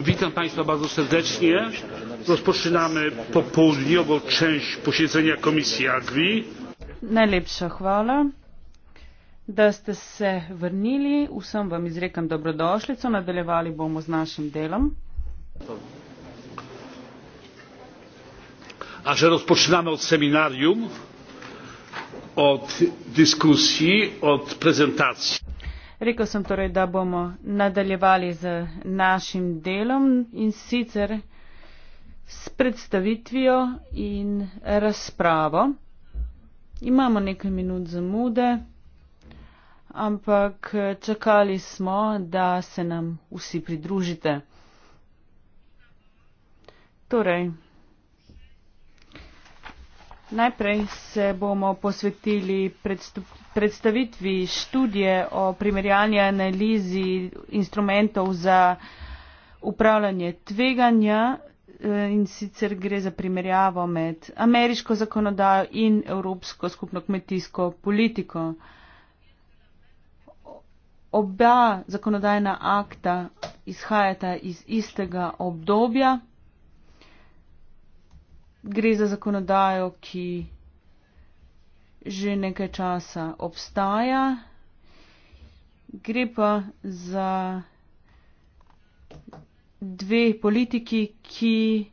Witam Państwa bardzo serdecznie. Rozpoczynamy popołudniową część posiedzenia Komisji Agri. Najlepsza chwała. da ste se vrnili, vsem vam izrekam dobrodošlico, nadaljevali bomo z našim delom. A že od seminarjum? od diskusij, od prezentacij. Rekel sem torej, da bomo nadaljevali z našim delom in sicer s predstavitvijo in razpravo. Imamo nekaj minut zamude, ampak čakali smo, da se nam vsi pridružite. Torej, Najprej se bomo posvetili predstavitvi študije o primerjalni analizi instrumentov za upravljanje tveganja eh, in sicer gre za primerjavo med ameriško zakonodajo in evropsko skupno kmetijsko politiko. Oba zakonodajna akta izhajata iz istega obdobja gre za zakonodajo, ki že nekaj časa obstaja, gre pa za dve politiki, ki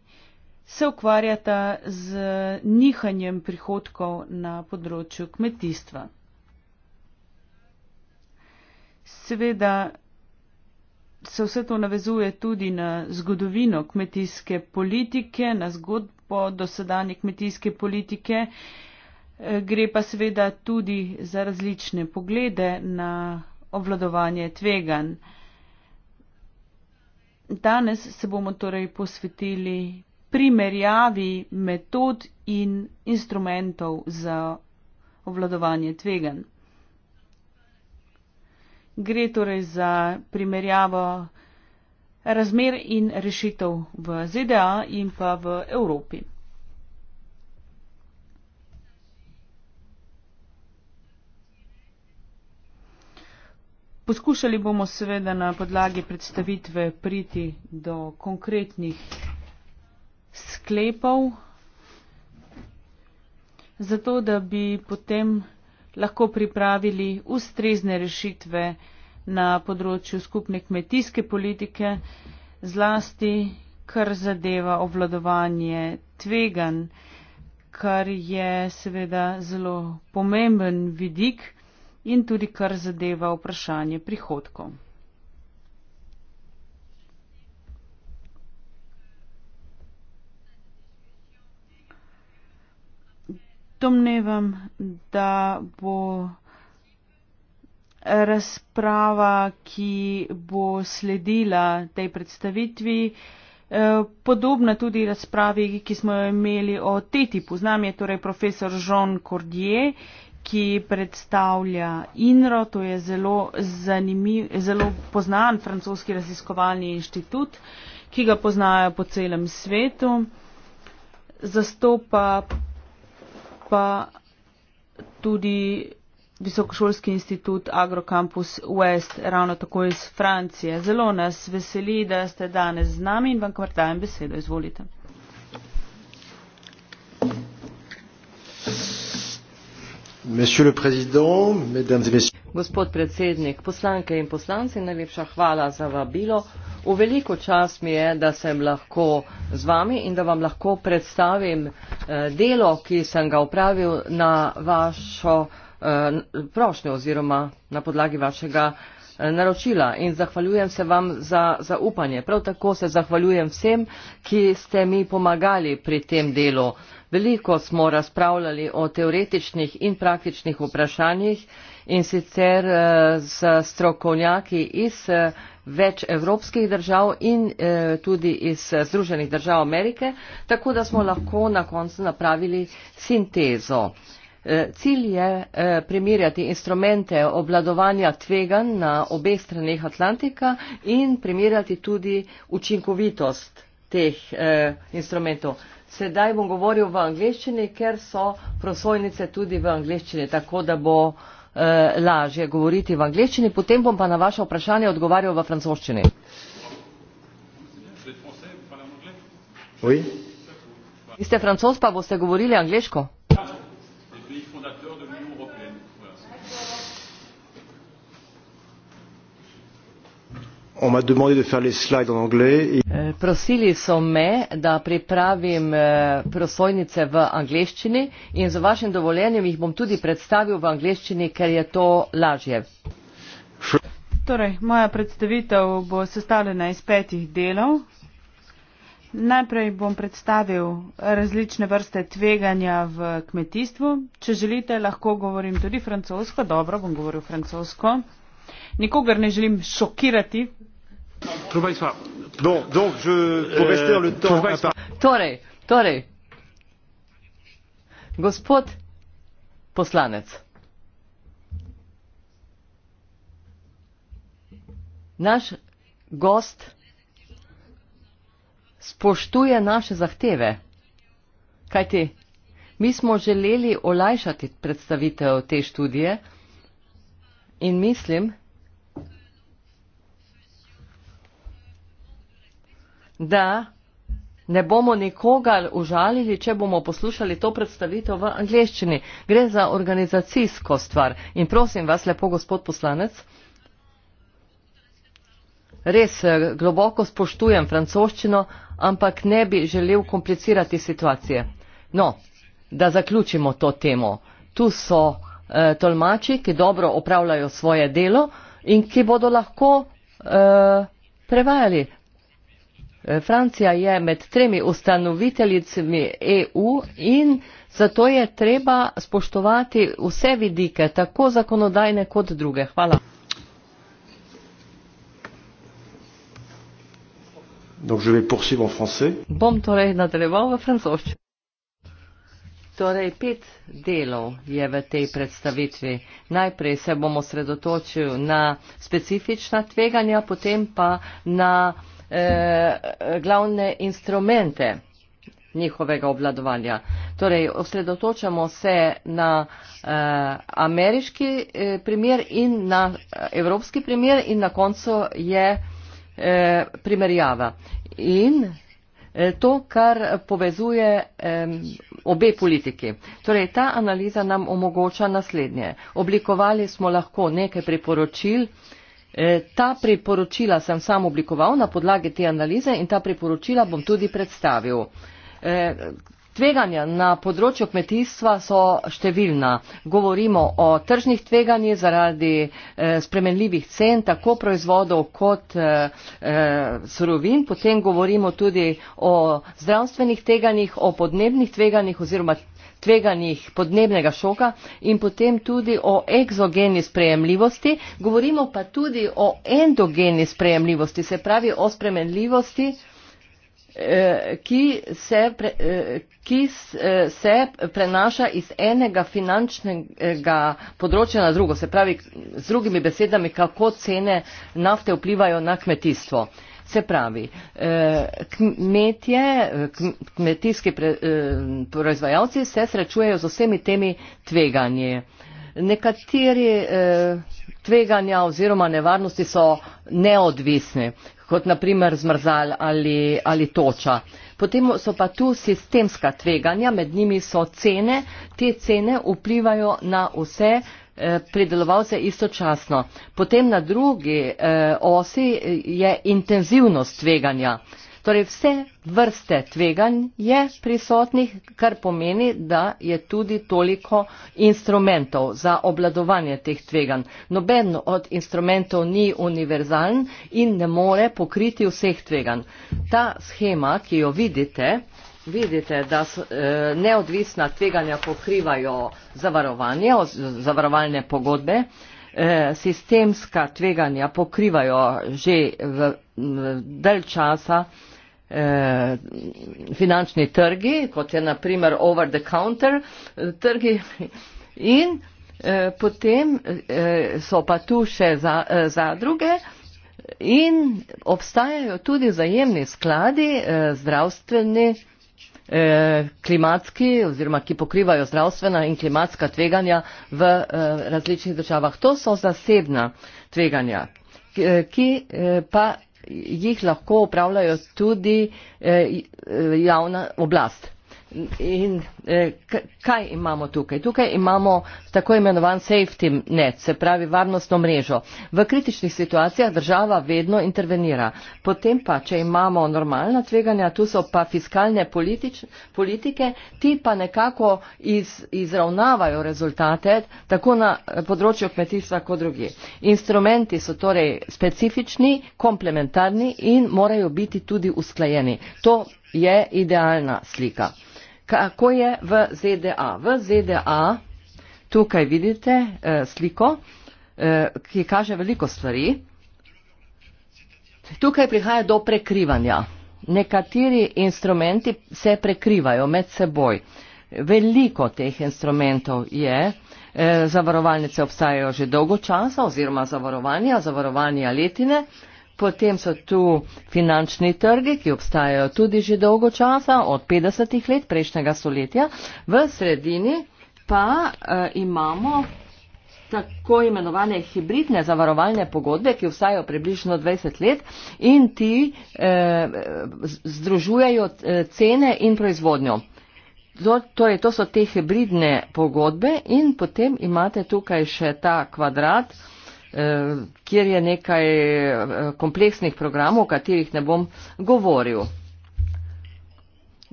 se ukvarjata z nihanjem prihodkov na področju kmetijstva. Seveda se vse to navezuje tudi na zgodovino kmetijske politike, na zgodb po dosedanji kmetijske politike. Eh, gre pa seveda tudi za različne poglede na obvladovanje tvegan. Danes se bomo torej posvetili primerjavi metod in instrumentov za obvladovanje tvegan. Gre torej za primerjavo razmer in rešitev v ZDA in pa v Evropi. Poskušali bomo seveda na podlagi predstavitve priti do konkretnih sklepov, zato da bi potem lahko pripravili ustrezne rešitve, na področju skupne kmetijske politike, zlasti kar zadeva obvladovanje tvegan, kar je seveda zelo pomemben vidik in tudi kar zadeva vprašanje prihodkov. Domnevam, da bo razprava, ki bo sledila tej predstavitvi. Eh, podobna tudi razpravi, ki smo jo imeli o TTIP-u. Z nami je torej profesor Jean Cordier, ki predstavlja INRO, to je zelo, zanimiv, zelo poznan francoski raziskovalni inštitut, ki ga poznajo po celem svetu. Zastopa pa tudi visokošolski institut Agrokampus West, ravno tako iz Francije. Zelo nas veseli, da ste danes z nami in vam kar dajem besedo. Izvolite. Gospod predsednik, poslanke in poslanci, najlepša hvala za vabilo. V veliko čast mi je, da sem lahko z vami in da vam lahko predstavim eh, delo, ki sem ga upravil na vašo Eh, prošnjo oziroma na podlagi vašega eh, naročila in zahvaljujem se vam za zaupanje. Prav tako se zahvaljujem vsem, ki ste mi pomagali pri tem delu. Veliko smo razpravljali o teoretičnih in praktičnih vprašanjih in sicer z eh, strokovnjaki iz več evropskih držav in tudi iz Združenih držav Amerike, tako da smo lahko na koncu napravili sintezo. Eh, cilj je eh, primerjati instrumente obladovanja tvegan na obeh straneh Atlantika in primerjati tudi učinkovitost teh eh, instrumentov. Sedaj bom govoril v angliščini, ker so prosojnice tudi v angliščini, tako da bo lažje govoriti v angliščini, potem bom pa na vaše vprašanje odgovarjal v francoščini. Vi ste francos, pa boste govorili angliško? On m'a demandé de faire les slides en anglais. Et... Euh, prosili so me, da pripravim euh, prosojnice v angleščini in z vašim dovoljenjem jih bom tudi predstavil v angleščini, ker je to lažje. Fr torej, moja predstavitev bo sestavljena iz petih delov. Najprej bom predstavil različne vrste tveganja v kmetijstvu. Če želite, lahko govorim tudi francosko. Dobro, bom govoril francosko nikogar ne želim šokirati. Euh, torej, torej, gospod poslanec, naš gost spoštuje naše zahteve, kajti mi smo želeli olajšati predstavitev te študije in mislim, da da ne bomo nikogar užalili, če bomo poslušali to predstavitev v angleščini. Gre za organizacijsko stvar. In prosim vas, lepo gospod poslanec, res eh, globoko spoštujem francoščino, ampak ne bi želel komplicirati situacije. No, da zaključimo to temo. Tu so eh, tolmači, ki dobro opravljajo svoje delo in ki bodo lahko eh, prevajali Francija je med tremi ustanoviteljicami EU in zato je treba spoštovati vse vidike, tako zakonodajne kot druge. Hvala. Donc je vais poursuivre en français. Bom torej nadaljeval v francoščini. Torej, pet delov je v tej predstavitvi. Najprej se bomo sredotočili na specifična tveganja, potem pa na eh, glavne instrumente njihovega obladovanja. Torej, osredotočamo se na eh, ameriški eh, primer in na eh, evropski primer in na koncu je eh, primerjava. In eh, to, kar povezuje eh, obe politiki. Torej, ta analiza nam omogoča naslednje. Oblikovali smo lahko nekaj priporočil, eh, Eh, ta priporočila sem sam oblikoval na podlagi te analize in ta priporočila bom tudi predstavil. Eh, tveganja na področju kmetijstva so številna. Govorimo o tržnih tveganjih zaradi eh, spremenljivih cen tako proizvodov kot surovin. Potem govorimo tudi o zdravstvenih tveganjih, o podnebnih tveganjih oziroma tveganjih podnebnega šoka in potem tudi o egzogeni sprejemljivosti, govorimo pa tudi o endogeni sprejemljivosti, se pravi o spremenljivosti, eh, ki se, eh, ki eh, se prenaša iz enega finančnega področja na drugo, se pravi z drugimi besedami, kako cene nafte vplivajo na kmetijstvo. Se pravi, eh, kmetje, eh, kmetijski eh, proizvajalci se srečujejo z vsemi temi tveganji. Nekateri tveganja oziroma nevarnosti so neodvisni, kot naprimer zmrzal ali, ali toča. Potem so pa tu sistemska tveganja, med njimi so cene. Te cene vplivajo na vse Eh, pridelovalce istočasno. Potem na drugi eh, osi je intenzivnost tveganja. Torej vse vrste tveganj je prisotnih, kar pomeni, da je tudi toliko instrumentov za obladovanje teh tveganj. Noben od instrumentov ni univerzalen in ne more pokriti vseh tveganj. Ta schema, ki jo vidite, Vidite, da so, eh, neodvisna tveganja pokrivajo zavarovanje, zavarovalne pogodbe, eh, sistemska tveganja pokrivajo že v, v del časa eh, finančni trgi, kot je naprimer over the counter eh, trgi in eh, potem eh, so pa tu še za, eh, zadruge. In obstajajo tudi zajemni skladi, eh, zdravstveni, eh, Eh, klimatski oziroma ki pokrivajo zdravstvena in klimatska tveganja v eh, različnih državah. To so zasebna tveganja, ki eh, pa jih lahko upravljajo tudi javna oblast. In eh, kaj imamo tukaj? Tukaj imamo tako imenovan safety net, se pravi varnostno mrežo. V kritičnih situacijah država vedno intervenira. Potem pa, če imamo normalna tveganja, tu so pa fiskalne politič, politike, ti pa nekako iz, izravnavajo rezultate tako na eh, področju kmetijstva kot drugi. Instrumenti so torej specifični, komplementarni in morajo biti tudi usklajeni. To je idealna slika kako je v ZDA. V ZDA tukaj vidite eh, sliko, eh, ki kaže veliko stvari. Tukaj prihaja do prekrivanja. Nekateri instrumenti se prekrivajo med seboj. Veliko teh instrumentov je, eh, zavarovalnice obstajajo že dolgo časa oziroma zavarovanja, zavarovanja letine. Eh, Potem so tu finančni trgi, ki obstajajo tudi že dolgo časa, od 50-ih let prejšnjega stoletja. V sredini pa uh, imamo tako imenovane hibridne zavarovalne pogodbe, ki vstajajo približno 20 let in ti uh, združujejo eh, cene in proizvodnjo. To, to, torej, je, to so te hibridne pogodbe in potem imate tukaj še ta kvadrat. Eh, kjer je nekaj eh, kompleksnih programov, o katerih ne bom govoril.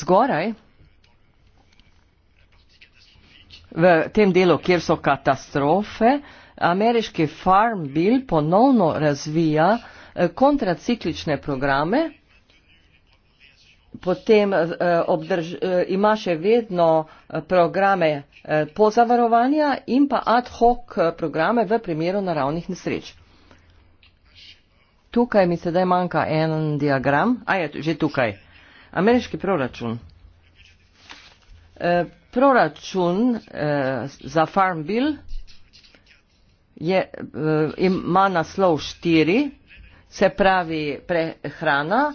Zgoraj, v tem delu, kjer so katastrofe, ameriški Farm Bill ponovno razvija eh, kontraciklične programe, potem obdrž, ima še vedno programe Eh, pozavarovanja in pa ad hoc eh, programe v primeru naravnih nesreč. Tukaj mi sedaj manjka en diagram, a je že tukaj. Ameriški proračun. Eh, proračun za Farm Bill je, ima naslov 4, se pravi prehrana.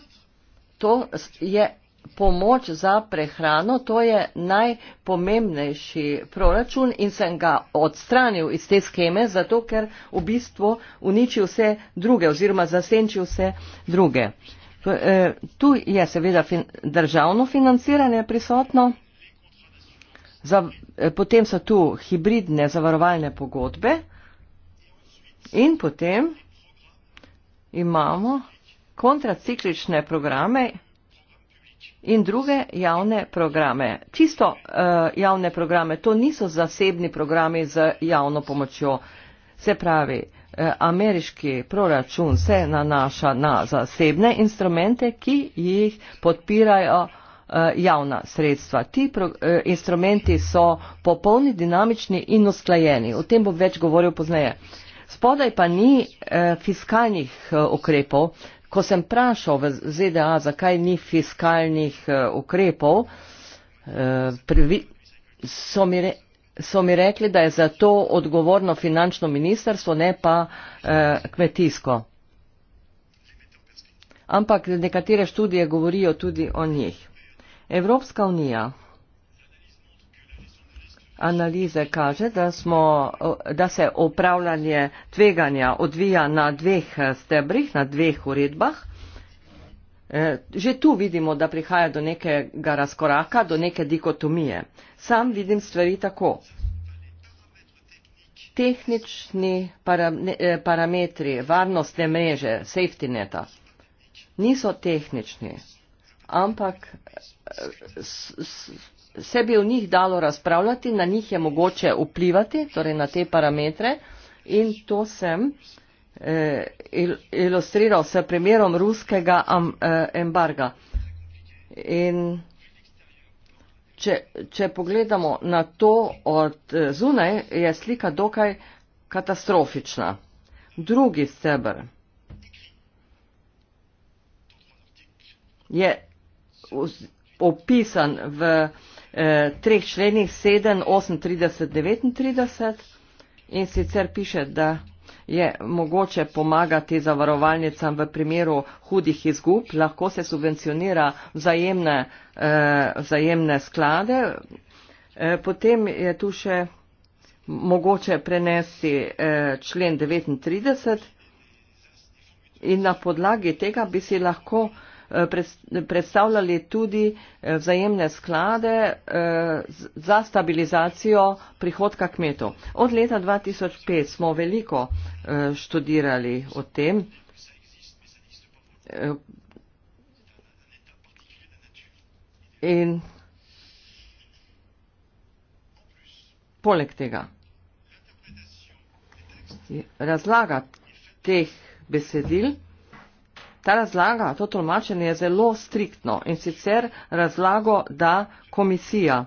To je pomoč za prehrano, to je najpomembnejši proračun in sem ga odstranil iz te skeme, zato ker v bistvu uniči vse druge oziroma zasenči vse druge. Eh, tu je seveda državno financiranje prisotno, eh, potem so tu hibridne zavarovalne pogodbe in potem imamo kontraciklične programe, in druge javne programe. Čisto uh, javne programe, to niso zasebni programi z javno pomočjo. Se pravi, uh, ameriški proračun se nanaša na zasebne instrumente, ki jih podpirajo uh, javna sredstva. Ti pro, uh, instrumenti so popolni, dinamični in usklajeni. O tem bom več govoril pozneje. Spodaj pa ni uh, fiskalnih uh, ukrepov, ko sem prašal v ZDA, zakaj ni fiskalnih eh, ukrepov, eh, so mi, re, so mi rekli, da je za to odgovorno finančno ministrstvo, ne pa eh, kmetijsko. Ampak nekatere študije govorijo tudi o njih. Evropska unija analize kaže, da, smo, da se upravljanje tveganja odvija na dveh stebrih, na dveh uredbah. E, že tu vidimo, da prihaja do nekega razkoraka, do neke dikotomije. Sam vidim stvari tako. Tehnični e, parametri, varnostne mreže, safety neta, niso tehnični, ampak e, se bi o njih dalo razpravljati, na njih je mogoče vplivati, torej na te parametre in to sem eh, ilustriral s primerom ruskega am, eh, embarga. In če, če pogledamo na to od eh, zunaj, je slika dokaj katastrofična. Drugi stebr je opisan v eh, eh, treh členih 7, 38, 39 in sicer piše, da je mogoče pomagati zavarovalnicam v primeru hudih izgub, lahko se subvencionira vzajemne, eh, vzajemne sklade, eh, potem je tu še mogoče prenesti eh, člen 39 in na podlagi tega bi si lahko eh, Eh, predstavljali tudi eh, vzajemne sklade eh, za stabilizacijo prihodka kmetov. Od leta 2005 smo veliko študirali o tem. In poleg tega razlaga teh besedil, ta razlaga, to tolmačenje je zelo striktno in sicer razlago, da komisija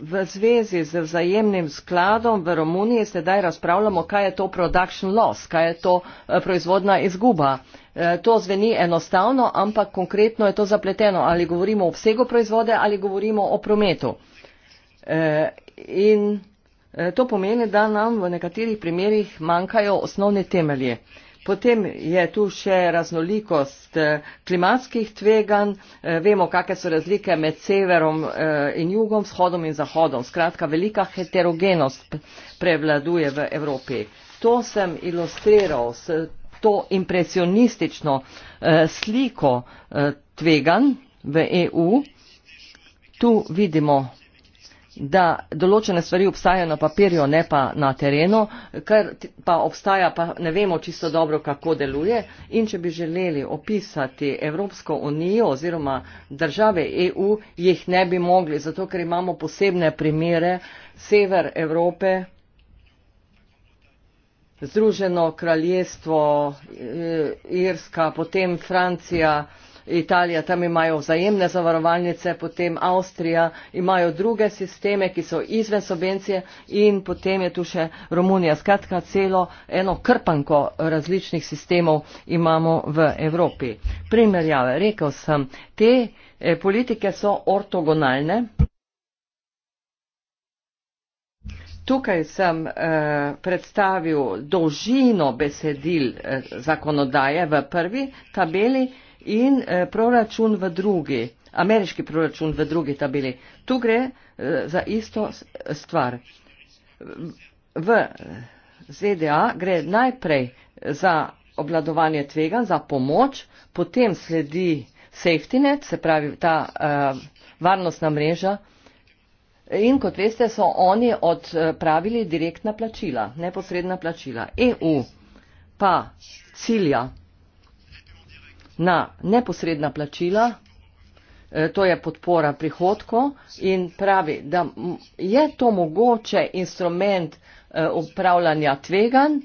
v zvezi z vzajemnim skladom v Romuniji sedaj razpravljamo, kaj je to production loss, kaj je to eh, proizvodna izguba. Eh, to zveni enostavno, ampak konkretno je to zapleteno, ali govorimo o vsego proizvode ali govorimo o prometu. Eh, in Eh, to pomeni, da nam v nekaterih primerjih manjkajo osnovne temelje. Potem je tu še raznolikost eh, klimatskih tvegan, eh, vemo, kakšne so razlike med severom in jugom, shodom in zahodom. Skratka, velika heterogenost prevladuje v Evropi. To sem ilustriral s to impresionistično sliko tvegan v EU. Tu vidimo da določene stvari obstajajo na papirju, ne pa na terenu, ker pa obstaja, pa ne vemo čisto dobro, kako deluje. In če bi želeli opisati Evropsko unijo oziroma države EU, jih ne bi mogli, zato ker imamo posebne primere sever Evrope, Združeno kraljestvo, eh, Irska, potem Francija. Hmm. Italija, tam imajo vzajemne zavarovalnice, potem Avstrija, imajo druge sisteme, ki so izven subvencije in potem je tu še Romunija. Skratka, celo eno krpanko različnih sistemov imamo v Evropi. Primerjave, rekel sem, te eh, politike so ortogonalne. Tukaj sem eh, predstavil dolžino besedil eh, zakonodaje v prvi tabeli in eh, proračun v drugi, ameriški proračun v drugi tabeli. Tu gre eh, za isto stvar. V eh, ZDA gre najprej za obladovanje tvegan, za pomoč, potem sledi safety net, se pravi ta eh, varnostna mreža. In kot veste, so oni odpravili direktna plačila, neposredna plačila. EU pa cilja na neposredna plačila, e, to je podpora prihodko in pravi, da je to mogoče instrument e, upravljanja tvegan,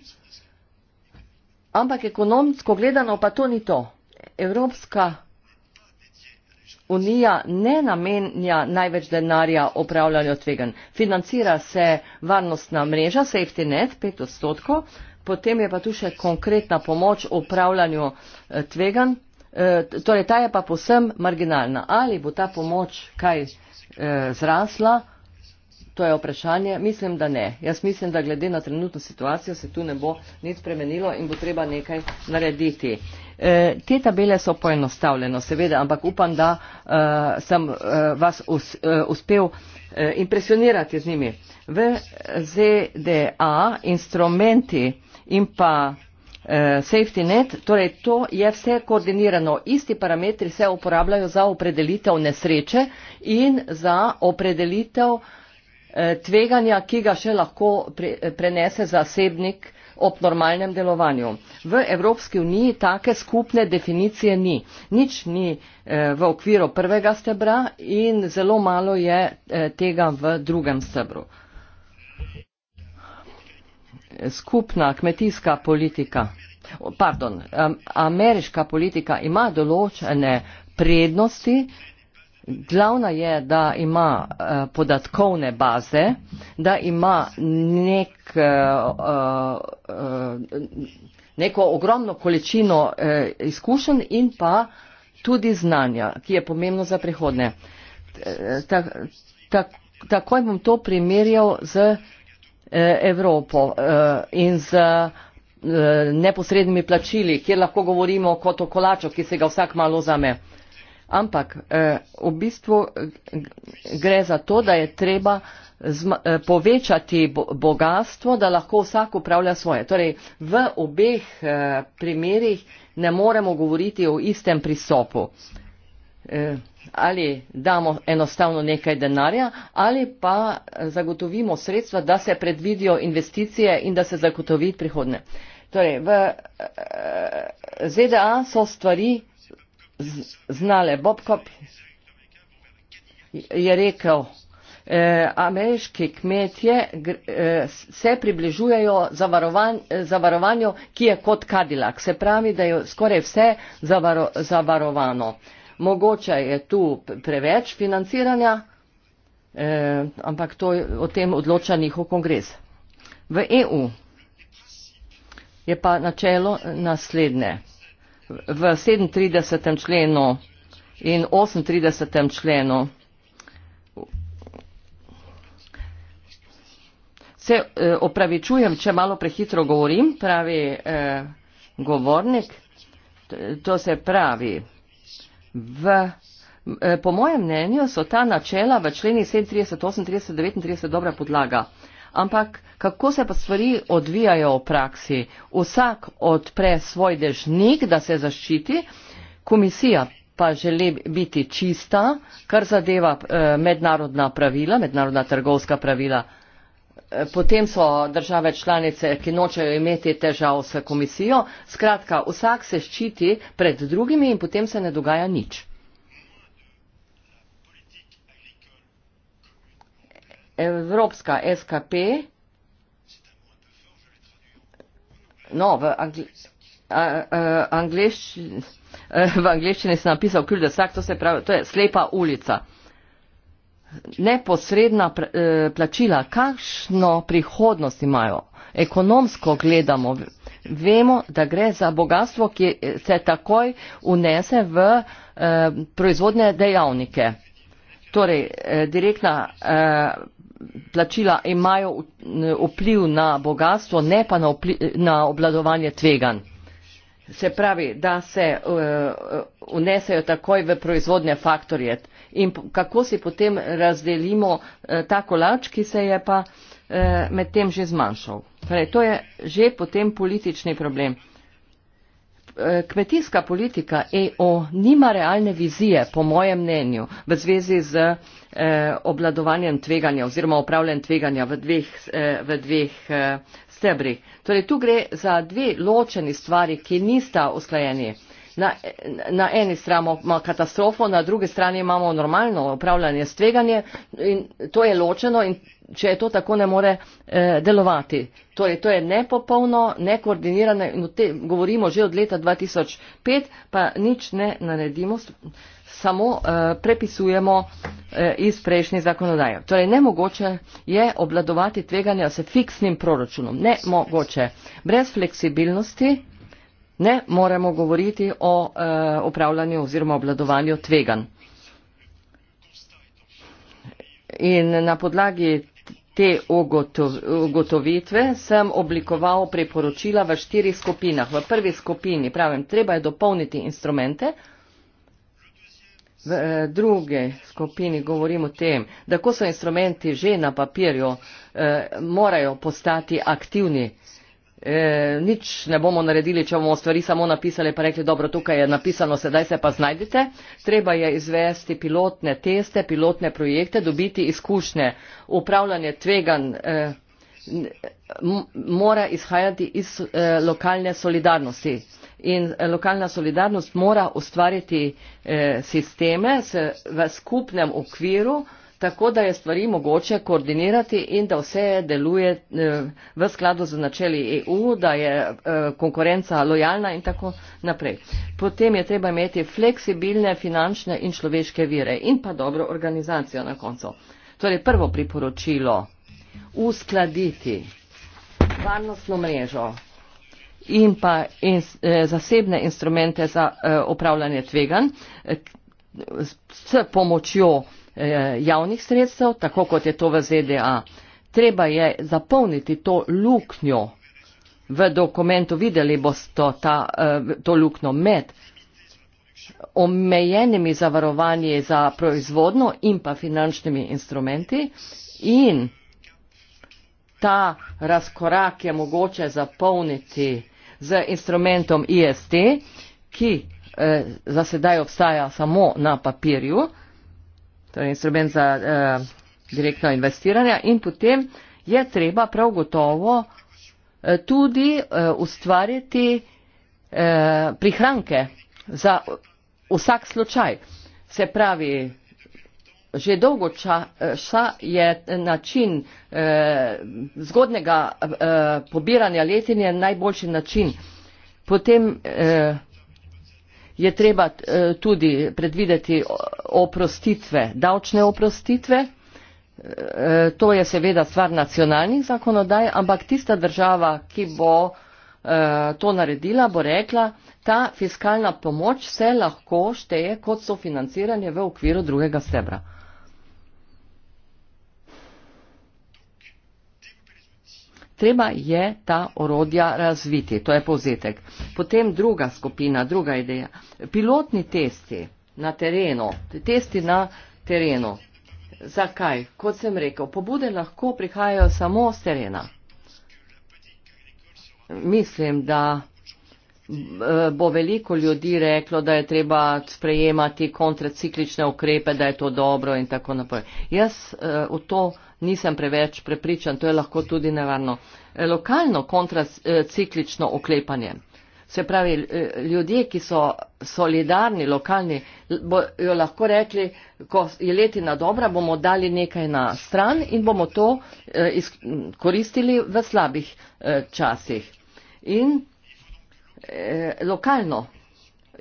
ampak ekonomsko gledano pa to ni to. Evropska unija ne namenja največ denarja upravljanju tvegan. Financira se varnostna mreža, safety net, 5 odstotkov, potem je pa tu še konkretna pomoč v upravljanju eh, tvegan, eh, torej ta je pa posem marginalna. Ali bo ta pomoč kaj eh, zrasla, to je vprašanje, mislim, da ne. Jaz mislim, da glede na trenutno situacijo se tu ne bo nič spremenilo in bo treba nekaj narediti. Te tabele so poenostavljeno, seveda, ampak upam, da sem vas uspel impresionirati z njimi. V ZDA instrumenti in pa eh, safety net, torej to je vse koordinirano. Isti parametri se uporabljajo za opredelitev nesreče in za opredelitev eh, tveganja, ki ga še lahko eh, prenese zasebnik ob normalnem delovanju. V Evropski uniji take skupne definicije ni. Nič ni v okviru prvega stebra in zelo malo je tega v drugem stebru skupna kmetijska politika, pardon, ameriška politika ima določene prednosti, glavna je, da ima eh, podatkovne baze, da ima nek, eh, eh, neko ogromno količino izkušenj in pa tudi znanja, ki je pomembno za prihodne. Takoj bom to primerjal z Eh, Evropo eh, in z eh, neposrednimi plačili, kjer lahko govorimo kot o kolaču, ki se ga vsak malo zame. Ampak v bistvu gre za to, da je treba povečati bogatstvo, da lahko vsak upravlja svoje. Torej, v obeh primerih ne moremo govoriti o istem pristopu. Eh, ali damo enostavno nekaj denarja, ali pa eh, zagotovimo sredstva, da se predvidijo investicije in da se zagotovi prihodne. Torej, v eh, ZDA so stvari znale. Bobkop je rekel, ameriški kmetje se približujejo zavarovanju, ki je kot kadilak. Se pravi, da je skoraj vse zavaro, zavarovano mogoče je tu preveč financiranja, eh, ampak to je o tem odloča njihov kongres. V EU je pa načelo naslednje. V 37. členu in 38. členu se eh, opravičujem, če malo prehitro govorim, pravi eh, govornik. To se pravi, V, eh, po mojem mnenju so ta načela v členi 37, 38, 39 dobra podlaga. Ampak kako se pa stvari odvijajo v praksi? Vsak odpre svoj dežnik, da se zaščiti, komisija pa želi biti čista, kar zadeva eh, mednarodna pravila, mednarodna trgovska pravila potem so države članice, ki nočejo imeti težav s komisijo. Skratka, vsak se ščiti pred drugimi in potem se ne dogaja nič. Evropska SKP. No, v, angli, a, a, a, a, v angliščini sem napisal, da vsak to se pravi, to je slepa ulica neposredna eh, plačila, kakšno prihodnost imajo. Ekonomsko gledamo, vemo, da gre za bogatstvo, ki se takoj unese v eh, proizvodne dejavnike. Torej, eh, direktna plačila imajo vpliv na bogatstvo, ne pa na, vpliv, na obladovanje tvegan. Se pravi, da se unesejo takoj v proizvodne faktorje. Uh, in kako si potem razdelimo eh, ta kolač, ki se je pa eh, med tem že zmanjšal. Torej, to je že potem politični problem. Eh, kmetijska politika EO nima realne vizije, po mojem mnenju, v zvezi z obladovanjem tveganja oziroma upravljanjem tveganja v dveh, v dveh stebrih. Torej, tu gre za dve ločeni stvari, ki nista usklajeni na, na eni strani imamo katastrofo, na drugi strani imamo normalno upravljanje s tveganjem in to je ločeno in če je to tako, ne more eh, delovati. To je, to je nepopolno, nekoordinirano in te, govorimo že od leta 2005, pa nič ne naredimo, samo eh, prepisujemo eh, iz prejšnje zakonodaje. Torej, nemogoče je obladovati tveganja s fiksnim proračunom. Nemogoče. Brez fleksibilnosti ne moremo govoriti o eh, upravljanju oziroma obladovanju tvegan. In na podlagi te ugotovitve sem oblikoval priporočila v štirih skupinah. V prvi skupini pravim, treba je dopolniti instrumente. V eh, druge skupini govorim o tem, da ko so instrumenti že na papirju, eh, morajo postati aktivni eh, nič ne bomo naredili, če bomo stvari samo napisali, pa rekli, dobro, tukaj je napisano, sedaj se pa znajdete. Treba je izvesti pilotne teste, pilotne projekte, dobiti izkušnje. Upravljanje tvegan eh, mora izhajati iz eh, lokalne solidarnosti. In e, lokalna solidarnost mora ustvariti eh, sisteme se, v skupnem okviru, eh, tako da je stvari mogoče koordinirati in da vse deluje eh, v skladu z načeli EU, da je eh, konkurenca lojalna in tako naprej. Potem je treba imeti fleksibilne finančne in človeške vire in pa dobro organizacijo na koncu. Torej prvo priporočilo, uskladiti varnostno mrežo in pa in, eh, zasebne instrumente za eh, upravljanje tveganj eh, s pomočjo Eh, javnih sredstev, tako kot je to v ZDA. Treba je zapolniti to luknjo. V dokumentu videli boste ta, eh, to luknjo med omejenimi zavarovanji za proizvodno in pa finančnimi instrumenti in ta razkorak je mogoče zapolniti z instrumentom IST, ki eh, za sedaj obstaja samo na papirju torej instrument za eh, direktno investiranje in potem je treba prav gotovo eh, tudi eh, ustvariti eh, prihranke za vsak slučaj. Se pravi, že dolgo časa je način eh, zgodnega eh, pobiranja letinje najboljši način. Potem, eh, je treba eh, tudi predvideti oprostitve, davčne oprostitve. Eh, to je seveda stvar nacionalnih zakonodaj, ampak tista država, ki bo eh, to naredila, bo rekla, ta fiskalna pomoč se lahko šteje kot sofinanciranje v okviru drugega stebra. Treba je ta orodja razviti, to je povzetek. Potem druga skupina, druga ideja. Pilotni testi na terenu, testi na terenu. Zakaj? Kot sem rekel, pobude lahko prihajajo samo z terena. Mislim, da eh, bo veliko ljudi reklo, da je treba sprejemati kontraciklične ukrepe, da je to dobro in tako naprej. Jaz uh, v to nisem preveč prepričan, to je lahko tudi nevarno. E, lokalno kontraciklično oklepanje. Se pravi, e, ljudje, ki so solidarni, lokalni, bojo lahko rekli, ko je letina dobra, bomo dali nekaj na stran in bomo to e, koristili v slabih časih. In lokalno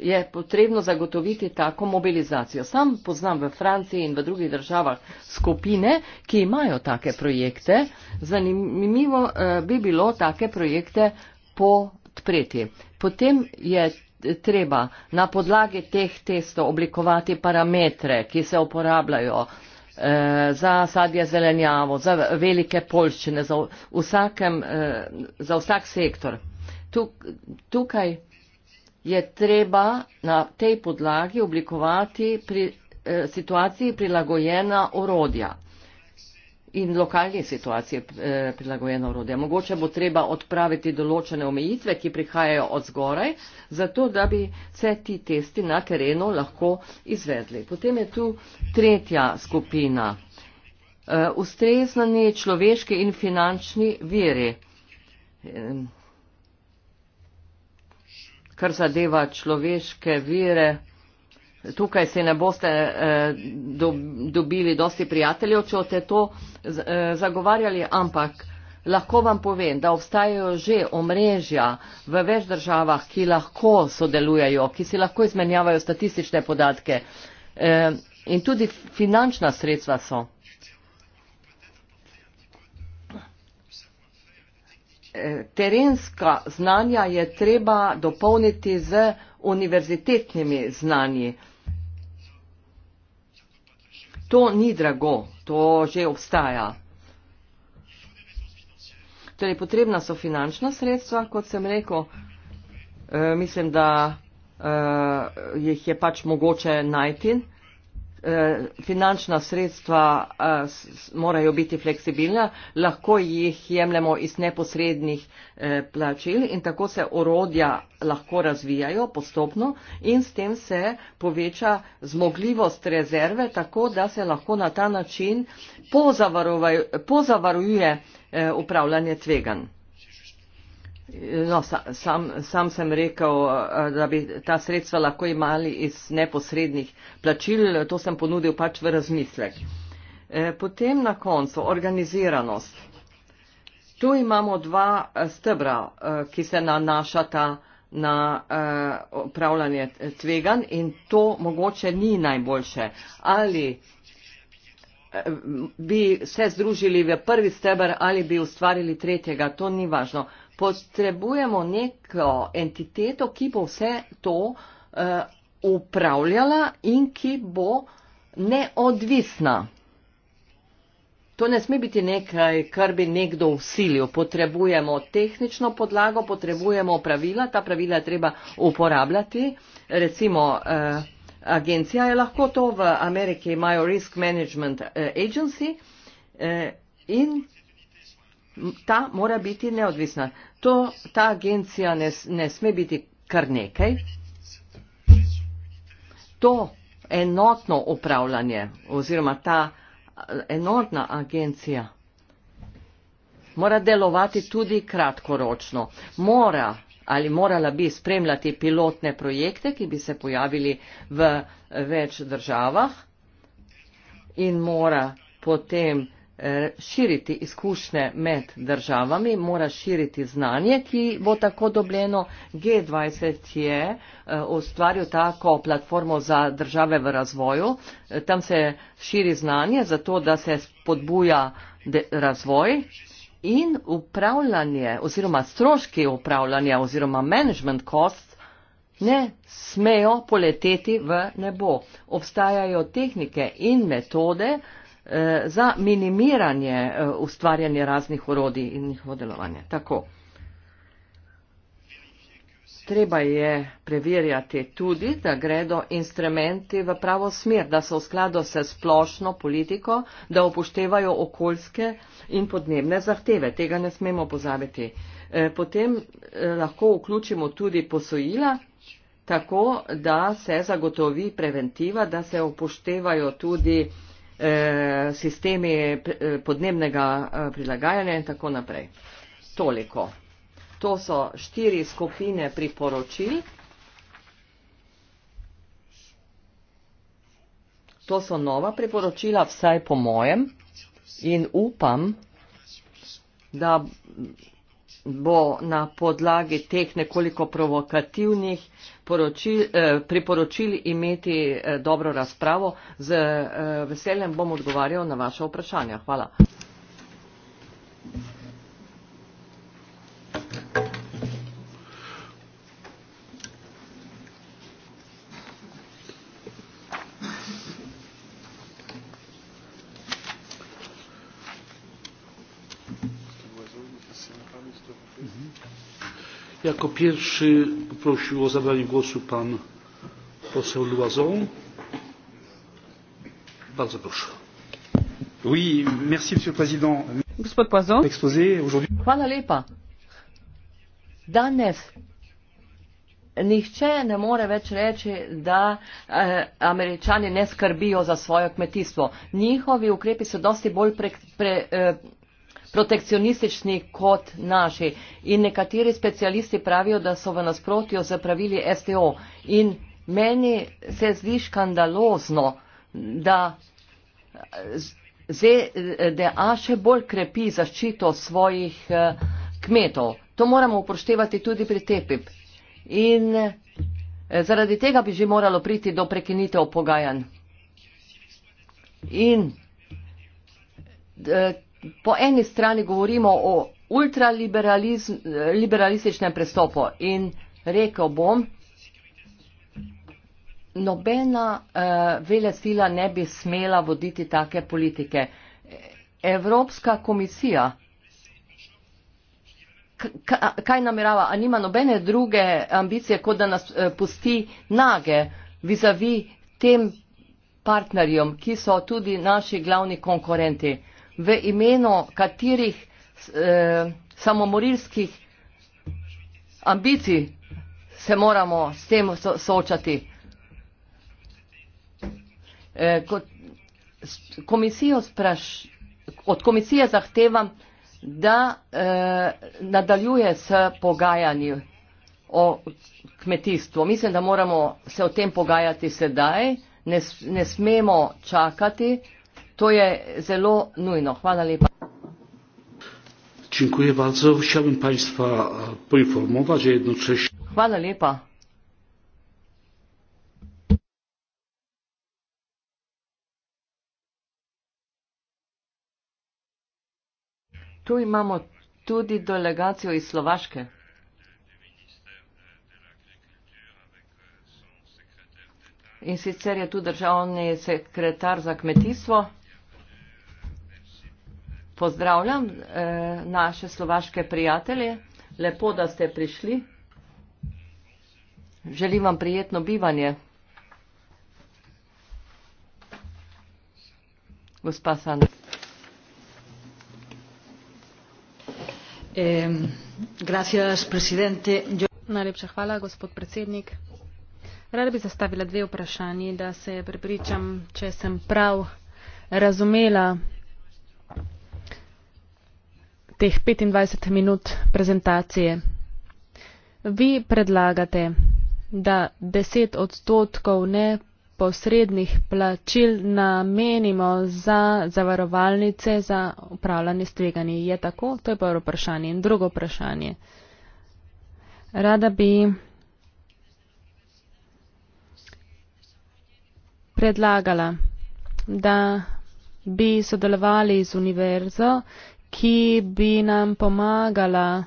je potrebno zagotoviti tako mobilizacijo. Sam poznam v Franciji in v drugih državah skupine, ki imajo take projekte. Zanimivo eh, bi bilo take projekte potpreti. Potem je eh, treba na podlagi teh testov oblikovati parametre, ki se uporabljajo eh, za sadje zelenjavo, za velike polščine, za, vsakem, za vsak sektor. Tukaj, tukaj je treba na tej podlagi oblikovati pri, eh, situaciji prilagojena orodja in lokalni situaciji eh, prilagojena orodja. Mogoče bo treba odpraviti določene omejitve, ki prihajajo od zgoraj, zato da bi se ti testi na terenu lahko izvedli. Potem je tu tretja skupina. Uh, eh, ustrezani človeški in finančni viri. Eh, kar zadeva človeške vire. Tukaj se ne boste eh, do, dobili dosti prijateljev, če boste to eh, zagovarjali, ampak lahko vam povem, da obstajajo že omrežja v več državah, ki lahko sodelujejo, ki si lahko izmenjavajo statistične podatke eh, in tudi finančna sredstva so. terenska znanja je treba dopolniti z univerzitetnimi znanji. To ni drago, to že obstaja. Torej, potrebna so finančna sredstva, kot sem rekel. E, mislim, da e, jih je pač mogoče najti. Eh, finančna sredstva eh, morajo biti fleksibilna, lahko jih jemljemo iz neposrednih eh, plačil in tako se orodja lahko razvijajo postopno in s tem se poveča zmogljivost rezerve, tako da se lahko na ta način pozavaruje upravljanje tveganj. No, sam, sam sem rekel, eh, da bi ta sredstva lahko imali iz neposrednih plačil, to sem ponudil pač v razmislek. Eh, potem na koncu organiziranost. Tu imamo dva eh, stebra, ki se nanašata na upravljanje tvegan in to mogoče ni najboljše. Ali bi se združili v prvi stebr ali bi ustvarili tretjega, to ni važno potrebujemo neko entiteto, ki bo vse to uh, upravljala in ki bo neodvisna. To ne sme biti nekaj, kar bi nekdo usilil. Potrebujemo tehnično podlago, potrebujemo pravila, ta pravila je treba uporabljati. Recimo, eh, agencija je lahko to, v Ameriki imajo Risk Management eh, Agency eh, in ta mora biti neodvisna. To, ta agencija ne, ne sme biti kar nekaj. To enotno upravljanje oziroma ta eh, enotna agencija mora delovati tudi kratkoročno. Mora ali morala bi spremljati pilotne projekte, ki bi se pojavili v več državah in mora potem Eh, širiti izkušnje med državami, mora širiti znanje, ki bo tako dobljeno. G20 je eh, ustvaril tako platformo za države v razvoju. Eh, tam se širi znanje, zato da se spodbuja razvoj in upravljanje oziroma stroški upravljanja oziroma management cost ne smejo poleteti v nebo. Obstajajo tehnike in metode, Eh, za minimiranje eh, ustvarjanja raznih urodij in njihovo delovanje. Tako. Treba je preverjati tudi, da gredo instrumenti v pravo smer, da so v skladu s splošno politiko, da upoštevajo okoljske in podnebne zahteve. Tega ne smemo pozabiti. Eh, potem lahko vključimo tudi posojila, tako da se zagotovi preventiva, da se upoštevajo tudi Eh, sistemi eh, podnebnega eh, prilagajanja in tako naprej. Toliko. To so štiri skupine priporočil. To so nova priporočila, vsaj po mojem, in upam, da bo na podlagi teh nekoliko provokativnih poročil, eh, priporočil imeti eh, dobro razpravo. Z eh, veseljem bom odgovarjal na vaše vprašanje. Hvala. Jako pierwszy poprosił o zabranie głosu pan poseł Loison. Bardzo proszę. Oui, merci monsieur le président. Gospod Poison. Exposé aujourd'hui. Hvala lepa. Danes nihče ne more več reči, da eh, američani ne skrbijo za svoje kmetijstvo. Njihovi ukrepi so dosti bolj pre, pre, eh, protekcionistični kot naši. In nekateri specialisti pravijo, da so v nasprotju z pravili STO. In meni se zdi škandalozno, da ZDA še bolj krepi zaščito svojih eh, kmetov. To moramo upoštevati tudi pri TEPIP. In eh, zaradi tega bi že moralo priti do prekinitev pogajanj. In eh, po eni strani govorimo o ultraliberalističnem prestopu in rekel bom, nobena uh, eh, vele sila ne bi smela voditi take politike. Evropska komisija, kaj namerava, a nima nobene druge ambicije, kot da nas uh, pusti nage vizavi tem partnerjem, ki so tudi naši glavni konkurenti v imenu katerih eh, samomorilskih ambicij se moramo s tem so, soočati. Eh, kot, spraš, od komisije zahtevam, da eh, nadaljuje s pogajanji o kmetijstvu. Mislim, da moramo se o tem pogajati sedaj, ne, ne smemo čakati. To je zelo nujno. Hvala lepa. Dziękuję bardzo. Chciałbym Państwa e, poinformować, że jednocześnie. Hvala lepa. Tu imamo tudi delegacijo iz Slovaške. In sicer je tu državni sekretar za kmetijstvo. Pozdravljam eh, naše slovaške prijatelje, lepo, da ste prišli. Želim vam prijetno bivanje. Gospa Sanda. Eh, Najlepša hvala, gospod predsednik. Rada bi zastavila dve vprašanji, da se prepričam, če sem prav razumela teh 25 minut prezentacije. Vi predlagate, da 10 odstotkov neposrednih plačil namenimo za zavarovalnice za upravljanje streganji. Je tako? To je prvo vprašanje. In drugo vprašanje. Rada bi predlagala, da bi sodelovali z univerzo ki bi nam pomagala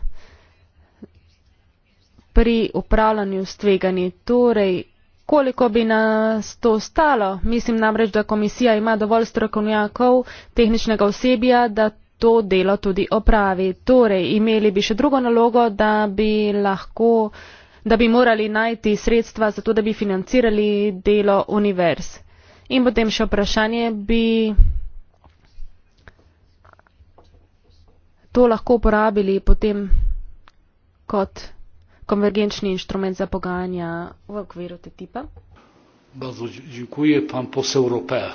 pri upravljanju s tveganji. Torej, koliko bi nas to stalo? Mislim namreč, da komisija ima dovolj strokovnjakov, tehničnega osebja, da to delo tudi opravi. Torej, imeli bi še drugo nalogo, da bi lahko da bi morali najti sredstva za to, da bi financirali delo univerz. In potem še vprašanje, bi to lahko uporabili potem kot konvergenčni inštrument za pogajanja v okviru te tipa. Bardzo dziękuję, pan poseł Ropea.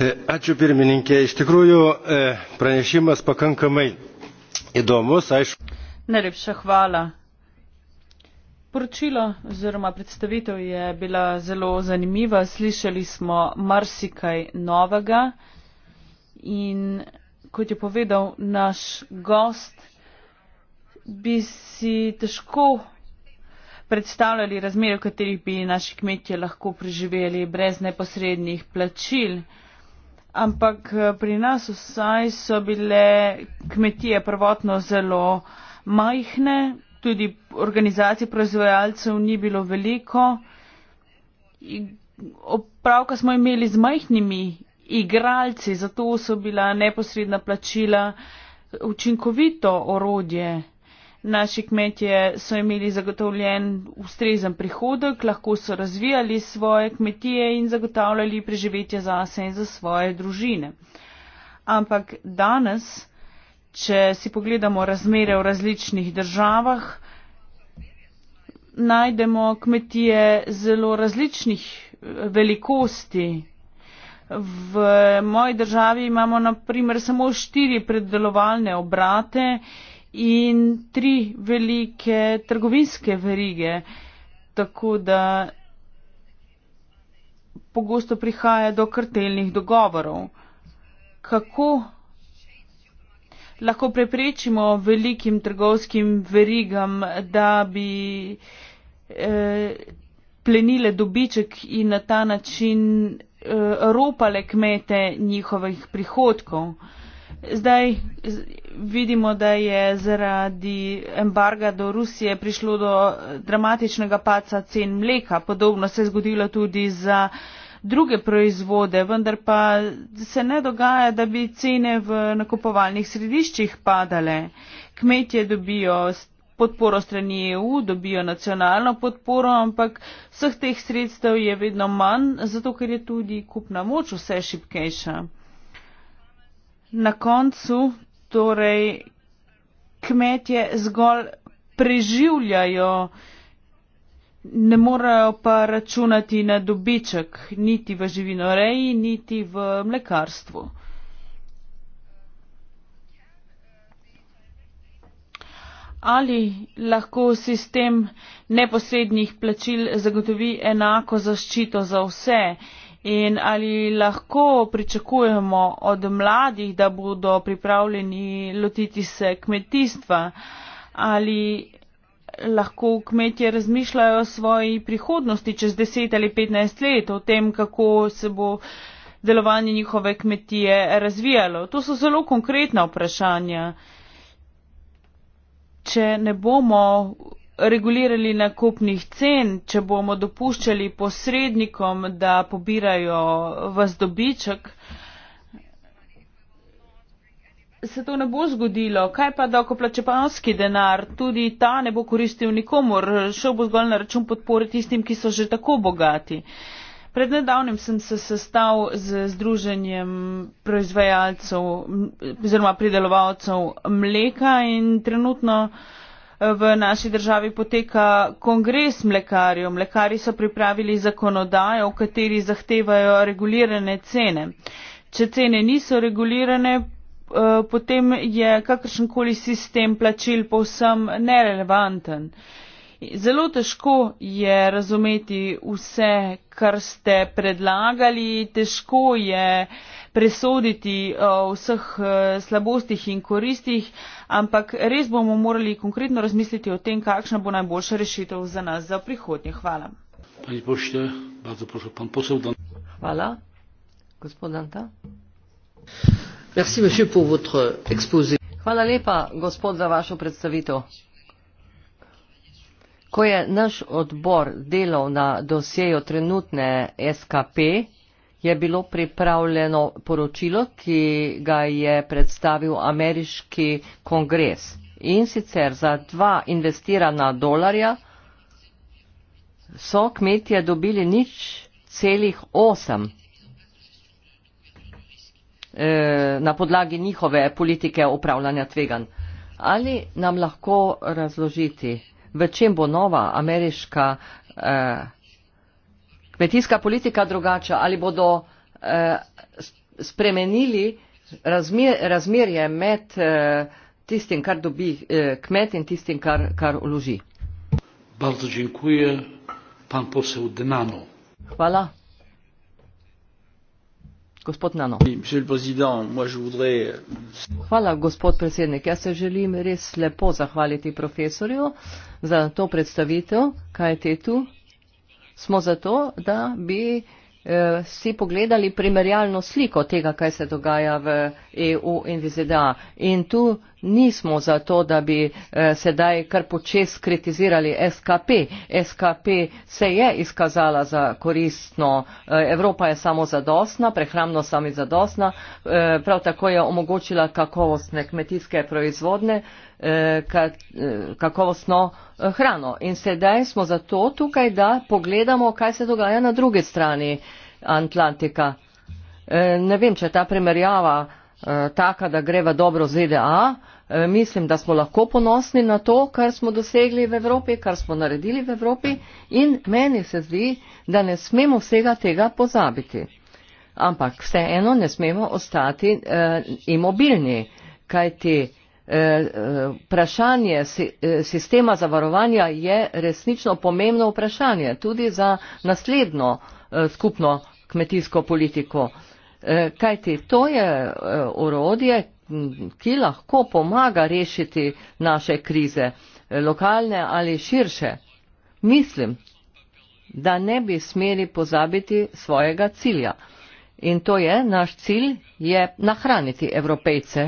E, ačiū pirmininkė. Iš tikrųjų, e, pranešimas pakankamai įdomus, aišku. Nerepša hvala. Poročilo oziroma predstavitev je bila zelo zanimiva. Slišali smo marsikaj novega in kot je povedal naš gost, bi si težko predstavljali razmere, v katerih bi naši kmetje lahko preživeli brez neposrednih plačil. Ampak eh, pri nas vsaj so bile kmetije prvotno zelo majhne, tudi organizacij proizvajalcev ni bilo veliko. Opravka smo imeli z majhnimi igralci, zato so bila neposredna plačila učinkovito orodje. Naši kmetje so imeli zagotovljen ustrezen prihodek, lahko so razvijali svoje kmetije in zagotavljali preživetje za sebe in za svoje družine. Ampak danes, če si pogledamo razmere v različnih državah, najdemo kmetije zelo različnih velikosti. V moji državi imamo naprimer samo štiri predelovalne obrate in tri velike trgovinske verige, tako da pogosto prihaja do kartelnih dogovorov. Kako lahko preprečimo velikim trgovskim verigam, da bi eh, plenile dobiček in na ta način Eh, ropale kmete njihovih prihodkov. Zdaj vidimo, da je zaradi embarga do Rusije prišlo do eh, dramatičnega paca cen mleka. Podobno se je zgodilo tudi za druge proizvode, vendar pa se ne dogaja, da bi cene v nakupovalnih središčih padale. Kmetje dobijo podporo strani EU, dobijo nacionalno podporo, ampak vseh teh sredstev je vedno manj, zato ker je tudi kupna moč vse šipkejša. Na koncu torej kmetje zgolj preživljajo, ne morajo pa računati na dobiček niti v živinoreji, niti v mlekarstvu. Ali lahko sistem neposrednih plačil zagotovi enako zaščito za vse? In ali lahko pričakujemo od mladih, da bodo pripravljeni lotiti se kmetijstva? Ali lahko kmetje razmišljajo o svoji prihodnosti čez 10 ali 15 let, o tem, kako se bo delovanje njihove kmetije razvijalo? To so zelo konkretna vprašanja če ne bomo regulirali nakupnih cen, če bomo dopuščali posrednikom, da pobirajo vas dobiček, se to ne bo zgodilo. Kaj pa dokoplačepanski denar? Tudi ta ne bo koristil nikomor. Šel bo zgolj na račun podpore tistim, ki so že tako bogati. Uh, Pred nedavnim sem se sestal z združenjem proizvajalcev oziroma pridelovalcev mleka in trenutno eh, v naši državi poteka kongres mlekarjev. Mlekari so pripravili zakonodajo, v kateri zahtevajo regulirane cene. Če cene niso regulirane, eh, potem je kakršenkoli sistem plačil povsem nerelevanten. Zelo težko je razumeti vse, kar ste predlagali, težko je presoditi o vseh e, slabostih in koristih, ampak res bomo morali konkretno razmisliti o tem, kakšna bo najboljša rešitev za nas za prihodnje. Hvala. Hvala. Gospod Anta. Hvala lepa, gospod, za vašo predstavitev. Ko je naš odbor delal na dosjeju trenutne SKP, je bilo pripravljeno poročilo, ki ga je predstavil ameriški kongres. In sicer za dva investirana dolarja so kmetje dobili nič celih osem e, na podlagi njihove politike upravljanja tvegan. Ali nam lahko razložiti? v čem bo nova ameriška eh, kmetijska politika drugača, ali bodo eh, spremenili razmer, razmerje med eh, tistim, kar dobi eh, kmet in tistim, kar, kar uloži. Hvala. Euh, Hvala, gospod predsednik. Jaz se želim res lepo zahvaliti profesorju za to predstavitev, kaj je te tu. Smo zato, da bi eh, si pogledali primerjalno sliko tega, kaj se dogaja v EU in v ZDA. In tu nismo za to, da bi eh, sedaj kar počes kritizirali SKP. SKP se je izkazala za koristno, eh, Evropa je samo zadosna, prehrambno sami zadosna, eh, prav tako je omogočila kakovostne kmetijske proizvodne, eh, eh, kakovostno eh, hrano. In sedaj smo zato tukaj, da pogledamo, kaj se dogaja na druge strani Atlantika. Ne vem, če je ta primerjava taka, da gre v dobro ZDA, Eh, mislim da smo lahko ponosni na to kar smo dosegli v evropi kar smo naredili v evropi in meni se zdi da ne smemo vsega tega pozabiti ampak vseeno ne smemo ostati eh, imobilni kajti eh, eh, Vprašanje sistema zavarovanja je resnično pomembno vprašanje tudi za naslednjo skupno kmetijsko politiko. Kajti to je orodje, ki lahko pomaga rešiti naše krize, lokalne ali širše. Mislim, da ne bi smeli pozabiti svojega cilja. In to je, naš cilj je nahraniti evropejce,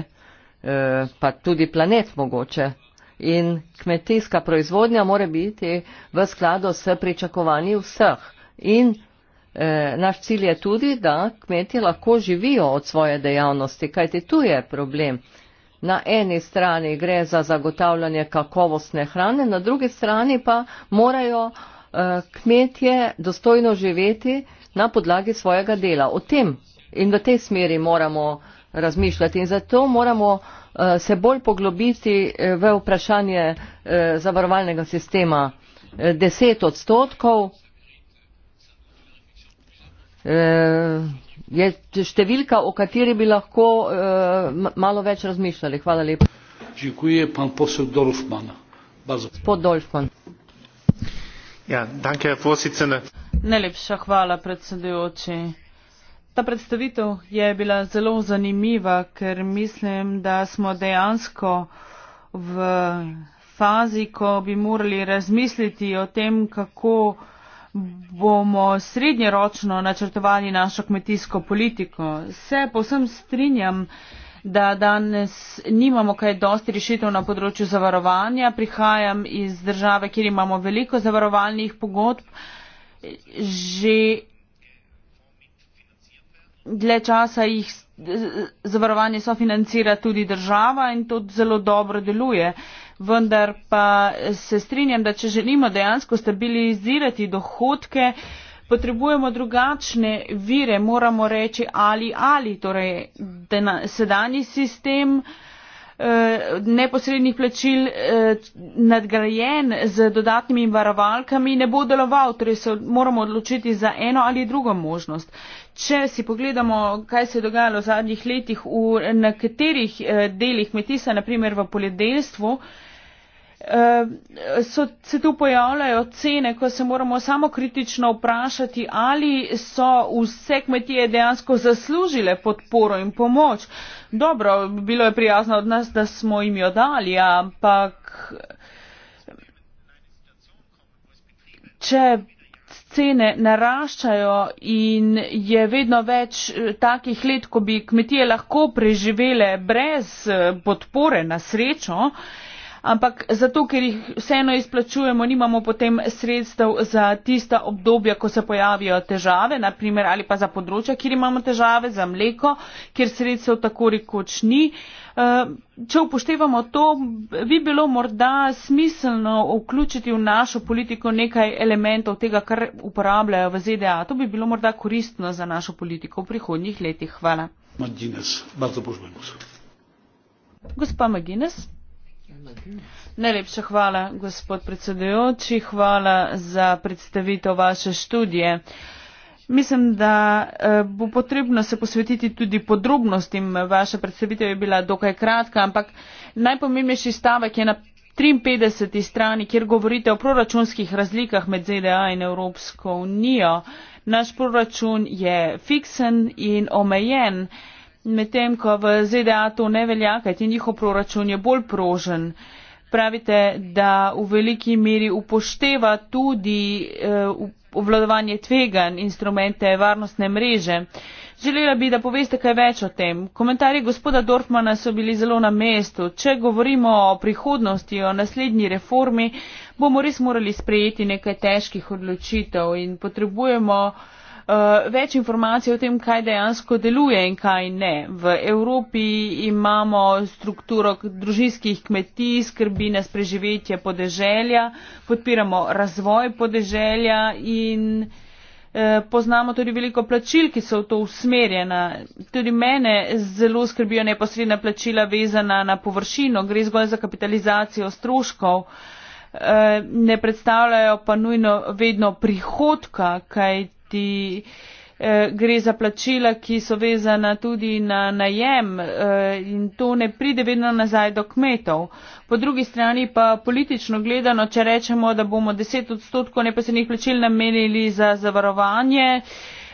eh, pa tudi planet mogoče. In kmetijska proizvodnja mora biti v skladu s pričakovanji vseh. In E, naš cilj je tudi, da kmetje lahko živijo od svoje dejavnosti, kajti tu je problem. Na eni strani gre za zagotavljanje kakovostne hrane, na drugi strani pa morajo e, kmetje dostojno živeti na podlagi svojega dela. O tem in v tej smeri moramo razmišljati in zato moramo e, se bolj poglobiti v vprašanje zavarovalnega sistema. 10 odstotkov Eh, je številka, o kateri bi lahko eh, malo več razmišljali. Hvala lepa. Žikuje pan posel Dolfman. Gospod Dolfman. Ja, danke, posicene. Najlepša hvala, predsedujoči. Ta predstavitev je bila zelo zanimiva, ker mislim, da smo dejansko v fazi, ko bi morali razmisliti o tem, kako bomo srednjeročno načrtovali našo kmetijsko politiko. Se povsem strinjam, da danes nimamo kaj dosti rešitev na področju zavarovanja. Prihajam iz države, kjer imamo veliko zavarovalnih pogodb. Že dlje časa jih zavarovanje sofinancira tudi država in to zelo dobro deluje vendar pa se strinjam, da če želimo dejansko stabilizirati dohodke, potrebujemo drugačne vire, moramo reči ali ali, torej dena, sedanji sistem eh, neposrednih plačil eh, nadgrajen z dodatnimi varovalkami ne bo deloval, torej se moramo odločiti za eno ali drugo možnost. Če si pogledamo, kaj se je dogajalo v zadnjih letih, v, na katerih eh, delih kmetisa, naprimer v poljedelstvu, Eh, so, se tu pojavljajo cene, ko se moramo samo kritično vprašati, ali so vse kmetije dejansko zaslužile podporo in pomoč. Dobro, bilo je prijazno od nas, da smo jim jo dali, ampak če cene naraščajo in je vedno več eh, takih let, ko bi kmetije lahko preživele brez eh, podpore na srečo, ampak zato, ker jih vseeno izplačujemo, nimamo potem sredstev za tista obdobja, ko se pojavijo težave, naprimer ali pa za področja, kjer imamo težave, za mleko, kjer sredstev takori kot ni. Eh, če upoštevamo to, bi bilo morda smiselno vključiti v našo politiko nekaj elementov tega, kar uporabljajo v ZDA. To bi bilo morda koristno za našo politiko v prihodnjih letih. Hvala. Magines, bardzo proszę, Gospa Magines. Gospa Magines. Najlepša hvala, gospod predsedujoči. Hvala za predstavitev vaše študije. Mislim, da eh, bo potrebno se posvetiti tudi podrobnostim. Vaša predstavitev je bila dokaj kratka, ampak najpomembnejši stavek je na 53. strani, kjer govorite o proračunskih razlikah med ZDA in Evropsko unijo. Naš proračun je fiksen in omejen medtem ko v ZDA to ne velja, kajti njihov proračun je bolj prožen. Pravite, da v veliki meri upošteva tudi uh, obvladovanje tvegan, instrumente varnostne mreže. Želela bi, da poveste kaj več o tem. Komentarji gospoda Dorfmana so bili zelo na mestu. Če govorimo o prihodnosti, o naslednji reformi, bomo res morali sprejeti nekaj težkih odločitev in potrebujemo uh, Eh, več informacij o tem, kaj dejansko deluje in kaj ne. V Evropi imamo strukturo družinskih kmetij, skrbi nas preživetje podeželja, podpiramo razvoj podeželja in eh, Poznamo tudi veliko plačil, ki so v to usmerjena. Tudi mene zelo skrbijo neposredna plačila vezana na površino. Gre zgolj za kapitalizacijo stroškov. Eh, ne predstavljajo pa nujno vedno prihodka, kaj kajti eh, gre za plačila, ki so vezana tudi na najem eh, in to ne pride vedno nazaj do kmetov. Po drugi strani pa politično gledano, če rečemo, da bomo 10 odstotkov neposrednih plačil namenili za zavarovanje,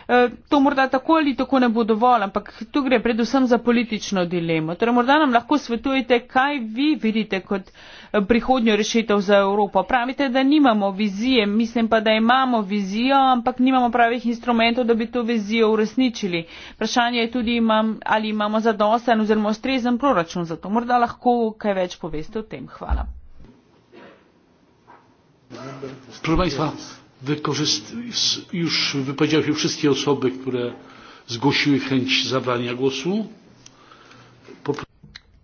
eh, To morda tako ali tako ne bo dovolj, ampak tu gre predvsem za politično dilemo. Torej, morda nam lahko svetujete, kaj vi vidite kot prihodnjo rešitev za Evropo. Pravite, da nimamo vizije, mislim pa, da imamo vizijo, ampak nimamo pravih instrumentov, da bi to vizijo uresničili. Vprašanje je tudi, imam, ali imamo zadosten oziroma ustrezen proračun za to. Morda lahko kaj več poveste o tem. Hvala. Proszę Państwa, już wypowiedziały się wszystkie osoby, które zgłosiły chęć zabrania głosu. Popr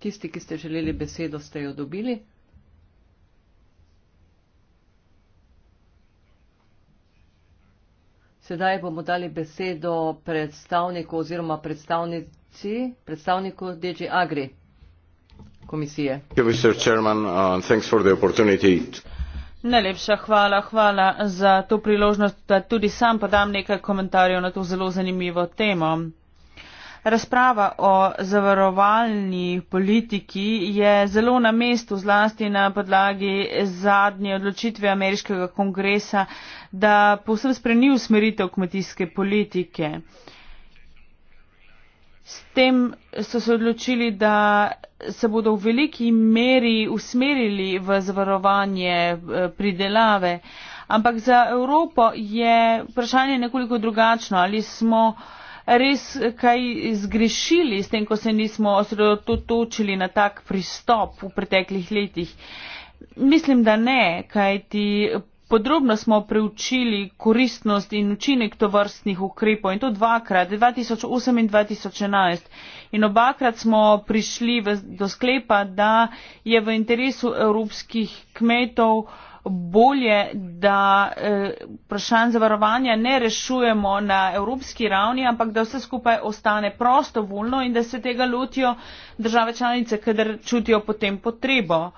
Tisti, ki ste želeli besedo, ste jo dobili. Sedaj bomo dali besedo predstavniku oziroma predstavnici, predstavniku DG Agri komisije. Uh, Najlepša hvala, hvala za to priložnost, da tudi sam podam nekaj komentarjev na to zelo zanimivo temo. Razprava o zavarovalni politiki je zelo na mestu, zlasti na podlagi zadnje odločitve ameriškega kongresa, da povsem spremenil usmeritev kmetijske politike. S tem so se odločili, da se bodo v veliki meri usmerili v zavarovanje eh, pridelave. Ampak za Evropo je vprašanje nekoliko drugačno. Ali smo res kaj zgrešili s tem, ko se nismo osredotočili na tak pristop v preteklih letih? Mislim, da ne, kaj ti podrobno smo preučili koristnost in učinek tovrstnih ukrepov in to dvakrat, 2008 in 2011. In obakrat smo prišli v, do sklepa, da je v interesu evropskih kmetov uh, bolje, da eh, vprašanj zavarovanja ne rešujemo na evropski ravni, ampak da vse skupaj ostane prosto voljno in da se tega lotijo države članice, kadar čutijo potem potrebo.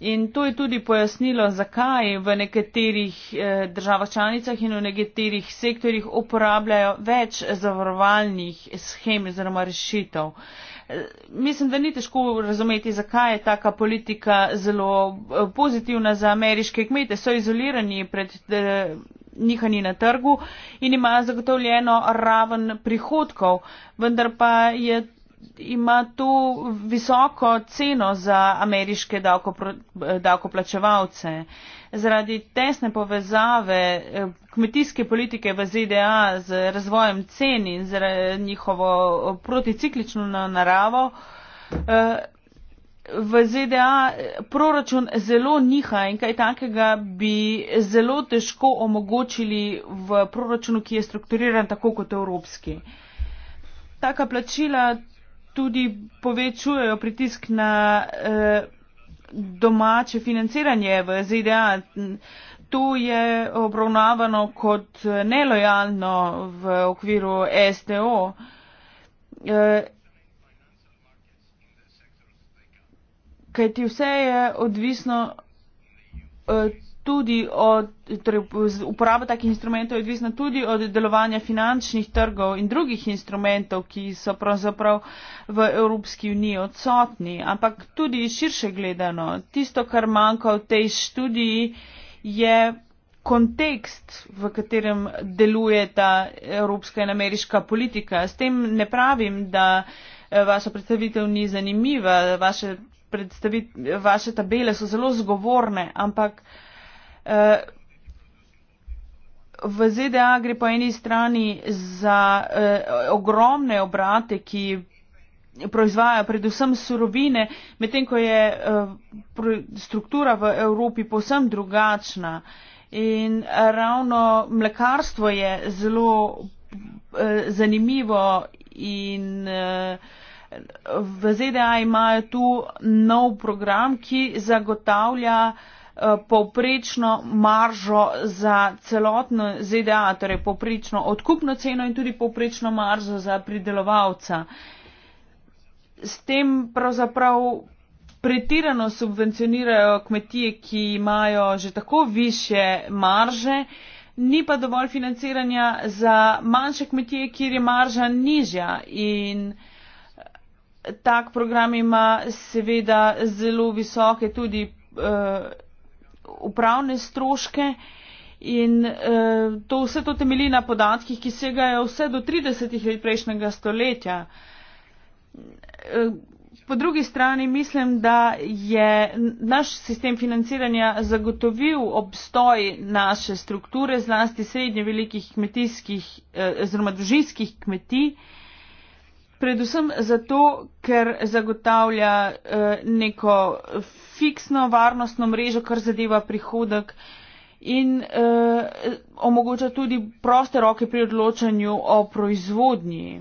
In to je tudi pojasnilo, zakaj v nekaterih eh, državah članicah in v nekaterih sektorjih uporabljajo več zavarovalnih schem oziroma rešitev mislim, da ni težko razumeti, zakaj je taka politika zelo eh, pozitivna za ameriške kmete. So izolirani pred eh, nihanji na trgu in imajo zagotovljeno raven prihodkov, vendar pa je ima to visoko ceno za ameriške davkoplačevalce. Zaradi tesne povezave eh, kmetijske politike v ZDA z razvojem cen in z njihovo proticiklično naravo, eh, v ZDA eh, proračun zelo niha in kaj takega bi zelo težko omogočili v proračunu, ki je strukturiran tako kot evropski. Taka plačila tudi povečujejo pritisk na eh, domače financiranje v ZDA. To je obravnavano kot eh, nelojalno v okviru STO. Eh, kajti vse je odvisno. Eh, tudi od, torej uporaba takih instrumentov je odvisna tudi od delovanja finančnih trgov in drugih instrumentov, ki so pravzaprav v Evropski uniji odsotni, ampak tudi širše gledano. Tisto, kar manjka v tej študiji, je kontekst, v katerem deluje ta evropska in ameriška politika. S tem ne pravim, da eh, vaša predstavitev ni zanimiva, vaše, vaše tabele so zelo zgovorne, ampak Eh, v ZDA gre po eni strani za eh, ogromne obrate, ki proizvajajo predvsem surovine, medtem ko je eh, struktura v Evropi povsem drugačna. In ravno mlekarstvo je zelo eh, zanimivo in eh, v ZDA imajo tu nov program, ki zagotavlja eh, Eh, povprečno maržo za celotno ZDA, torej povprečno odkupno ceno in tudi povprečno maržo za pridelovalca. S tem pravzaprav pretirano subvencionirajo kmetije, ki imajo že tako više marže, ni pa dovolj financiranja za manjše kmetije, kjer je marža nižja in eh, tak program ima seveda zelo visoke tudi. Uh, upravne stroške in uh, to vse to temelji na podatkih, ki segajo vse do 30. let prejšnjega stoletja. Eh, po drugi strani mislim, da je naš sistem financiranja zagotovil obstoj naše strukture, zlasti srednje velikih kmetijskih, eh, oziroma eh, družinskih kmetij, eh, Predvsem zato, ker zagotavlja eh, neko fiksno varnostno mrežo, kar zadeva prihodek in eh, omogoča tudi proste roke pri odločanju o proizvodnji.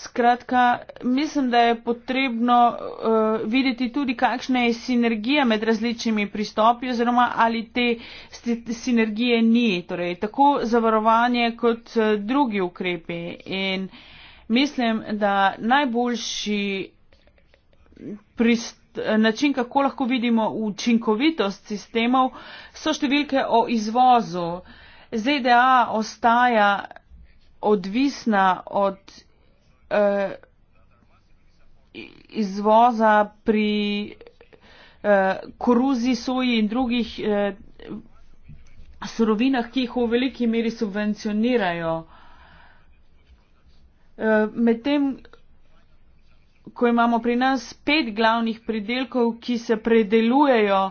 Skratka, mislim, da je potrebno uh, videti tudi, kakšna je sinergija med različnimi pristopi oziroma ali te sinergije ni, torej tako zavarovanje kot drugi ukrepi. In, uh, mislim, da najboljši pristop način, kako lahko vidimo učinkovitost sistemov, so številke o izvozu. ZDA ostaja odvisna od eh, izvoza pri eh, koruzi, soji in drugih eh, surovinah, ki jih v veliki meri subvencionirajo. Eh, medtem ko imamo pri nas pet glavnih pridelkov, ki se predelujejo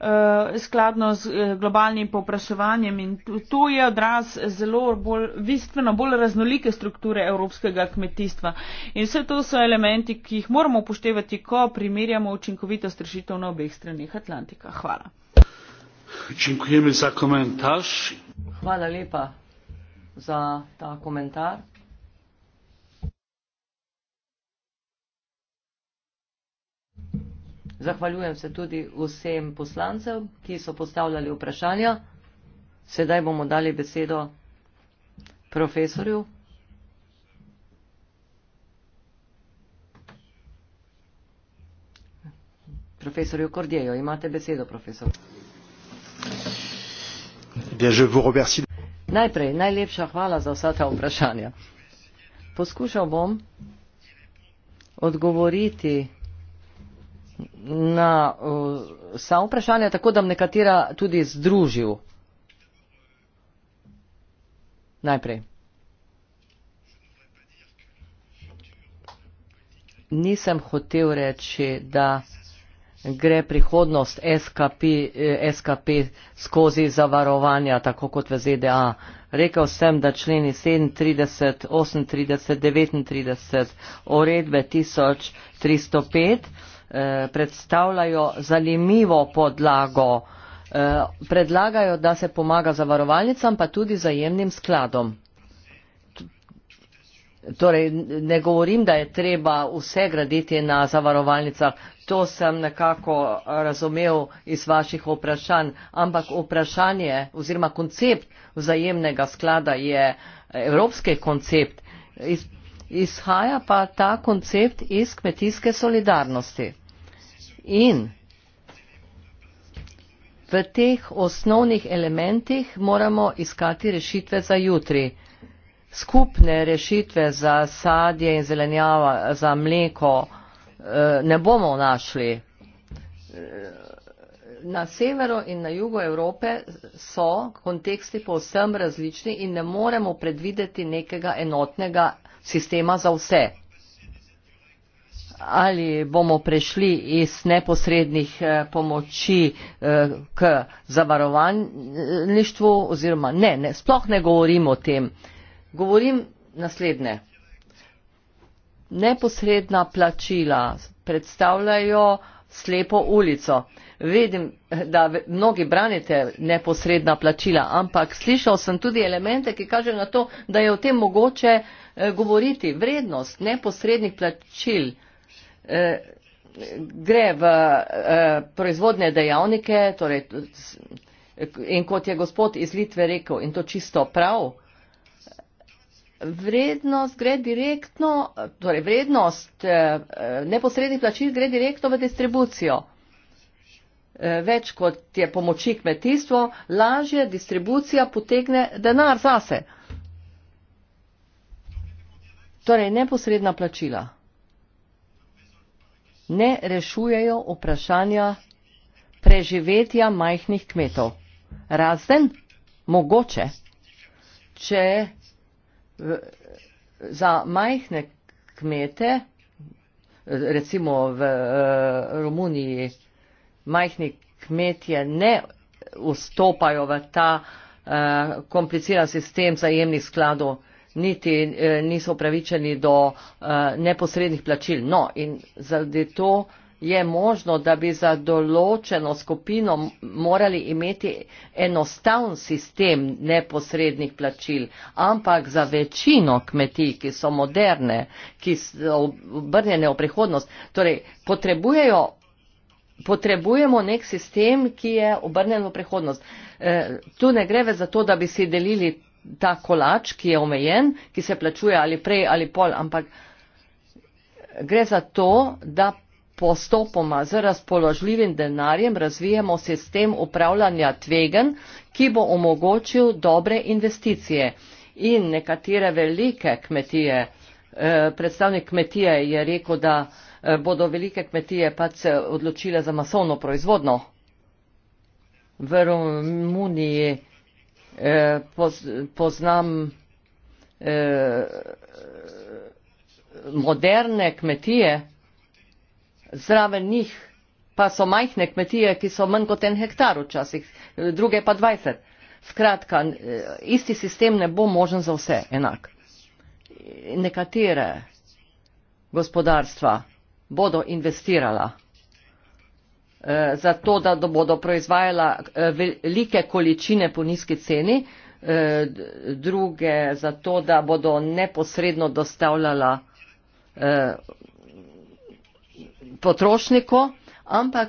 eh, skladno z eh, globalnim povpraševanjem in to je odraz zelo bolj, bistveno bolj raznolike strukture evropskega kmetijstva. In vse to so elementi, ki jih moramo upoštevati, ko primerjamo učinkovitost rešitev na obeh stranih Atlantika. Hvala. Hvala lepa za ta komentar. Zahvaljujem se tudi vsem poslancem, ki so postavljali vprašanja. Sedaj bomo dali besedo profesorju. Profesorju Kordijo, imate besedo, profesor. Najprej, najlepša hvala za vsa ta vprašanja. Poskušal bom odgovoriti na uh, samo vprašanje, tako da bom nekatera tudi združil. Najprej. Nisem hotel reči, da gre prihodnost SKP, eh, SKP skozi zavarovanja, tako kot v ZDA. Rekel sem, da členi 37, 38, 39, uredbe 1305. Eh, predstavljajo zanimivo podlago. Eh, predlagajo, da se pomaga zavarovalnicam, pa tudi zajemnim skladom. Torej, ne govorim, da je treba vse graditi na zavarovalnicah. To sem nekako razumel iz vaših vprašanj, ampak vprašanje oziroma koncept vzajemnega sklada je evropski koncept. Izhaja pa ta koncept iz kmetijske solidarnosti. In v teh osnovnih elementih moramo iskati rešitve za jutri. Skupne rešitve za sadje in zelenjava, za mleko eh, ne bomo našli. Eh, na severu in na jugu Evrope so konteksti povsem različni in ne moremo predvideti nekega enotnega sistema za vse ali bomo prešli iz neposrednih eh, pomoči eh, k zavarovanjištvu oziroma ne, ne, sploh ne govorim o tem. Govorim naslednje. Neposredna plačila predstavljajo slepo ulico. Vedim, da mnogi branite neposredna plačila, ampak slišal sem tudi elemente, ki kažejo na to, da je o tem mogoče eh, govoriti. Vrednost neposrednih plačil Eh, gre v eh, proizvodne dejavnike torej, in kot je gospod iz Litve rekel in to čisto prav, vrednost gre direktno, torej vrednost eh, neposrednih plačil gre direktno v distribucijo. Več kot je pomoči kmetijstvo, lažje distribucija potegne denar zase. Torej, neposredna plačila ne rešujejo vprašanja preživetja majhnih kmetov. Razen mogoče, če v, za majhne kmete, recimo v, v eh, Romuniji, majhni kmetje ne vstopajo v ta uh, kompliciran sistem zajemnih skladov, uh, niti eh, niso upravičeni do eh, neposrednih plačil. No, in zaradi to je možno, da bi za določeno skupino morali imeti enostavn sistem neposrednih plačil, ampak za večino kmetij, ki so moderne, ki so obrnjene v prihodnost, torej potrebujejo. Potrebujemo nek sistem, ki je obrnen v prihodnost. Eh, tu ne gre za to, da bi si delili ta kolač, ki je omejen, ki se plačuje ali prej ali pol, ampak gre za to, da postopoma z razpoložljivim denarjem razvijemo sistem upravljanja tvegan, ki bo omogočil dobre investicije. In nekatere velike kmetije, eh, predstavnik kmetije je rekel, da eh, bodo velike kmetije pač se odločile za masovno proizvodno. V Romuniji eh, poz, poznam eh, moderne kmetije, zraven njih pa so majhne kmetije, ki so manj kot en hektar včasih, druge pa 20. Skratka, eh, isti sistem ne bo možen za vse enak. Nekatere gospodarstva bodo investirala Eh, zato da bodo proizvajala eh, velike količine po nizki ceni, eh, druge zato, da bodo neposredno dostavljala potrošniku, ampak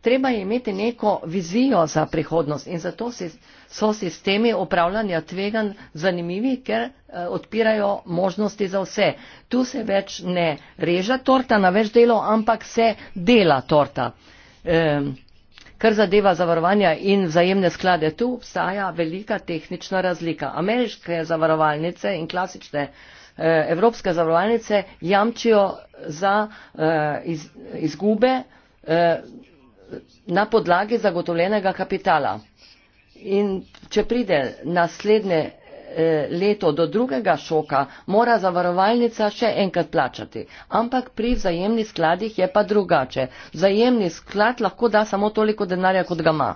treba imeti neko vizijo za prihodnost in zato so sistemi upravljanja tvegan zanimivi, ker odpirajo možnosti za vse. Tu se več ne reža torta na več delov, ampak se dela torta kar zadeva zavarovanja in vzajemne sklade, tu obstaja velika tehnična razlika. Ameriške zavarovalnice in klasične e, evropske zavarovalnice jamčijo za e, izgube e, na podlagi zagotovljenega kapitala. In če pride naslednje Eh, leto do drugega šoka mora zavarovalnica še enkrat plačati. Ampak pri vzajemnih skladih je pa drugače. Vzajemni sklad lahko da samo toliko denarja, kot ga ima.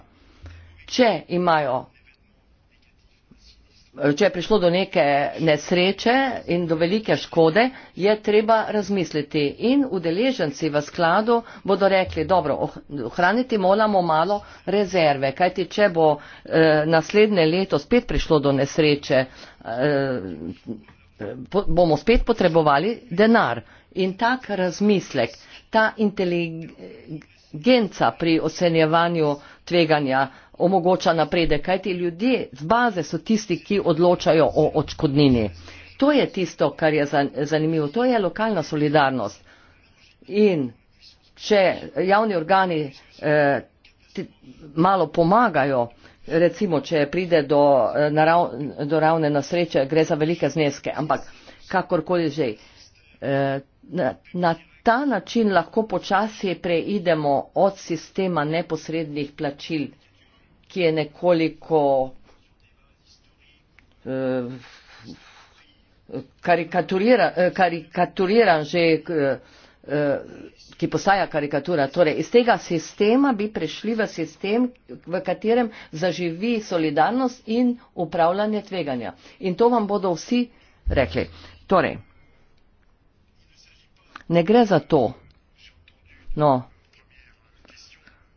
Če imajo če je prišlo do neke nesreče in do velike škode, je treba razmisliti. In udeleženci v skladu bodo rekli, dobro, oh, ohraniti moramo malo rezerve, kajti če bo eh, naslednje leto spet prišlo do nesreče, eh, bomo spet potrebovali denar. In tak razmislek, ta inteligencija, inteligenca pri ocenjevanju tveganja omogoča napredek, kajti ljudje z baze so tisti, ki odločajo o odškodnini. To je tisto, kar je zanimivo, to je lokalna solidarnost. In če javni organi eh, malo pomagajo, recimo, če pride do, eh, narav, do ravne nasreče, gre za velike zneske, ampak kakorkoli že, eh, na, na ta način lahko počasi preidemo od sistema neposrednih plačil, ki je nekoliko eh, eh karikaturiran že, eh, eh, ki postaja karikatura. Torej, iz tega sistema bi prešli v sistem, v katerem zaživi solidarnost in upravljanje tveganja. In to vam bodo vsi rekli. Torej, ne gre za to. No,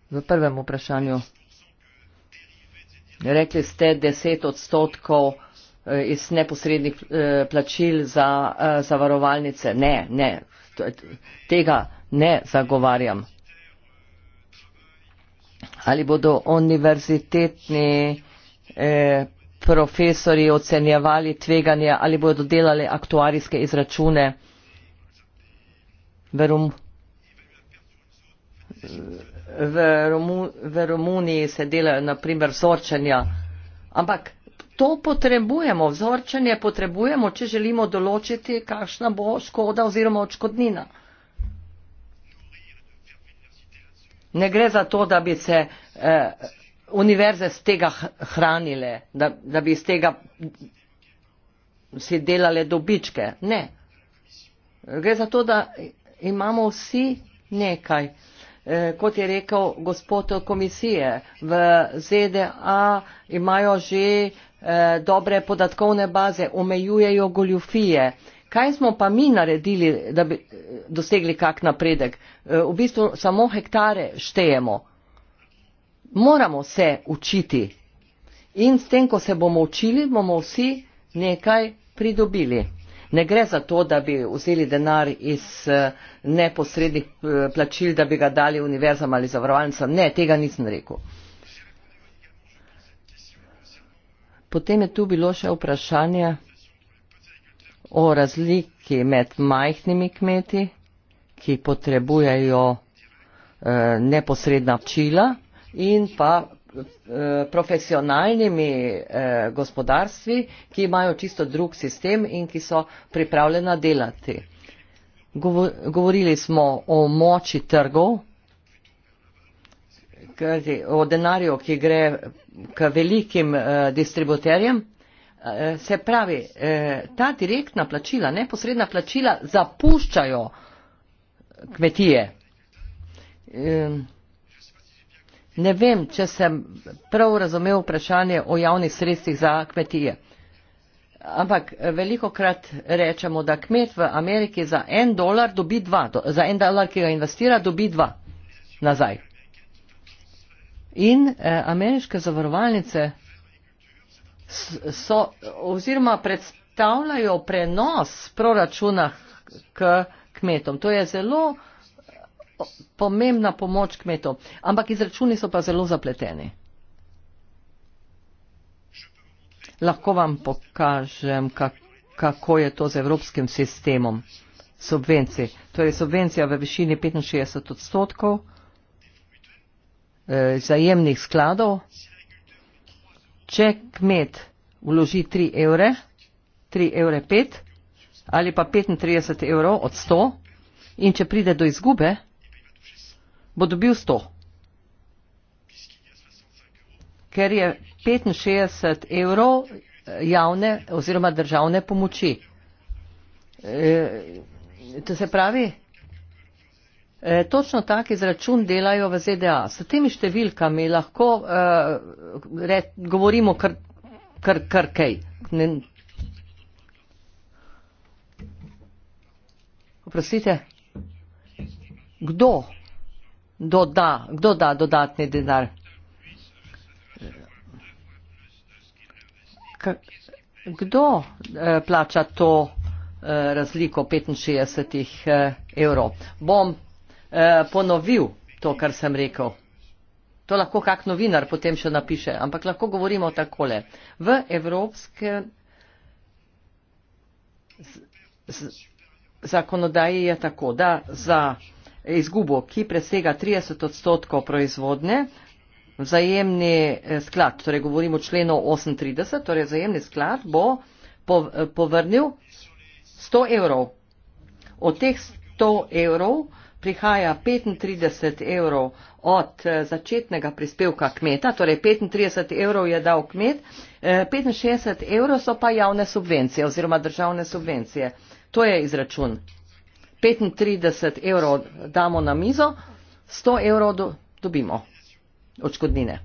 v prvem vprašanju. Rekli ste 10 odstotkov eh, iz neposrednih eh, plačil za eh, zavarovalnice. Ne, ne, tega ne zagovarjam. Ali bodo univerzitetni profesori ocenjevali tveganje, ali bodo delali aktuarijske izračune. Verom, v, Romu, v Romuniji se delajo naprimer vzorčenja, ampak to potrebujemo, vzorčenje potrebujemo, če želimo določiti, kakšna bo škoda oziroma odškodnina. Ne gre za to, da bi se eh, univerze z tega hranile, da, da bi iz tega si delale dobičke. Ne. Gre za to, da imamo vsi nekaj. Eh, kot je rekel gospod komisije, v ZDA imajo že eh, dobre podatkovne baze, omejujejo goljufije. Kaj smo pa mi naredili, da bi eh, dosegli kak napredek? V bistvu samo hektare štejemo. Moramo se učiti. In s tem, ko se bomo učili, bomo vsi nekaj pridobili. Ne gre za to, da bi vzeli denar iz eh, neposrednih eh, plačil, da bi ga dali univerzam ali zavarovalnicam. Ne, tega nisem rekel. Potem je tu bilo še vprašanje o razliki med majhnimi kmeti, ki potrebujejo eh, neposredna čila in pa Eh, profesionalnimi eh, gospodarstvi, ki imajo čisto drug sistem in ki so pripravljena delati. Govo govorili smo o moči trgov, kajti, o denarju, ki gre k velikim eh, distributerjem. Eh, se pravi, eh, ta direktna plačila, neposredna plačila zapuščajo kmetije. Eh, Ne vem, če sem prav razumel vprašanje o javnih sredstvih za kmetije. Ampak eh, veliko krat rečemo, da kmet v Ameriki za en dolar dobi dva, do, za en dolar, ki ga investira, dobi dva nazaj. In eh, ameriške zavarovalnice so oziroma predstavljajo prenos proračuna k kmetom. To je zelo eh, pomembna pomoč kmetov, ampak izračuni so pa zelo zapleteni. Lahko vam pokažem, kako je to z evropskim sistemom subvencij. Torej subvencija v višini 65 odstotkov eh, zajemnih skladov. Če kmet vloži 3 evre, 3 evre 5 ali pa 35 evrov od 100 in če pride do izgube, bo dobil 100. Ker je 65 evrov javne oziroma državne pomoči. E, to se pravi, e, točno tak izračun delajo v ZDA. S temi številkami lahko e, re, govorimo kar, kar, kar kaj. Ne, Oprostite, kdo kdo da, kdo da dodatni denar. Kdo eh, plača to eh, razliko 65 eh, evrov? Bom ponovil to, kar sem rekel. To lahko kak novinar potem še napiše, ampak lahko govorimo takole. V evropske zakonodaji je tako, da za izgubo, ki presega 30 odstotkov proizvodne, vzajemni eh, sklad, torej govorimo členo 38, torej vzajemni sklad bo eh, povrnil 100 evrov. Od teh 100 evrov prihaja 35 evrov od eh, začetnega prispevka kmeta, torej 35 evrov je dal kmet, 65 evrov so pa javne subvencije oziroma državne subvencije. To je izračun petintrideset evrov damo na mizo sto evrov do, dobimo odškodnine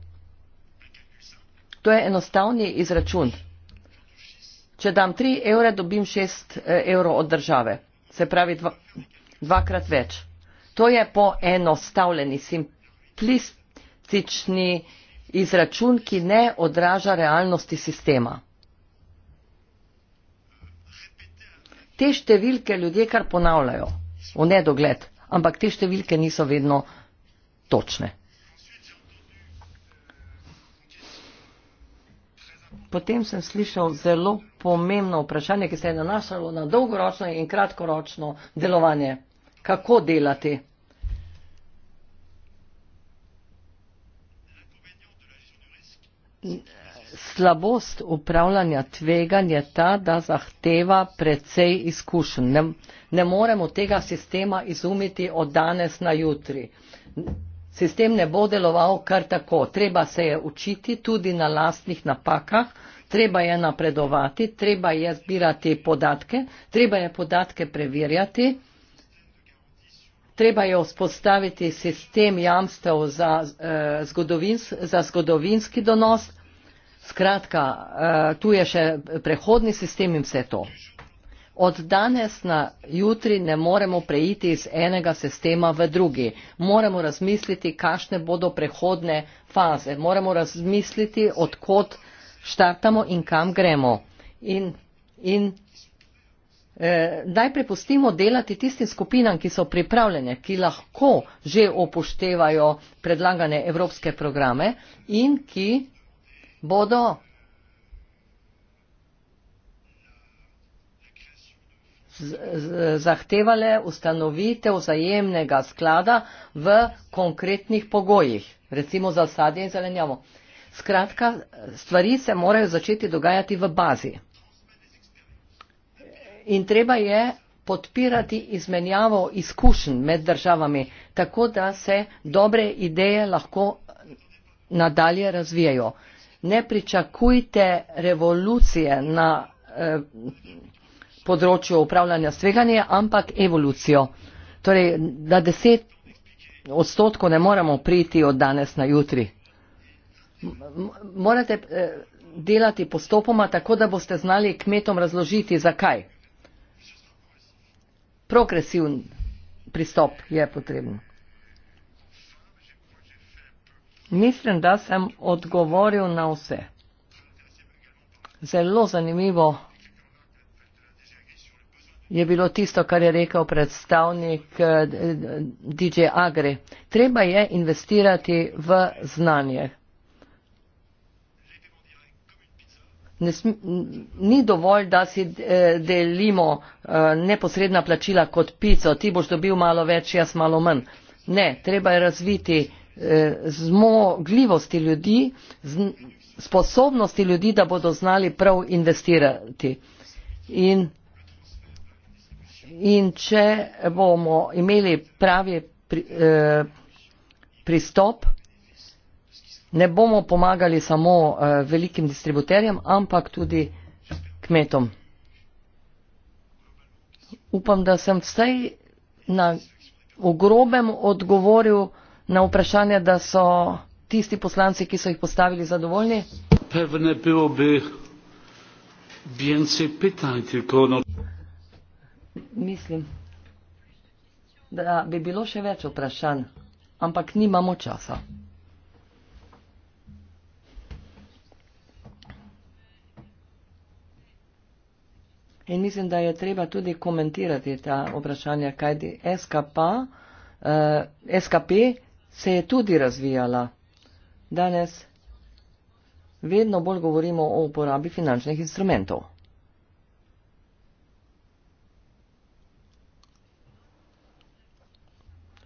to je enostavni izračun če dam tri evre dobim šest eh, evrov od države se pravi dva, dvakrat več to je poenostavljeni simplistični izračun ki ne odraža realnosti sistema te številke ljudje kar ponavljajo v nedogled, ampak te številke niso vedno točne. Potem sem slišal zelo pomembno vprašanje, ki se je nanašalo na dolgoročno in kratkoročno delovanje. Kako delati? N slabost upravljanja tvegan je ta, da zahteva precej izkušenj. Ne, ne moremo tega sistema izumiti od danes na jutri. Sistem ne bo deloval kar tako. Treba se je učiti tudi na lastnih napakah, treba je napredovati, treba je zbirati podatke, treba je podatke preverjati, treba je vzpostaviti sistem jamstev za, eh, zgodovins, za zgodovinski donos. Skratka, eh, tu je še prehodni sistem in vse to. Od danes na jutri ne moremo preiti iz enega sistema v drugi. Moramo razmisliti, kakšne bodo prehodne faze. Moramo razmisliti, odkot štartamo in kam gremo. In, in eh, daj prepustimo delati tistim skupinam, ki so pripravljene, ki lahko že upoštevajo predlagane evropske programe in ki bodo zahtevale ustanovitev zajemnega sklada v konkretnih pogojih, recimo za sadje in zelenjavo. Skratka, stvari se morajo začeti dogajati v bazi. In treba je podpirati izmenjavo izkušenj med državami, tako da se dobre ideje lahko nadalje razvijajo ne pričakujte revolucije na eh, področju upravljanja sveganja, ampak evolucijo. Torej, da deset odstotkov ne moramo priti od danes na jutri. Morate eh, delati postopoma tako, da boste znali kmetom razložiti, zakaj. Progresivni pristop je potrebno. Mislim, da sem odgovoril na vse. Zelo zanimivo je bilo tisto, kar je rekel predstavnik eh, DJ Agri. Treba je investirati v znanje. Ni dovolj, da si eh, delimo eh, neposredna plačila kot pico, ti boš dobil malo več, jaz malo manj. Ne, treba je razviti. Eh, zmogljivosti ljudi, sposobnosti ljudi, da bodo znali prav investirati. In, in če bomo imeli pravi pri, eh, pristop, ne bomo pomagali samo eh, velikim distributerjem, ampak tudi kmetom. Upam, da sem vsej na ogrobem odgovoril, na vprašanje, da so tisti poslanci, ki so jih postavili, zadovoljni? No- mislim, da bi bilo še več vprašanj, ampak nimamo časa. In mislim, da je treba tudi komentirati ta vprašanja, kaj SKP, eh, SKP se je tudi razvijala. Danes vedno bolj govorimo o uporabi finančnih instrumentov.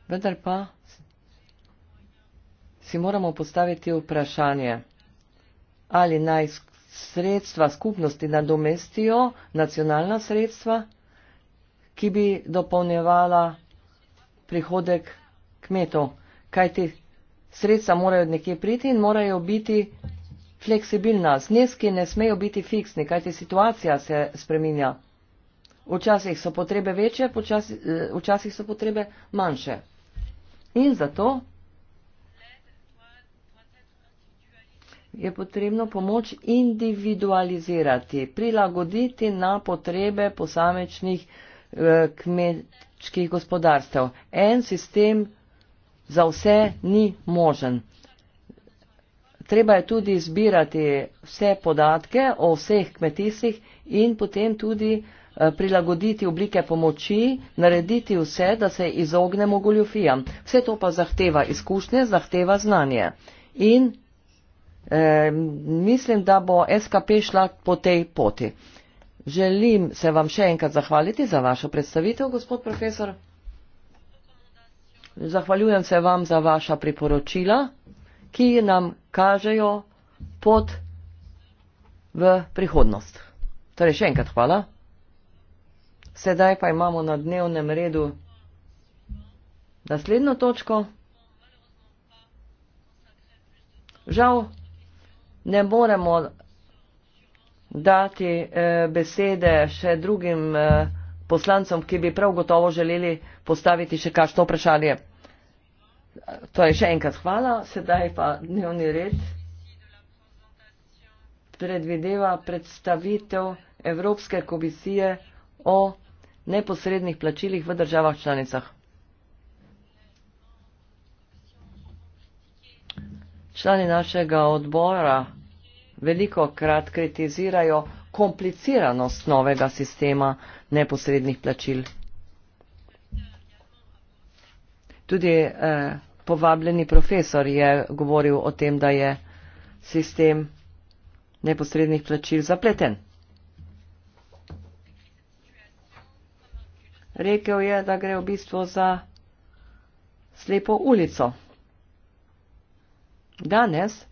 Vendar pa si moramo postaviti vprašanje, ali naj sredstva skupnosti nadomestijo nacionalna sredstva, ki bi dopolnjevala prihodek kmetov kaj ti sredstva morajo nekje priti in morajo biti fleksibilna. Zneski ne smejo biti fiksni, kaj ti situacija se spreminja. Včasih so potrebe večje, počasi, eh, včasih so potrebe manjše. In zato je potrebno pomoč individualizirati, prilagoditi na potrebe posamečnih eh, kmečkih gospodarstev. En sistem za vse ni možen. Treba je tudi zbirati vse podatke o vseh kmetijstvih in potem tudi eh, prilagoditi oblike pomoči, narediti vse, da se izognemo goljofijam. Vse to pa zahteva izkušnje, zahteva znanje. In eh, mislim, da bo SKP šla po tej poti. Želim se vam še enkrat zahvaliti za vašo predstavitev, gospod profesor. Zahvaljujem se vam za vaša priporočila, ki nam kažejo pot v prihodnost. Torej, še enkrat hvala. Sedaj pa imamo na dnevnem redu naslednjo točko. Žal ne moremo dati eh, besede še drugim. Eh, poslancem, ki bi prav gotovo želeli postaviti še kakšno vprašanje. To je še enkrat hvala, sedaj pa dnevni red predvideva predstavitev Evropske komisije o neposrednih plačilih v državah članicah. Člani našega odbora veliko krat kritizirajo kompliciranost novega sistema neposrednih plačil. Tudi eh, povabljeni profesor je govoril o tem, da je sistem neposrednih plačil zapleten. Rekel je, da gre v bistvu za slepo ulico. Danes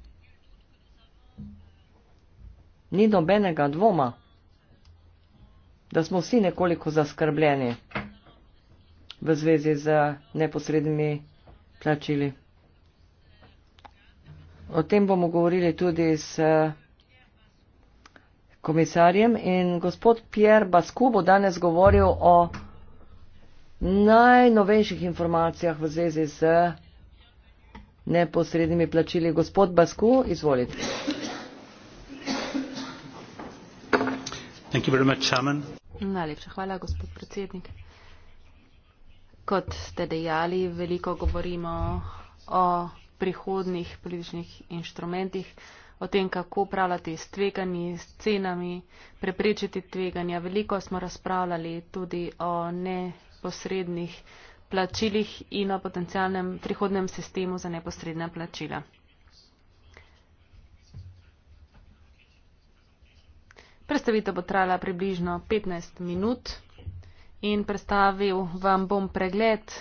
ni nobenega dvoma da smo vsi nekoliko zaskrbljeni v zvezi z neposrednimi plačili. O tem bomo govorili tudi s komisarjem in gospod Pierre Basku bo danes govoril o najnovejših informacijah v zvezi z neposrednimi plačili. Gospod Basku, izvolite. Thank you very much, Chairman. Najlepša hvala, gospod predsednik. Kot ste dejali, veliko govorimo o prihodnih političnih inštrumentih, o tem, kako upravljati s tveganji, s cenami, preprečiti tveganja. Veliko smo razpravljali tudi o neposrednih plačilih in o potencialnem prihodnem sistemu za neposredna plačila. Predstavitev bo trajala približno 15 minut in predstavil vam bom pregled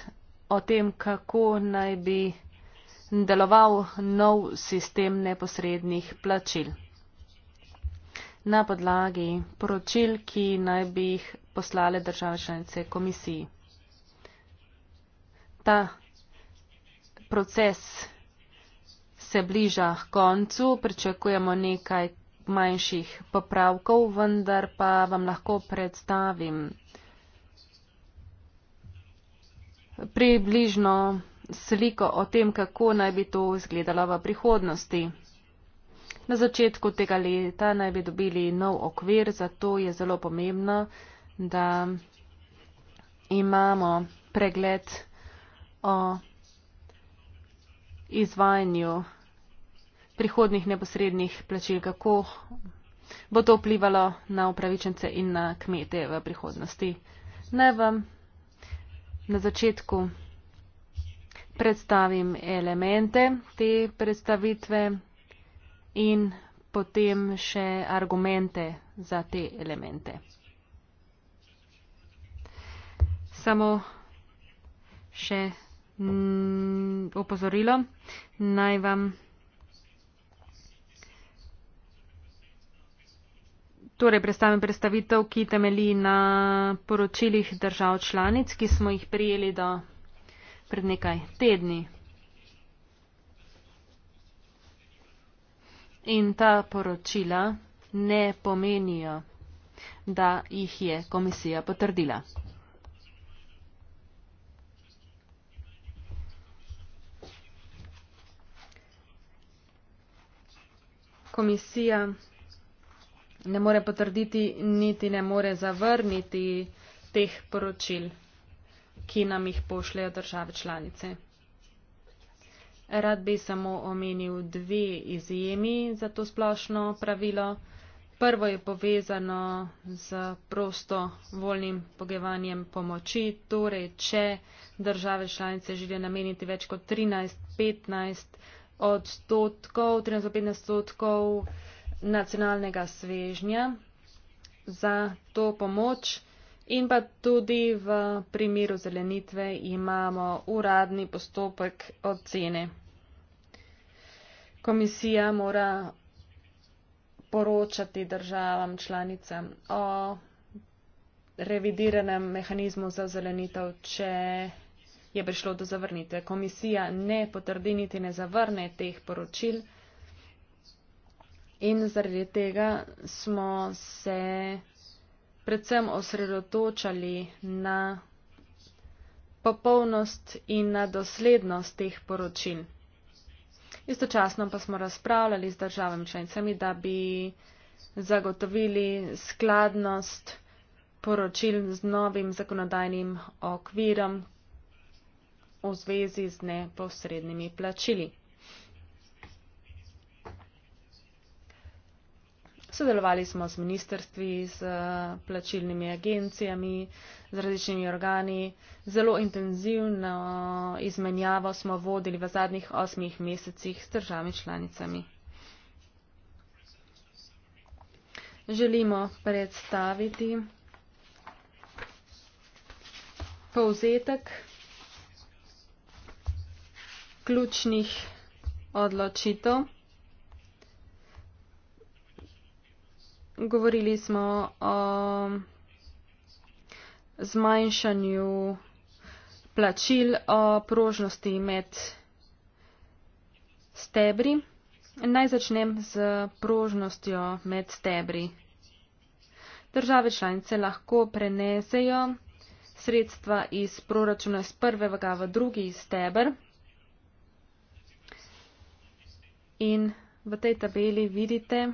o tem, kako naj bi deloval nov sistem neposrednih plačil. Na podlagi poročil, ki naj bi jih poslale države članice komisiji. Ta proces se bliža koncu, pričakujemo nekaj manjših popravkov, vendar pa vam lahko predstavim približno sliko o tem, kako naj bi to izgledalo v prihodnosti. Na začetku tega leta naj bi dobili nov okvir, zato je zelo pomembno, da imamo pregled o izvajanju prihodnih neposrednih plačil, kako bo to vplivalo na upravičence in na kmete v prihodnosti. Naj vam na začetku predstavim elemente te predstavitve in potem še argumente za te elemente. Samo še opozorilo, naj vam torej predstavim predstavitev, ki temeli na poročilih držav članic, ki smo jih prijeli do pred nekaj tedni. In ta poročila ne pomenijo, da jih je komisija potrdila. Komisija ne more potrditi, niti ne more zavrniti teh poročil, ki nam jih pošljajo države članice. Rad bi samo omenil dve izjemi za to splošno pravilo. Prvo je povezano z prosto volnim pogevanjem pomoči, torej če države članice želijo nameniti več kot 13-15 odstotkov, 13-15 odstotkov nacionalnega svežnja za to pomoč in pa tudi v primeru zelenitve imamo uradni postopek ocene. Komisija mora poročati državam članicam o revidiranem mehanizmu za zelenitev, če je prišlo do zavrnitve. Komisija ne potrdi niti ne zavrne teh poročil in zaradi tega smo se predvsem osredotočali na popolnost in na doslednost teh poročil. Istočasno pa smo razpravljali z državami članicami, da bi zagotovili skladnost poročil z novim zakonodajnim okvirom v zvezi z neposrednimi plačili. Sodelovali smo z ministrstvi, z eh, plačilnimi agencijami, z različnimi organi. Zelo intenzivno eh, izmenjavo smo vodili v zadnjih osmih mesecih s državami članicami. Želimo predstaviti povzetek ključnih odločitev. govorili smo o zmanjšanju plačil, o prožnosti med stebri. Naj začnem z prožnostjo med stebri. Države članice lahko prenesejo sredstva iz proračuna iz prvega v drugi steber. In v tej tabeli vidite,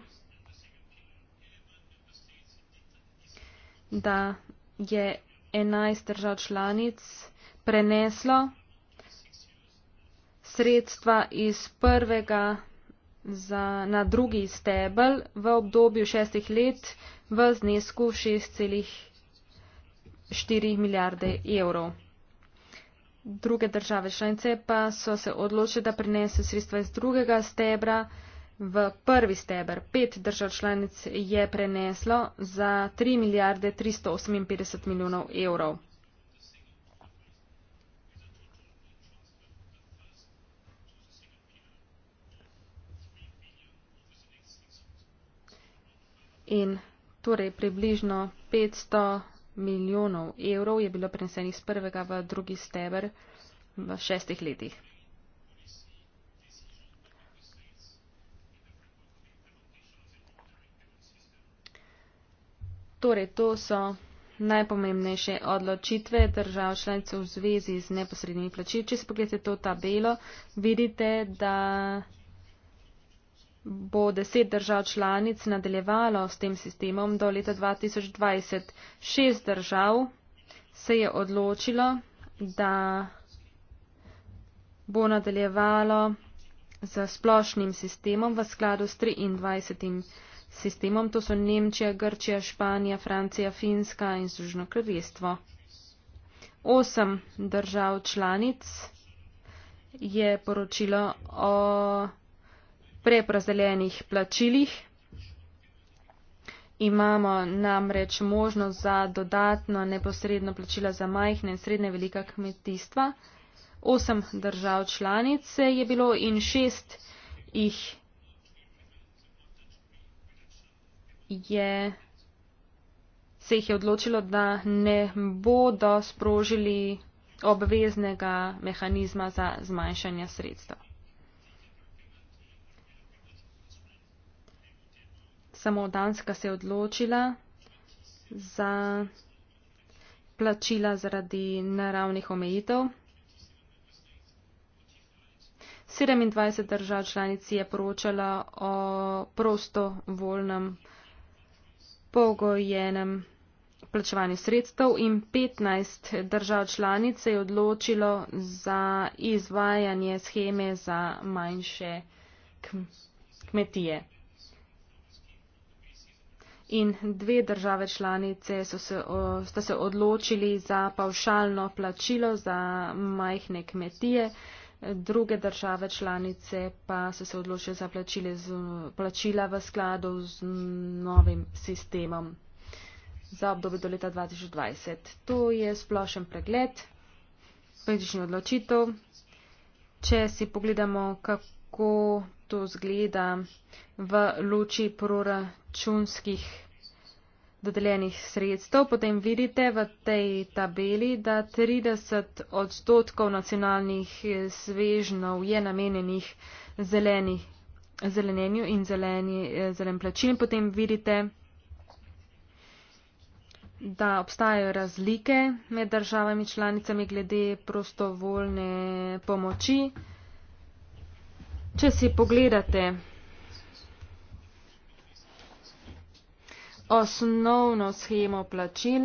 da je 11 držav članic preneslo sredstva iz prvega za, na drugi stebel v obdobju šestih let v znesku 6,4 milijarde evrov. Druge države članice pa so se odločile, da prinese sredstva iz drugega stebra v prvi steber pet držav članic je preneslo za 3 milijarde 358 milijonov evrov. In torej približno 500 milijonov evrov je bilo prenesenih z prvega v drugi steber v šestih letih. Torej, to so najpomembnejše odločitve držav članic v zvezi z neposrednimi plačili. Če si pogledate to tabelo, vidite, da bo deset držav članic nadaljevalo s tem sistemom do leta 2020. Šest držav se je odločilo, da bo nadaljevalo z splošnim sistemom v skladu s 23 sistemom, to so Nemčija, Grčija, Španija, Francija, Finska in Združeno kraljestvo. Osem držav članic je poročilo o preprazdeljenih plačilih. Imamo namreč možnost za dodatno neposredno plačilo za majhne in srednje velika kmetijstva. Osem držav članic je bilo in šest jih je, se jih je odločilo, da ne bodo sprožili obveznega mehanizma za zmanjšanje sredstev. Samo Danska se je odločila za plačila zaradi naravnih omejitev. 27 držav članic je poročala o prostovoljnem pogojenem plačevanju sredstev in 15 držav članic se je odločilo za izvajanje scheme za manjše kmetije. In dve države članice so se, sta se odločili za pavšalno plačilo za majhne kmetije druge države članice pa so se odločile za z, plačila v skladu z novim sistemom za obdobje do leta 2020. To je splošen pregled političnih odločitev. Če si pogledamo, kako to zgleda v luči proračunskih dodeljenih sredstev, potem vidite v tej tabeli, da 30 odstotkov nacionalnih svežnov je namenjenih zeleni, zelenenju in zeleni, zelen plačil. Potem vidite, da obstajajo razlike med državami članicami glede prostovoljne pomoči. Če si pogledate osnovno schemo plačil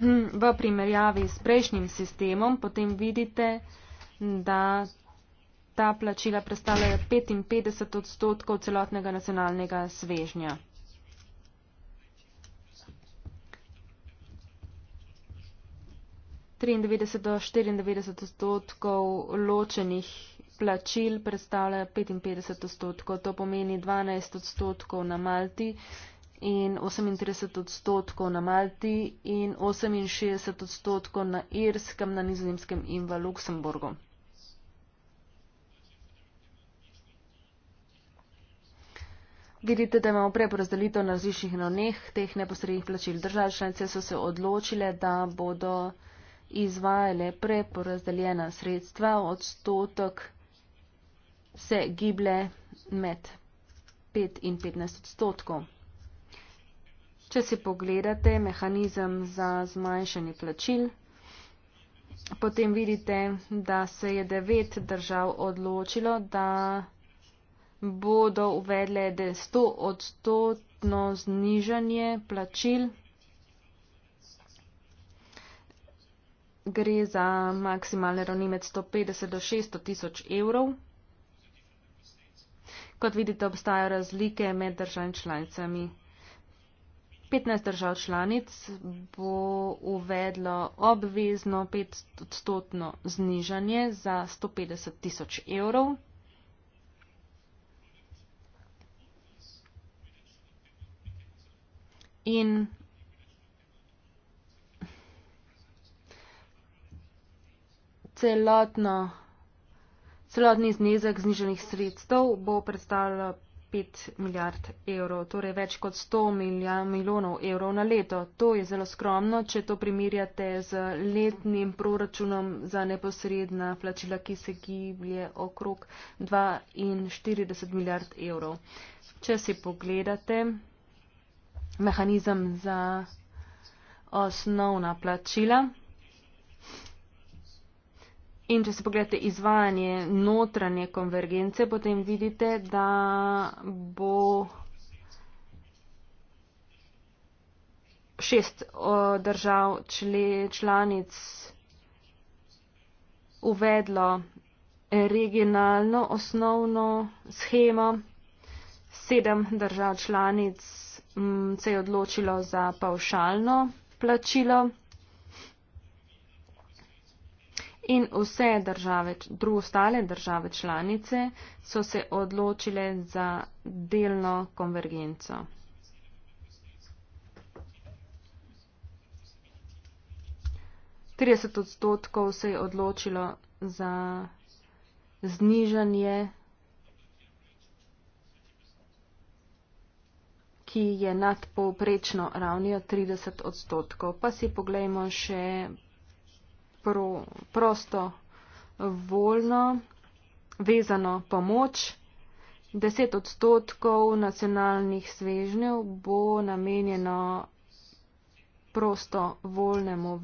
hm, v primerjavi s prejšnjim sistemom, potem vidite, da ta plačila predstavljajo 55 odstotkov celotnega nacionalnega svežnja. 93 do 94 odstotkov ločenih plačil plačil predstavlja 55 odstotkov, to pomeni 12 odstotkov na Malti in 38 odstotkov na Malti in 68 odstotkov na Irskem, na Nizozemskem in v Luksemburgu. Vidite, da imamo preporazdelitev na različnih ravneh teh neposrednih plačil. Države članice so se odločile, da bodo izvajale preporazdeljena sredstva, odstotek se gible med 5 in 15 odstotkov. Če si pogledate mehanizem za zmanjšanje plačil, potem vidite, da se je devet držav odločilo, da bodo uvedle 100 odstotno znižanje plačil. Gre za maksimalne ravni med 150 do 600 tisoč evrov. Kot vidite, obstajajo razlike med državami članicami. 15 držav članic bo uvedlo obvezno 5-odstotno znižanje za 150 tisoč evrov. In celotno Celotni znezek zniženih sredstev bo predstavljala 5 milijard evrov, torej več kot 100 milija, milijonov evrov na leto. To je zelo skromno, če to primerjate z letnim proračunom za neposredna plačila, ki se giblje okrog 42 milijard evrov. Če si pogledate mehanizem za osnovna plačila. In če se pogledate izvajanje notranje konvergence, potem vidite, da bo šest držav članic uvedlo regionalno osnovno schemo, sedem držav članic se je odločilo za pavšalno plačilo in vse države, druge ostale države članice so se odločile za delno konvergenco. Trideset odstotkov se je odločilo za znižanje, ki je nad povprečno ravnijo trideset odstotkov. Pa si poglejmo še odprl prosto, voljno, vezano pomoč. 10 odstotkov nacionalnih svežnjev bo namenjeno prosto, voljnemu,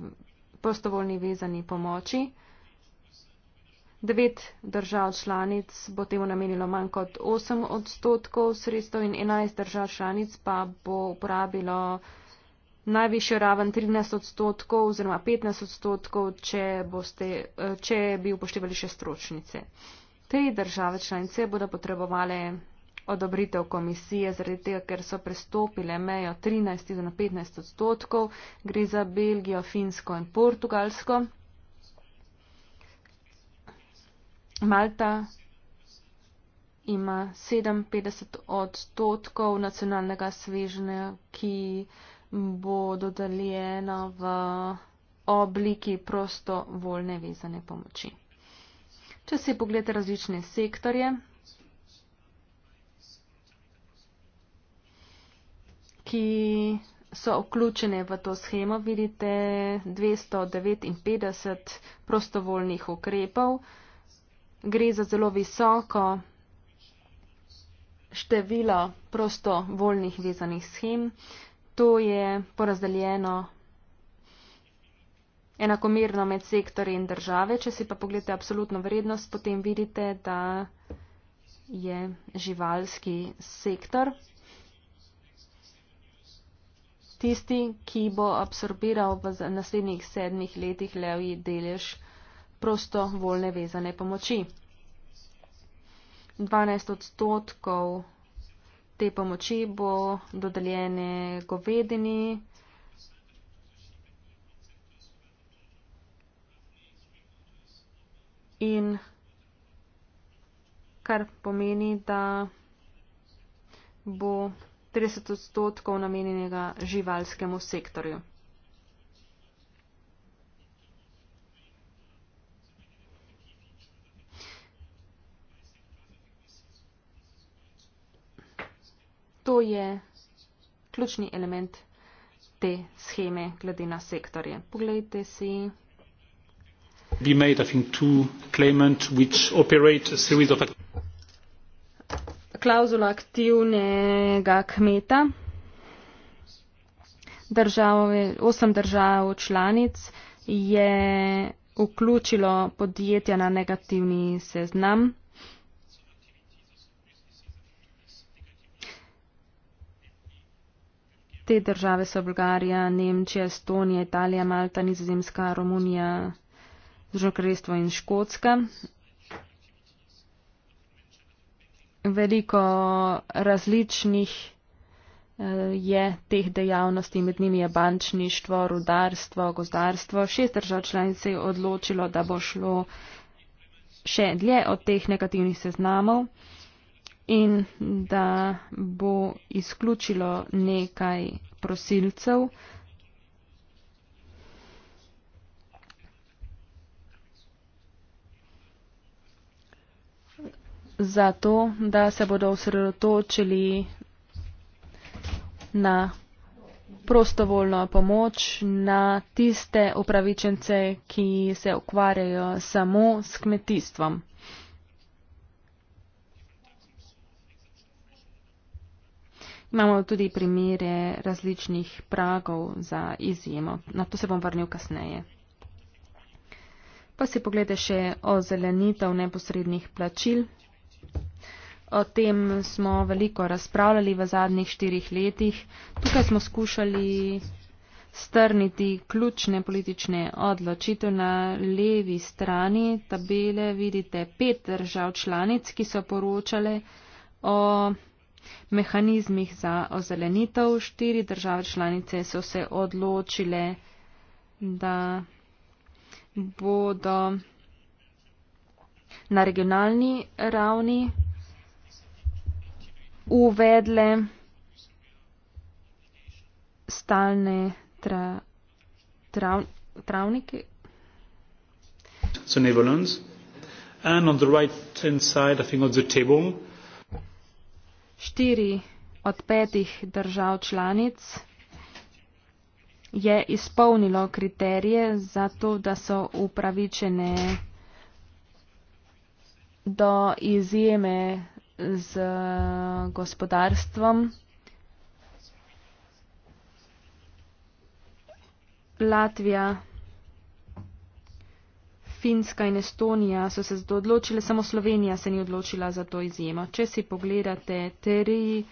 prostovoljni vezani pomoči. Devet držav članic bo temu namenilo manj kot 8 odstotkov sredstev in 11 držav članic pa bo uporabilo najvišjo raven 13 odstotkov oziroma 15 odstotkov, če, boste, če bi upoštevali še stročnice. Tri države članice bodo potrebovale odobritev komisije, zaradi tega, ker so prestopile mejo 13 do 15 odstotkov, gre za Belgijo, Finsko in Portugalsko. Malta ima 57 odstotkov nacionalnega svežnja, ki bo dodeljena v obliki prostovoljne vezane pomoči. Če si pogledate različne sektorje, ki so vključene v to schemo, vidite 259 prostovoljnih ukrepov. Gre za zelo visoko število prostovoljnih vezanih schem to je porazdeljeno enakomerno med sektori in države. Če si pa pogledate absolutno vrednost, potem vidite, da je živalski sektor tisti, ki bo absorbiral v naslednjih sedmih letih levji delež prosto volne vezane pomoči. 12 odstotkov te pomoči bo dodeljene govedini. In kar pomeni, da bo 30 odstotkov namenjenega živalskemu sektorju. To je ključni element te scheme glede na sektorje. Poglejte si. We made, I think, two claimants which operate a series of klauzula aktivnega kmeta. Države, osem držav članic je vključilo podjetja na negativni seznam. Te države so Bolgarija, Nemčija, Estonija, Italija, Malta, Nizozemska, Romunija, Združenkrstvo in Škotska. Veliko različnih eh, je teh dejavnosti, med njimi je bančništvo, rudarstvo, gozdarstvo. Šest držav članic se je odločilo, da bo šlo še dlje od teh negativnih seznamov in da bo izključilo nekaj prosilcev. Zato, da se bodo osredotočili na prostovoljno pomoč, na tiste upravičence, ki se ukvarjajo samo s kmetijstvom. Imamo tudi primere različnih pragov za izjemo. Na to se bom vrnil kasneje. Pa si poglede še o zelenitev neposrednih plačil. O tem smo veliko razpravljali v zadnjih štirih letih. Tukaj smo skušali strniti ključne politične odločitev na levi strani tabele. Vidite pet držav članic, ki so poročale o mehanizmih za ozelenitev. Štiri države članice so se odločile, da bodo na regionalni ravni uvedle stalne tra, trav, travnike. So Netherlands. And on the right hand side, I think on the table, štiri od petih držav članic je izpolnilo kriterije za to, da so upravičene do izjeme z eh, gospodarstvom. Latvija. Finska in Estonija so se za to odločile, samo Slovenija se ni odločila za to izjemo. Če si pogledate tri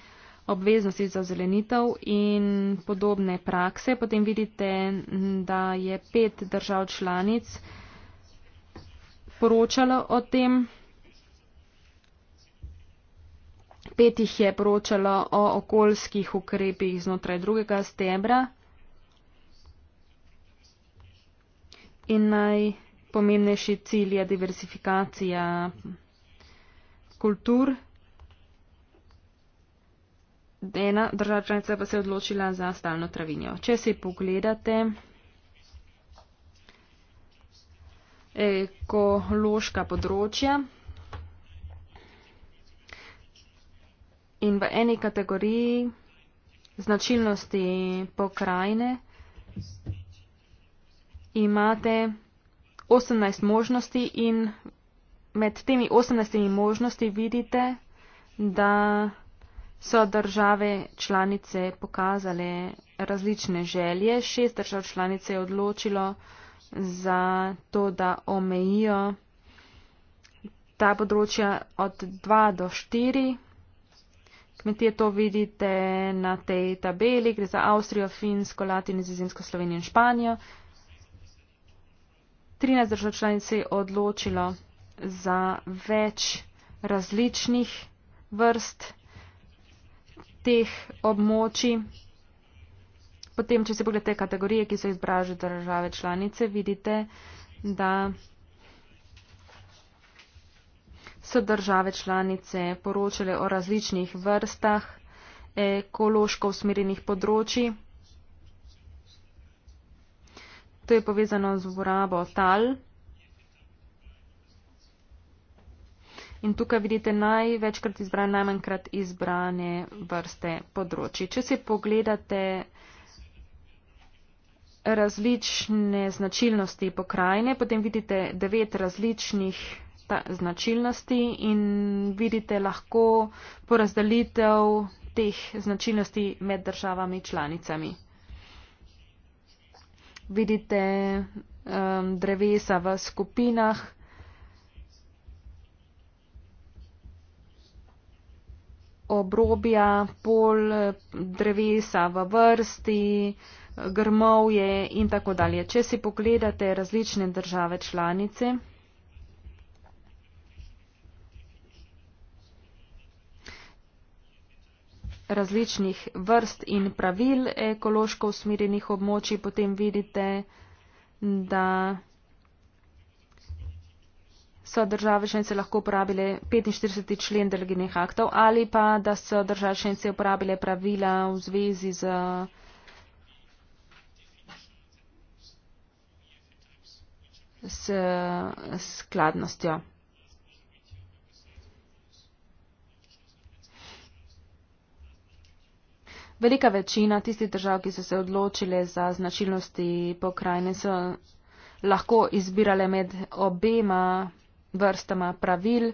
obveznosti za zelenitev in podobne prakse, potem vidite, da je pet držav članic poročalo o tem. Pet jih je poročalo o okoljskih ukrepih znotraj drugega stebra. In naj pomembnejši cilj je diversifikacija kultur. Ena država članica pa se je odločila za stalno travinjo. Če si pogledate, ekološka področja in v eni kategoriji značilnosti pokrajine imate 18 možnosti in med temi 18 možnosti vidite, da so države članice pokazale različne želje. Šest držav članice je odločilo za to, da omejijo ta področja od 2 do 4. Kmetije to vidite na tej tabeli, gre za Avstrijo, Finsko, Latino, Nizozemsko, Slovenijo in Španijo. 13 držav članic se je odločilo za več različnih vrst teh območij. Potem, če se pogledate kategorije, ki so izbražene države članice, vidite, da so države članice poročale o različnih vrstah ekološko usmerjenih področji. To je povezano z uporabo tal. In tukaj vidite največkrat izbrane, najmanjkrat izbrane vrste področji. Če si pogledate različne značilnosti pokrajine, potem vidite devet različnih značilnosti in vidite lahko porazdelitev teh značilnosti med državami članicami vidite um, drevesa v skupinah. obrobja, pol drevesa v vrsti, grmovje in tako dalje. Če si pogledate različne države članice, različnih vrst in pravil ekološko usmirjenih območij, potem vidite, da so države šence lahko uporabile 45. člen delegenih aktov ali pa, da so države šence uporabile pravila v zvezi z skladnostjo. S, s Velika večina tistih držav, ki so se odločile za značilnosti pokrajine, so lahko izbirale med obema vrstama pravil,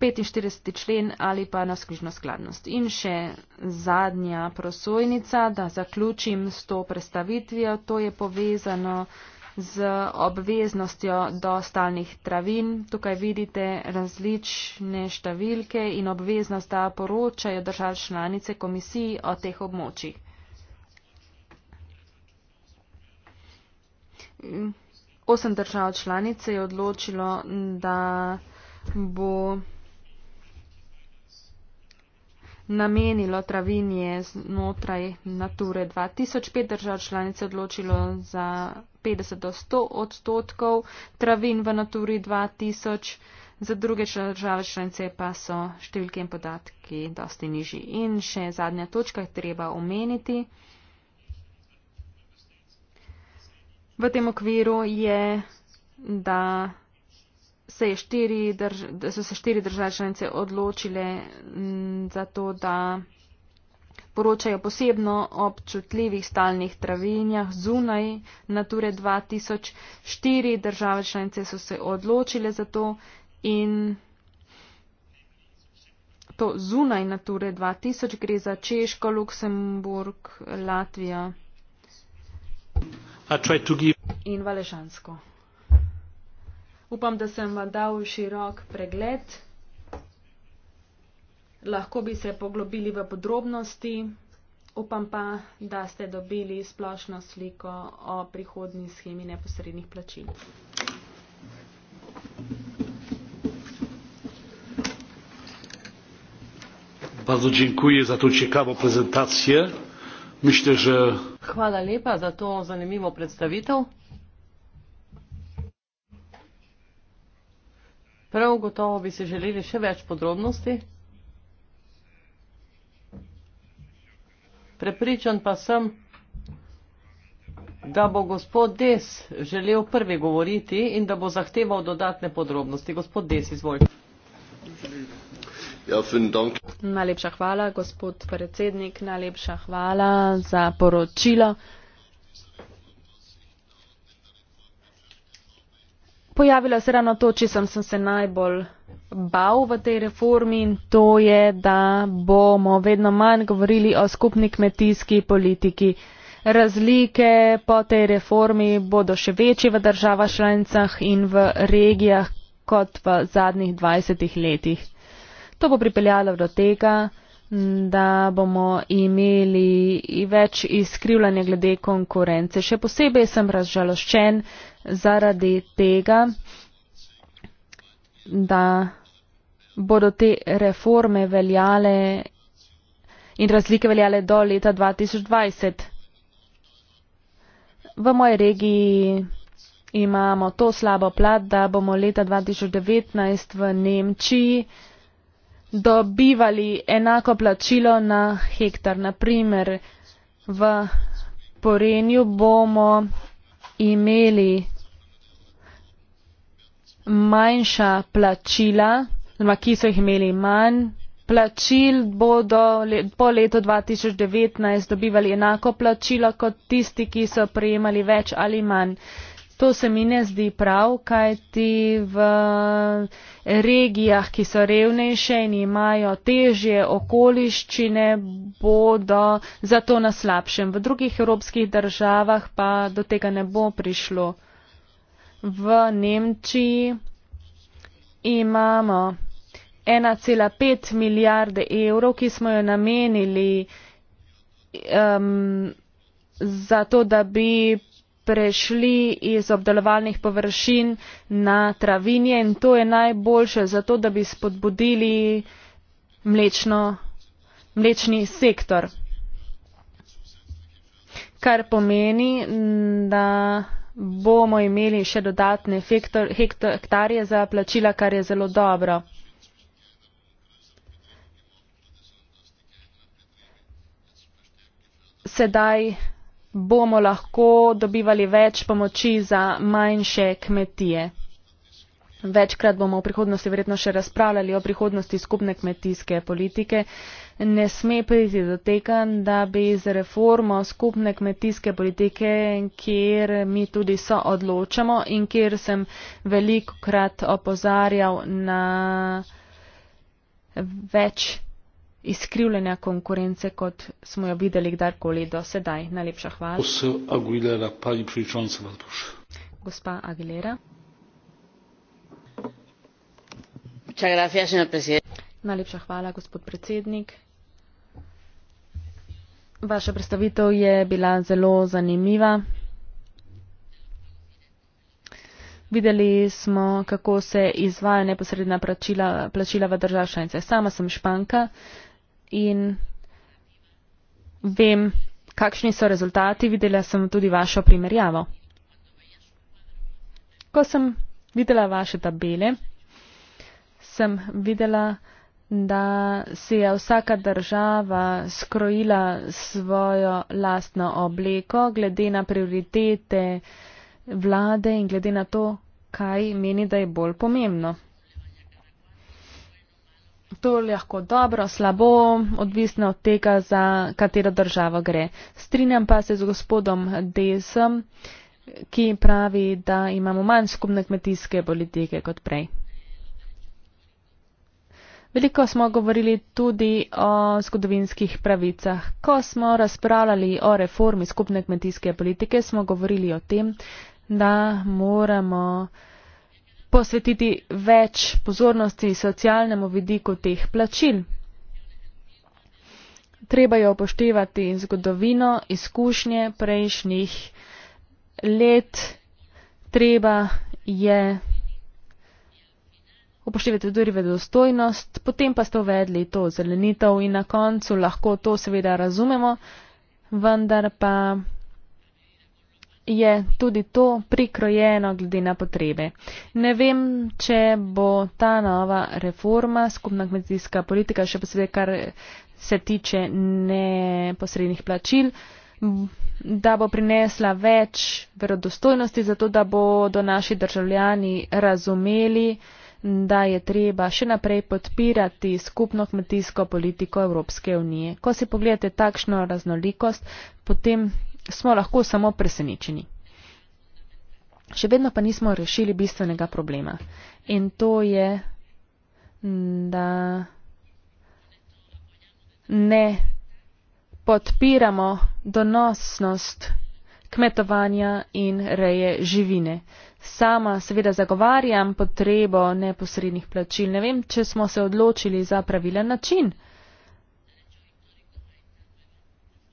45. člen ali pa naskrižno skladnost. In še zadnja prosojnica, da zaključim s to predstavitvijo, to je povezano z obveznostjo do stalnih travin. Tukaj vidite različne številke in obveznost, da poročajo držav članice komisiji o teh območjih. Osem držav članice je odločilo, da bo namenilo travinje znotraj Nature 2005, držav članice odločilo za 50 do 100 odstotkov, travin v naturi 2000, za druge države članice pa so številke in podatki dosti nižji. In še zadnja točka, ki treba omeniti. V tem okviru je, da, se je drž, da so se štiri države članice odločile m, za to, da poročajo posebno o občutljivih stalnih travinjah zunaj Nature 2000. Štiri države članice so se odločile za to in to zunaj Nature 2000 gre za Češko, Luksemburg, Latvijo in Valežansko. Upam, da sem vam dal širok pregled. Lahko bi se poglobili v podrobnosti, upam pa, da ste dobili splošno sliko o prihodni schemi neposrednih plačil. Bardzo dziękuję za tą ciekawą prezentację. Myślę, że. Chwała lepa za tą zanimową przedstawitą. Prawo gotowo by się żelili jeszcze więcej podrobności. Prepričan pa sem, da bo gospod Des želel prvi govoriti in da bo zahteval dodatne podrobnosti. Gospod Des, izvolite. Ja, najlepša hvala, gospod predsednik, najlepša hvala za poročilo. Pojavilo se ravno to, če sem se najbolj bal v tej reformi in to je, da bomo vedno manj govorili o skupni kmetijski politiki. Razlike po tej reformi bodo še večje v državah članicah in v regijah kot v zadnjih 20 letih. To bo pripeljalo do tega, da bomo imeli več izkrivljanja glede konkurence. Še posebej sem razžaloščen zaradi tega, da bodo te reforme veljale in razlike veljale do leta 2020. V moji regiji imamo to slabo plat, da bomo leta 2019 v Nemčiji dobivali enako plačilo na hektar. Naprimer, v Porenju bomo imeli manjša plačila oziroma ki so jih imeli manj plačil bodo po letu dva tisoč devetnajst dobivali enako plačilo kot tisti ki so prejemali več ali manj To se mi ne zdi prav, kajti v regijah, ki so revnejše in imajo težje okoliščine, bodo zato na slabšem. V drugih evropskih državah pa do tega ne bo prišlo. V Nemčiji imamo 1,5 milijarde evrov, ki smo jo namenili um, za to, da bi prešli iz obdelovalnih površin na travinje in to je najboljše za to, da bi spodbudili mlečno, mlečni sektor. Kar pomeni, da bomo imeli še dodatne hektarje za plačila, kar je zelo dobro. sedaj bomo lahko dobivali več pomoči za manjše kmetije. Večkrat bomo v prihodnosti verjetno še razpravljali o prihodnosti skupne kmetijske politike. Ne sme priti do tega, da bi z reformo skupne kmetijske politike, kjer mi tudi so odločamo in kjer sem velikokrat opozarjal na več izkrivljanja konkurence, kot smo jo videli kdarkoli do sedaj. Najlepša hvala. Aguilera, Gospa Aguilera. Najlepša hvala, gospod predsednik. Vaša predstavitev je bila zelo zanimiva. Videli smo, kako se izvaja neposredna plačila, plačila v državšanjce. Sama sem španka in vem, kakšni so rezultati. Videla sem tudi vašo primerjavo. Ko sem videla vaše tabele, sem videla, da si je vsaka država skrojila svojo lastno obleko glede na prioritete vlade in glede na to, kaj meni, da je bolj pomembno to lahko dobro, slabo, odvisno od tega, za katero državo gre. Strinjam pa se z gospodom Desem, ki pravi, da imamo manj skupne kmetijske politike kot prej. Veliko smo govorili tudi o zgodovinskih pravicah. Ko smo razpravljali o reformi skupne kmetijske politike, smo govorili o tem, da moramo posvetiti več pozornosti socialnemu vidiku teh plačil. Treba je upoštevati zgodovino, izkušnje prejšnjih let, treba je upoštevati tudi vedostojnost, potem pa ste uvedli to zelenitev in na koncu lahko to seveda razumemo, vendar pa je tudi to prikrojeno glede na potrebe. Ne vem, če bo ta nova reforma, skupna kmetijska politika, še posebej kar se tiče neposrednih plačil, da bo prinesla več verodostojnosti, zato da bodo naši državljani razumeli, da je treba še naprej podpirati skupno kmetijsko politiko Evropske unije. Ko si pogledate takšno raznolikost, potem smo lahko samo presenečeni. Še vedno pa nismo rešili bistvenega problema in to je, da ne podpiramo donosnost kmetovanja in reje živine. Sama seveda zagovarjam potrebo neposrednih plačil. Ne vem, če smo se odločili za pravilen način.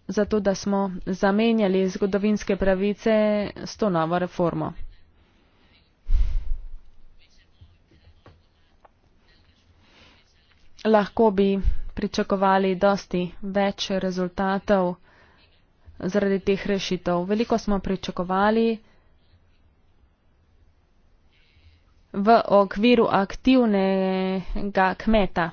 zato da smo zamenjali zgodovinske pravice s to novo reformo. Lahko bi pričakovali dosti več rezultatov zaradi teh rešitev. Veliko smo pričakovali v okviru aktivnega kmeta.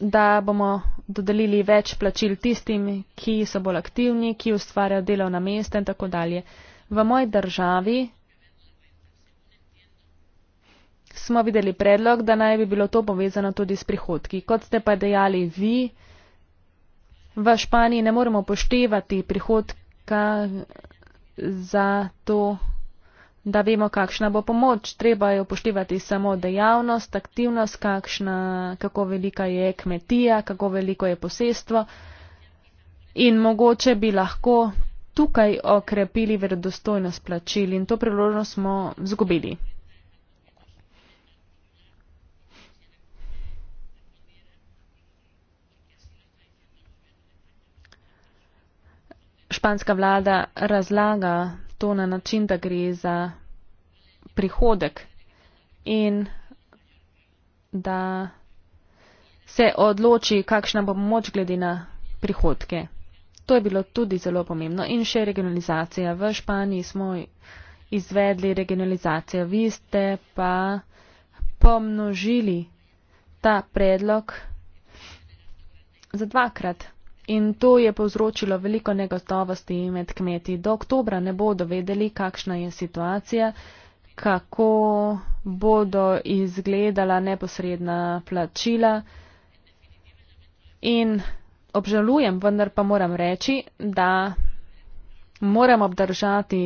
da bomo dodelili več plačil tistim, ki so bolj aktivni, ki ustvarjajo delovna mesta in tako dalje. V moji državi smo videli predlog, da naj bi bilo to povezano tudi s prihodki. Kot ste pa dejali vi, v Španiji ne moremo poštevati prihodka za to da vemo, kakšna bo pomoč. Treba je upoštevati samo dejavnost, aktivnost, kakšna, kako velika je kmetija, kako veliko je posestvo. In mogoče bi lahko tukaj okrepili verodostojnost plačil in to priložnost smo zgubili. Španska vlada razlaga to na način, da gre za prihodek in da se odloči, kakšna bo moč glede na prihodke. To je bilo tudi zelo pomembno. In še regionalizacija. V Španiji smo izvedli regionalizacijo. Vi ste pa pomnožili ta predlog za dvakrat in to je povzročilo veliko negotovosti med kmeti. Do oktobra ne bodo vedeli, kakšna je situacija, kako bodo izgledala neposredna plačila. In obžalujem, vendar pa moram reči, da moram obdržati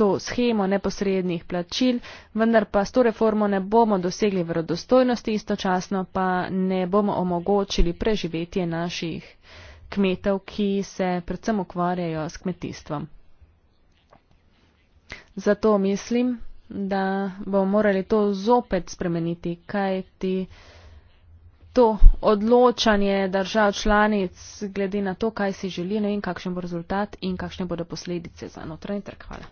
to schemo neposrednih plačil, vendar pa s to reformo ne bomo dosegli vrodostojnosti, istočasno pa ne bomo omogočili preživetje naših kmetov, ki se predvsem ukvarjajo s kmetijstvom. Zato mislim, da bomo morali to zopet spremeniti, kajti to odločanje držav članic glede na to, kaj si želijo in kakšen bo rezultat in kakšne bodo posledice za notranji trg. Hvala.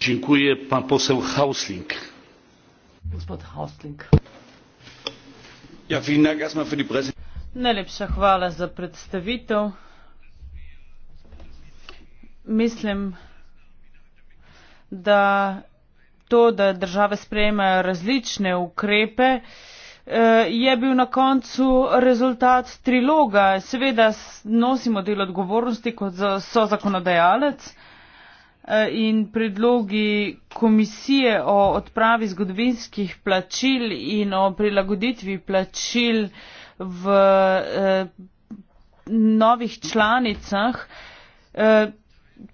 Dziękuję pan poseł Hausling. Gospod Hausling. Ja, vielen Dank erstmal für die Presse. Najlepša hvala za predstavitev. Mislim, da to, da države sprejemajo različne ukrepe, eh, je bil na koncu rezultat triloga. Seveda nosimo del odgovornosti kot so zakonodajalec eh, in predlogi komisije o odpravi zgodovinskih plačil in o prilagoditvi plačil v eh, novih članicah. Eh,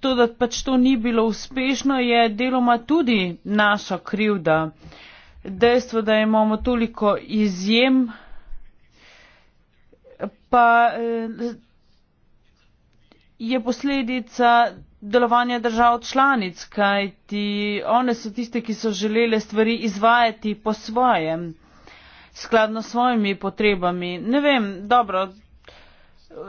to, da pač to ni bilo uspešno, je deloma tudi naša krivda. Dejstvo, da imamo toliko izjem, pa eh, je posledica delovanja držav članic, kajti one so tiste, ki so želele stvari izvajati po svojem skladno s svojimi potrebami. Ne vem, dobro,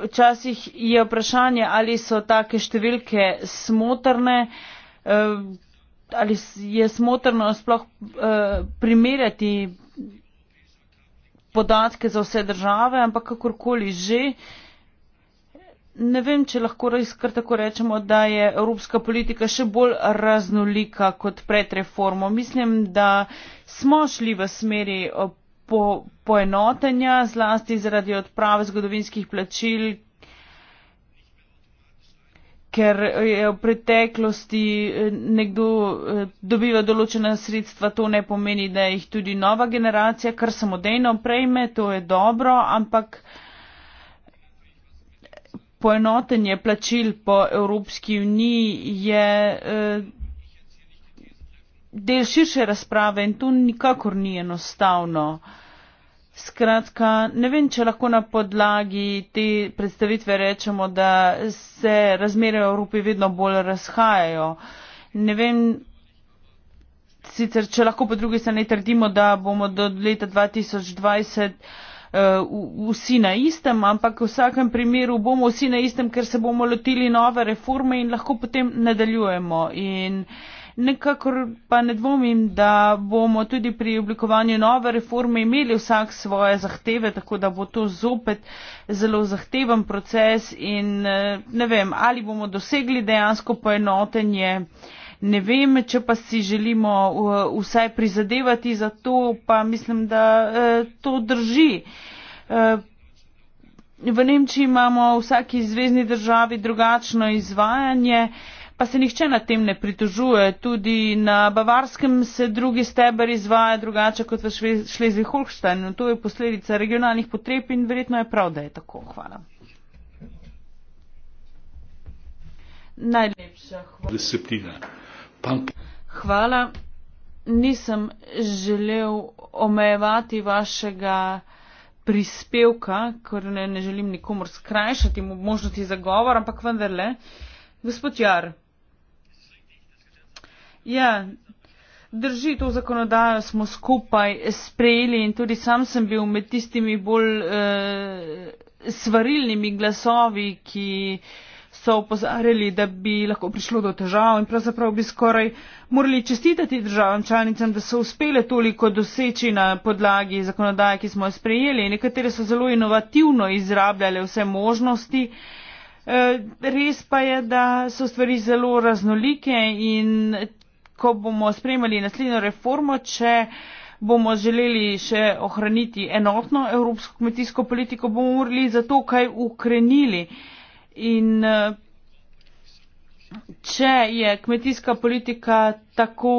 včasih je vprašanje, ali so take številke smotrne, eh, ali je smotrno sploh eh, primerjati podatke za vse države, ampak kakorkoli že. Ne vem, če lahko res kar tako rečemo, da je evropska politika še bolj raznolika kot pred reformo. Mislim, da smo šli v smeri po, poenotenja, zlasti zaradi odprave zgodovinskih plačil, ker je v preteklosti eh, nekdo eh, dobiva določena sredstva, to ne pomeni, da jih tudi nova generacija kar samodejno prejme, to je dobro, ampak poenotenje plačil po Evropski uniji je. Eh, del širše razprave in to nikakor ni enostavno. Skratka, ne vem, če lahko na podlagi te predstavitve rečemo, da se razmere v Evropi vedno bolj razhajajo. Ne vem, sicer, če lahko po drugi strani trdimo, da bomo do leta 2020 uh, eh, vsi na istem, ampak v vsakem primeru bomo vsi na istem, ker se bomo lotili nove reforme in lahko potem nadaljujemo. In, uh, nekakor pa ne dvomim, da bomo tudi pri oblikovanju nove reforme imeli vsak svoje zahteve, tako da bo to zopet zelo zahteven proces in eh, ne vem, ali bomo dosegli dejansko poenotenje. Ne vem, če pa si želimo eh, vsaj prizadevati za to, pa mislim, da eh, to drži. V Nemčiji imamo v vsaki zvezdni državi drugačno izvajanje pa se nihče nad tem ne pritožuje. Tudi na Bavarskem se drugi steber izvaja drugače kot v Šlezi-Holštajnu. To je posledica regionalnih potreb in verjetno je prav, da je tako. Hvala. Najlepša hvala. Hvala. Nisem želel omejevati vašega prispevka, ker ne, ne želim nikomor skrajšati možnosti za govor, ampak vendarle. Gospod Jar, Ja, drži to zakonodajo, smo skupaj sprejeli in tudi sam sem bil med tistimi bolj eh, svarilnimi glasovi, ki so opozarjali, da bi lahko prišlo do težav in pravzaprav bi skoraj morali čestitati državam članicam, da so uspele toliko doseči na podlagi zakonodaje, ki smo jo sprejeli. Nekatere so zelo inovativno izrabljale vse možnosti. Eh, res pa je, da so stvari zelo raznolike in ko bomo sprejemali naslednjo reformo, če bomo želeli še ohraniti enotno evropsko kmetijsko politiko, bomo morali za to kaj ukrenili. In eh, če je kmetijska politika tako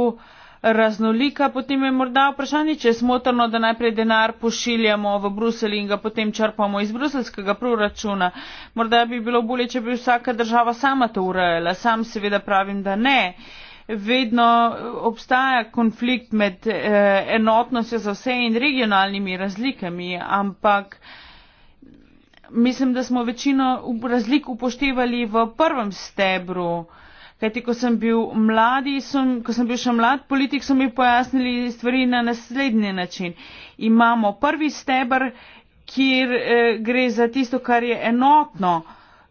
raznolika, potem je morda vprašanje, če je smotrno, da najprej denar pošiljamo v Brusel in ga potem črpamo iz bruselskega proračuna. Morda bi bilo bolje, če bi vsaka država sama to urejala. Sam seveda pravim, da ne. Uh, vedno obstaja konflikt med eh, enotnostjo za vse in regionalnimi razlikami, ampak mislim, da smo večino razlik upoštevali v prvem stebru. Kajti, ko sem bil mladi, sem, ko sem bil še mlad politik, so mi pojasnili stvari na naslednji način. Imamo prvi stebr, kjer eh, gre za tisto, kar je enotno.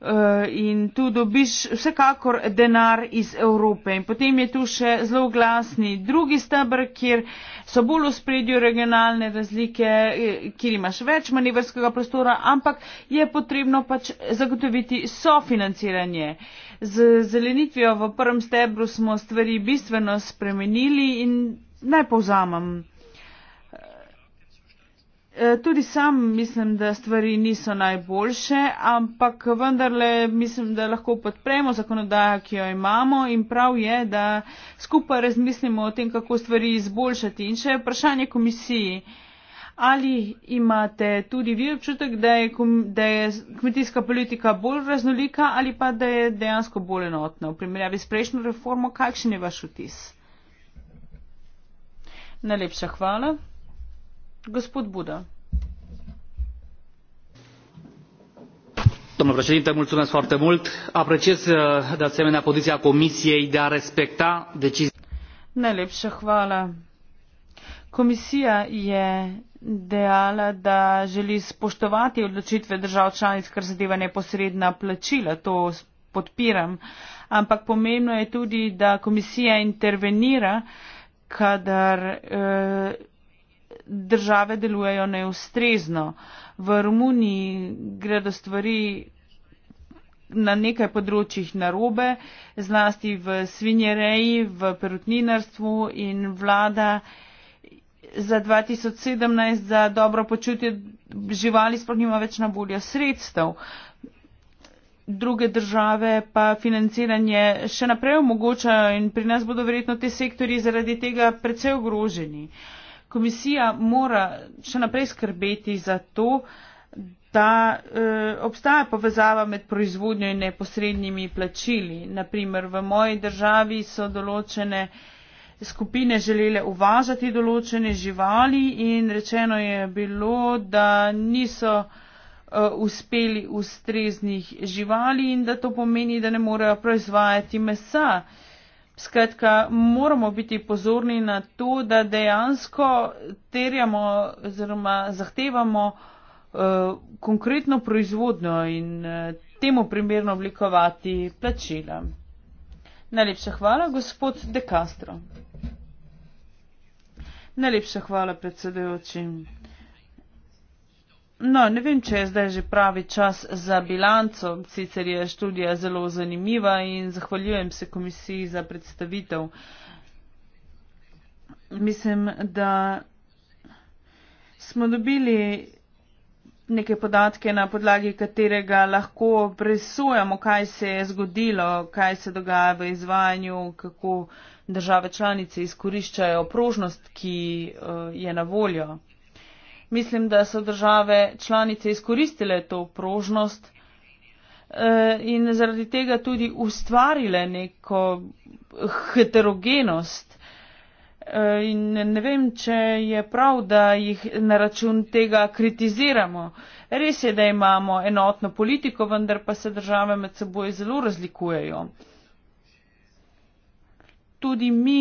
Eh, in tu dobiš vsekakor denar iz Evrope. In potem je tu še zelo glasni drugi stebr, kjer so bolj v spredju regionalne razlike, eh, kjer imaš več manevrskega prostora, ampak je potrebno pač zagotoviti sofinanciranje. Z zelenitvijo v prvem stebru smo stvari bistveno spremenili in naj povzamem. Eh, tudi sam mislim, da stvari niso najboljše, ampak vendarle mislim, da lahko podpremo zakonodajo, ki jo imamo in prav je, da skupaj razmislimo o tem, kako stvari izboljšati. In še vprašanje komisiji. Ali imate tudi vi občutek, da je, da je kmetijska politika bolj raznolika ali pa da je dejansko bolj enotna? V primerjavi s prejšnjo reformo, kakšen je vaš vtis? Najlepša hvala. Gospod Buda. Domnul președinte, mulțumesc foarte mult. Apreciez uh, de asemenea poziția Comisiei de a respecta decizia. Najlepša hvala. Komisija je dejala, da želi spoštovati odločitve držav članic, kar zadeva neposredna plačila. To podpiram. Ampak pomembno je tudi, da komisija intervenira, kadar. Eh, države delujejo neustrezno. V Romuniji gredo stvari na nekaj področjih narobe, zlasti v svinjereji, v perutninarstvu in vlada za 2017 za dobro počutje živali sploh nima več na voljo sredstev. Druge države pa financiranje še naprej omogočajo in pri nas bodo verjetno te sektori zaradi tega precej ogroženi. Uh, komisija mora še naprej skrbeti za to, da e, obstaja povezava med proizvodnjo in neposrednjimi plačili. Naprimer, v moji državi so določene skupine želele uvažati določene živali in rečeno je bilo, da niso e, uspeli ustreznih živali in da to pomeni, da ne morejo proizvajati mesa. E, Skratka, moramo biti pozorni na to, da dejansko terjamo oziroma zahtevamo uh, konkretno proizvodno in uh, temu primerno oblikovati plačila. Najlepša hvala, gospod De Castro. Najlepša hvala, predsedujočim. No, ne vem, če je zdaj že pravi čas za bilanco, sicer je študija zelo zanimiva in zahvaljujem se komisiji za predstavitev. Mislim, da smo dobili neke podatke, na podlagi katerega lahko presujemo, kaj se je zgodilo, kaj se dogaja v izvajanju, kako države članice izkoriščajo prožnost, ki eh, je na voljo. Mislim, da so države članice izkoristile to prožnost e, in zaradi tega tudi ustvarile neko heterogenost. E, in ne vem, če je prav, da jih na račun tega kritiziramo. Res je, da imamo enotno politiko, vendar pa se države med seboj zelo razlikujejo. Tudi mi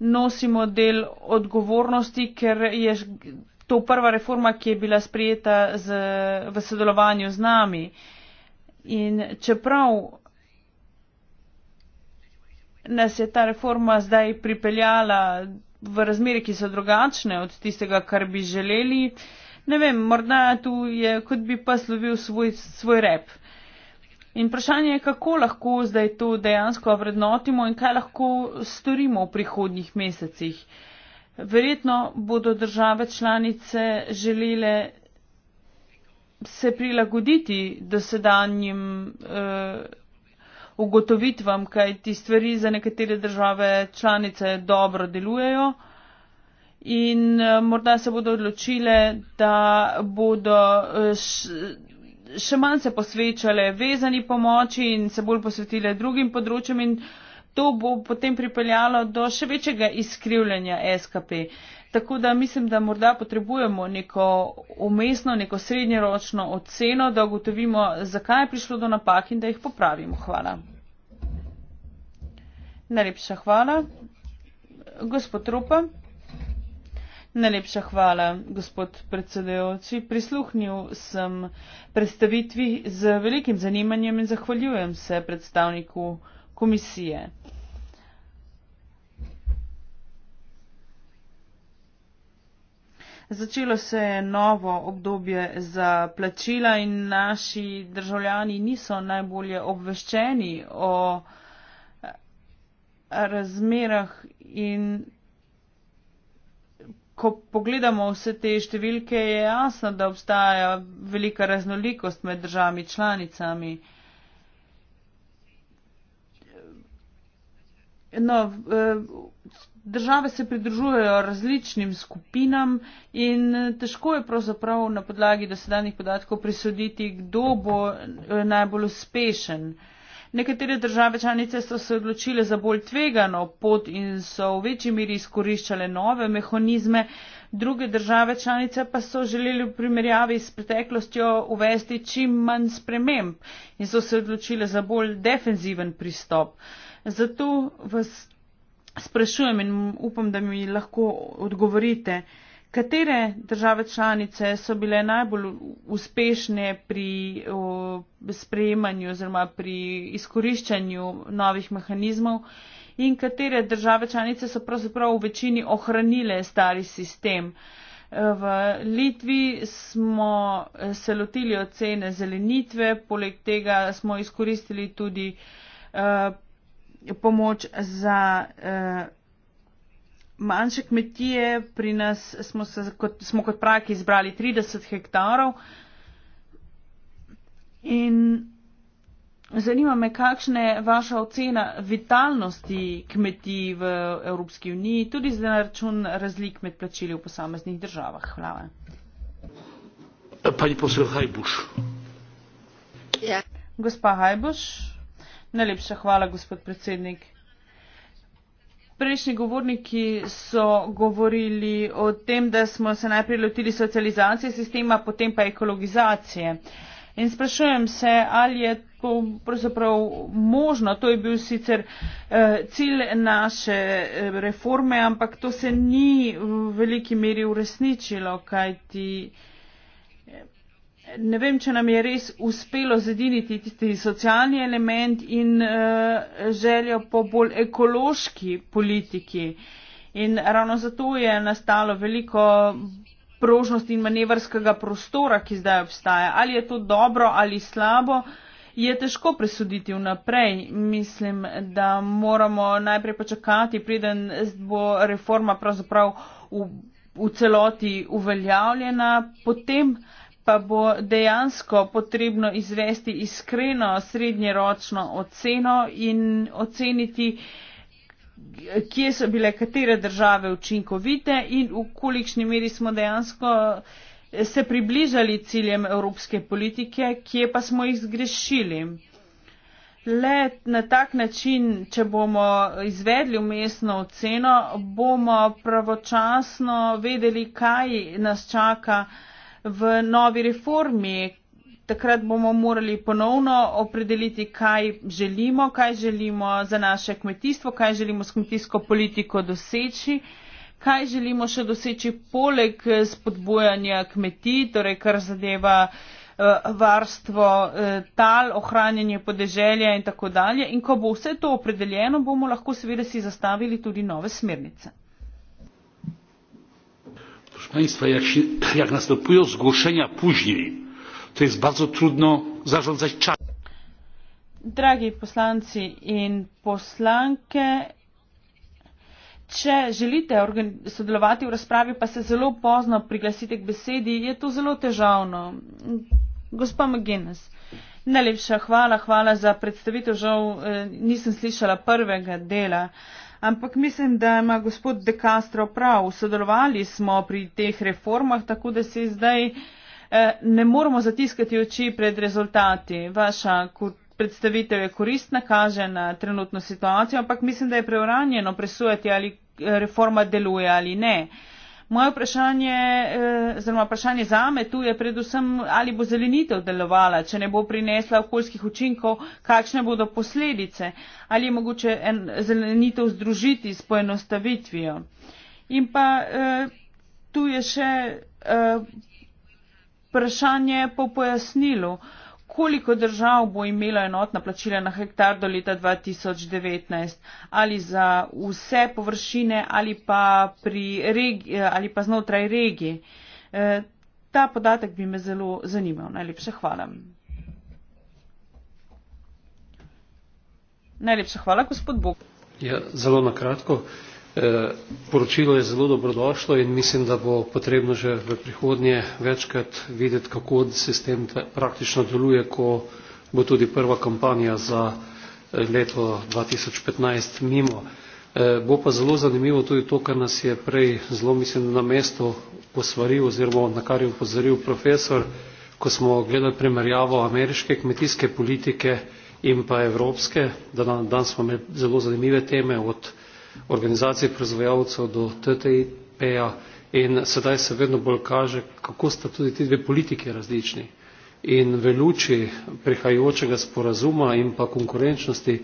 nosimo del odgovornosti, ker je to prva reforma, ki je bila sprejeta z, v sodelovanju z nami. In čeprav nas je ta reforma zdaj pripeljala v razmere, ki so drugačne od tistega, kar bi želeli, ne vem, morda tu je, kot bi pa slovil svoj, svoj rep. In vprašanje je, kako lahko zdaj to dejansko vrednotimo in kaj lahko storimo v prihodnjih mesecih. Uh, Verjetno bodo države članice želele se prilagoditi do sedanjim eh, ugotovitvam, kaj ti stvari za nekatere države članice dobro delujejo. In eh, morda se bodo odločile, da bodo eh, še manj se posvečale vezani pomoči in se bolj posvetile drugim področjem in eh, to bo potem pripeljalo do še večjega izkrivljanja SKP. Tako da mislim, da morda potrebujemo neko umestno, neko srednjeročno oceno, da ugotovimo, zakaj je prišlo do napak in da jih popravimo. Hvala. Najlepša hvala. Gospod Rupa. Najlepša hvala, gospod predsedujoči. Prisluhnil sem predstavitvi z velikim zanimanjem in zahvaljujem se predstavniku komisije. Začelo se je novo obdobje za plačila in naši državljani niso najbolje obveščeni o razmerah in ko pogledamo vse te številke, je jasno, da obstaja velika raznolikost med državami članicami. No, eh, države se pridružujejo različnim skupinam in eh, težko je pravzaprav na podlagi dosedanjih podatkov prisuditi, kdo bo eh, najbolj uspešen. Nekatere države članice so se odločile za bolj tvegano pot in so v večji meri izkoriščale nove mehanizme, druge države članice pa so želeli v primerjavi s preteklostjo uvesti čim manj sprememb in so se odločile za bolj defenziven pristop. Uh, Zato vas sprašujem in upam, da mi lahko odgovorite, katere države članice so bile najbolj uspešne pri sprejemanju oziroma pri izkoriščanju novih mehanizmov in katere države članice so pravzaprav v večini ohranile stari sistem. V Litvi smo se lotili ocene zelenitve, poleg tega smo izkoristili tudi eh, pomoč za eh, manjše kmetije. Pri nas smo, se, kot, smo kot praki izbrali 30 hektarov. In zanima me, kakšna je vaša ocena vitalnosti kmetij v Evropski uniji, tudi za račun razlik med plačili v posameznih državah. Hvala. Pani poslov Hajbuš. Ja. Gospa Hajbuš. Najlepša hvala, gospod predsednik. Prejšnji govorniki so govorili o tem, da smo se najprej lotili socializacije sistema, potem pa ekologizacije. In sprašujem se, ali je to pravzaprav možno, to je bil sicer eh, cilj naše eh, reforme, ampak to se ni v veliki meri uresničilo, kajti ne vem če nam je res uspelo zediniti tisti socialni element in uh, željo po bolj ekološki politiki. In ravno zato je nastalo veliko prožnosti in manevrskega prostora, ki zdaj obstaja. Ali je to dobro ali slabo, je težko presuditi vnaprej. Mislim, da moramo najprej počakati, preden bo reforma pravzaprav v, v celoti uveljavljena, potem pa bo dejansko potrebno izvesti iskreno srednjeročno oceno in oceniti, kje so bile katere države učinkovite in v kolikšni meri smo dejansko se približali ciljem evropske politike, kje pa smo jih zgrešili. Le na tak način, če bomo izvedli umestno oceno, bomo pravočasno vedeli, kaj nas čaka v novi reformi. Takrat bomo morali ponovno opredeliti, kaj želimo, kaj želimo za naše kmetijstvo, kaj želimo s kmetijsko politiko doseči, kaj želimo še doseči poleg eh, spodbojanja kmetij, torej kar zadeva eh, varstvo eh, tal, ohranjanje podeželja in tako dalje. In ko bo vse to opredeljeno, bomo lahko seveda si zastavili tudi nove smernice państwa jak następują zgłoszenia później. To jest bardzo trudno zarządzać czasem. Dragi poslanci in poslanke, če želite sodelovati v razpravi, pa se zelo pozno priglasite k besedi, je to zelo težavno. Gospa McGuinness, najlepša hvala, hvala za predstavitev. Žal eh, nisem slišala prvega dela. Uh, ampak mislim, da ima gospod De Castro prav. Sodelovali smo pri teh reformah, tako da se zdaj eh, ne moramo zatiskati oči pred rezultati. Vaša predstavitev je koristna, kaže na trenutno situacijo, ampak mislim, da je preuranjeno presujati, ali eh, reforma deluje ali ne moje vprašanje eh, oziroma vprašanje zame tu je predvsem ali bo zelenitev delovala če ne bo prinesla okoljskih učinkov kakšne bodo posledice ali je mogoče en zelenitev združiti s poenostavitvijo in pa eh, tu je še eh, vprašanje po pojasnilu koliko držav bo imelo enotna plačila na hektar do leta 2019, ali za vse površine ali pa, regi, ali pa znotraj regije. Ta podatek bi me zelo zanimal. Najlepša hvala. Najlepša hvala, gospod Bog. Ja, zelo na kratko. Uh, Eh, poročilo je zelo dobrodošlo in mislim da bo potrebno že v prihodnje večkrat videti kako sistem praktično deluje ko bo tudi prva kampanja za eh, leto 2015 mimo. Eh, bo pa zelo zanimivo tudi to, kar nas je prej zelo mislim na mesto posvaril oziroma na kar je upozoril profesor, ko smo gledali primerjavo ameriške kmetijske politike in pa evropske, da dan, dan smo imeli zelo zanimive teme od organizacij proizvajalcev do TTIP-ja in sedaj se vedno bolj kaže, kako sta tudi ti dve politiki različni. In v luči prihajajočega sporazuma in pa konkurenčnosti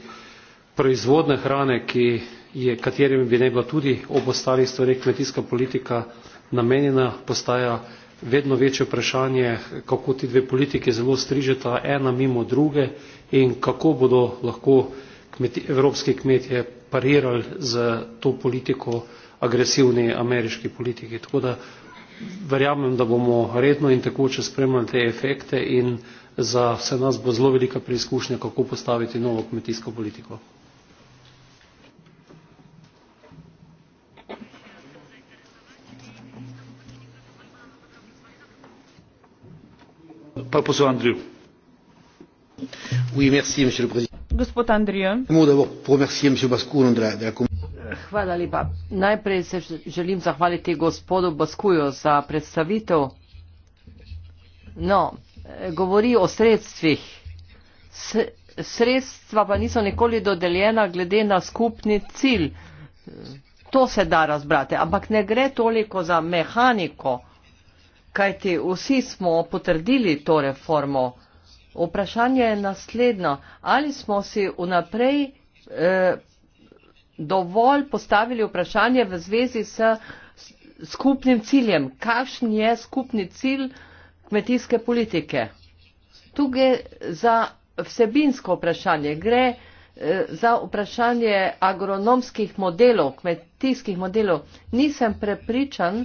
proizvodne hrane, ki je, katerim bi naj bila tudi ob ostalih stvareh kmetijska politika namenjena, postaja vedno večje vprašanje, kako ti dve politike zelo strižeta ena mimo druge in kako bodo lahko evropski kmetje parirali z to politiko agresivni ameriški politiki. Tako da verjamem, da bomo redno in tekoče spremljali te efekte in za vse nas bo zelo velika preizkušnja, kako postaviti novo kmetijsko politiko. Pa posel Andriju. Oui, merci, monsieur le président najprej se želim zahvaliti gospodu baskuju za predstavitev no eh, govori o sredstvih sredstva pa niso nikoli dodeljena glede na skupni cilj to se da razbrati ampak ne gre toliko za mehaniko kajti vsi smo potrdili to reformo Vprašanje je naslednjo. Ali smo si vnaprej eh, dovolj postavili vprašanje v zvezi s skupnim ciljem? Kakšen je skupni cilj kmetijske politike? Tukaj za vsebinsko vprašanje gre eh, za vprašanje agronomskih modelov, kmetijskih modelov. Nisem prepričan,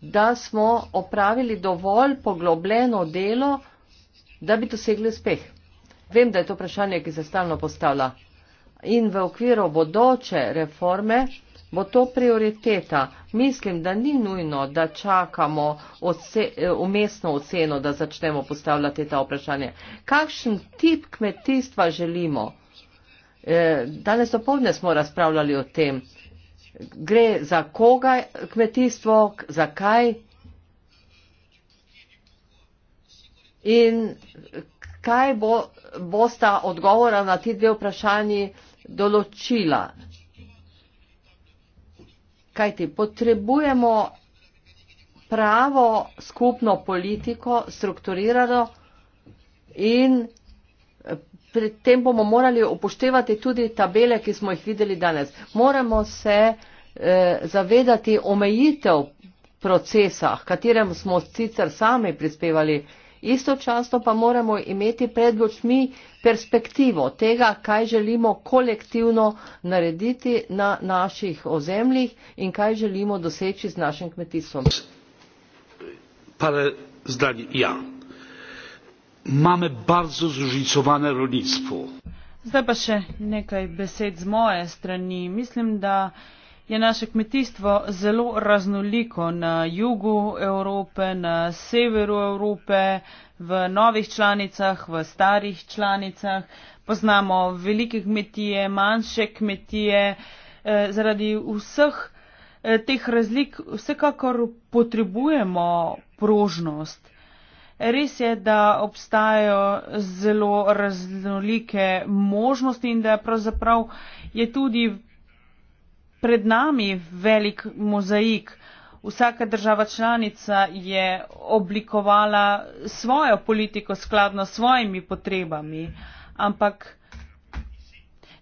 da smo opravili dovolj poglobljeno delo, da bi dosegli uspeh. Vem, da je to vprašanje, ki se stalno postavlja. In v okviru bodoče reforme bo to prioriteta. Mislim, da ni nujno, da čakamo umestno oceno, da začnemo postavljati ta vprašanja. Kakšen tip kmetijstva želimo? E, danes dopolne smo razpravljali o tem, gre za koga kmetijstvo, zakaj In kaj bo, bo sta odgovora na ti dve vprašanji določila? Kaj ti potrebujemo pravo skupno politiko, strukturirano in pred tem bomo morali upoštevati tudi tabele, ki smo jih videli danes. Moramo se eh, zavedati omejitev procesa, katerem smo sicer sami prispevali eh, istočasno pa moramo imeti pred očmi perspektivo tega, kaj želimo kolektivno narediti na naših ozemljih in kaj želimo doseči z našim kmetijstvom. Ja. Zdaj pa še nekaj besed z moje strani. Mislim, da je naše kmetijstvo zelo raznoliko na jugu Evrope, na severu Evrope, v novih članicah, v starih članicah. Poznamo velike kmetije, manjše kmetije. Eh, zaradi vseh eh, teh razlik vsekakor potrebujemo prožnost. Res je, da obstajajo zelo raznolike možnosti in da pravzaprav je tudi pred nami velik mozaik. Vsaka država članica je oblikovala svojo politiko skladno s svojimi potrebami, ampak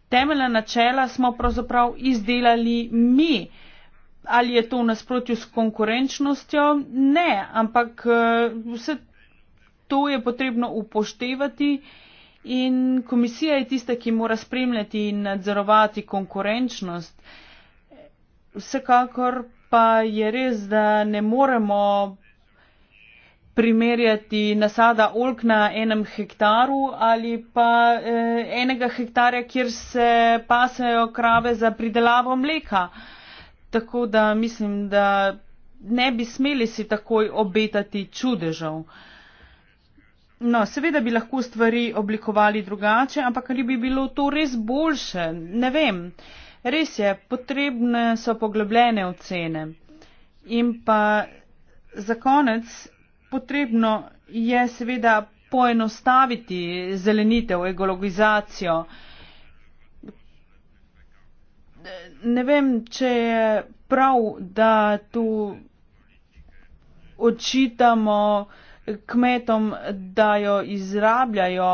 temeljna načela smo pravzaprav izdelali mi. Ali je to v nasprotju s konkurenčnostjo? Ne, ampak eh, vse to je potrebno upoštevati in komisija je tista, ki mora spremljati in nadzorovati konkurenčnost vsekakor pa je res, da ne moremo primerjati nasada olk na enem hektaru ali pa eh, enega hektarja, kjer se pasejo krave za pridelavo mleka. Tako da mislim, da ne bi smeli si takoj obetati čudežev. No, seveda bi lahko stvari oblikovali drugače, ampak ali bi bilo to res boljše? Ne vem. Eh, Res je, potrebne so poglobljene ocene. In pa za konec, potrebno je seveda poenostaviti zelenitev, ekologizacijo. Ne vem, če je prav, da tu očitamo kmetom, da jo izrabljajo.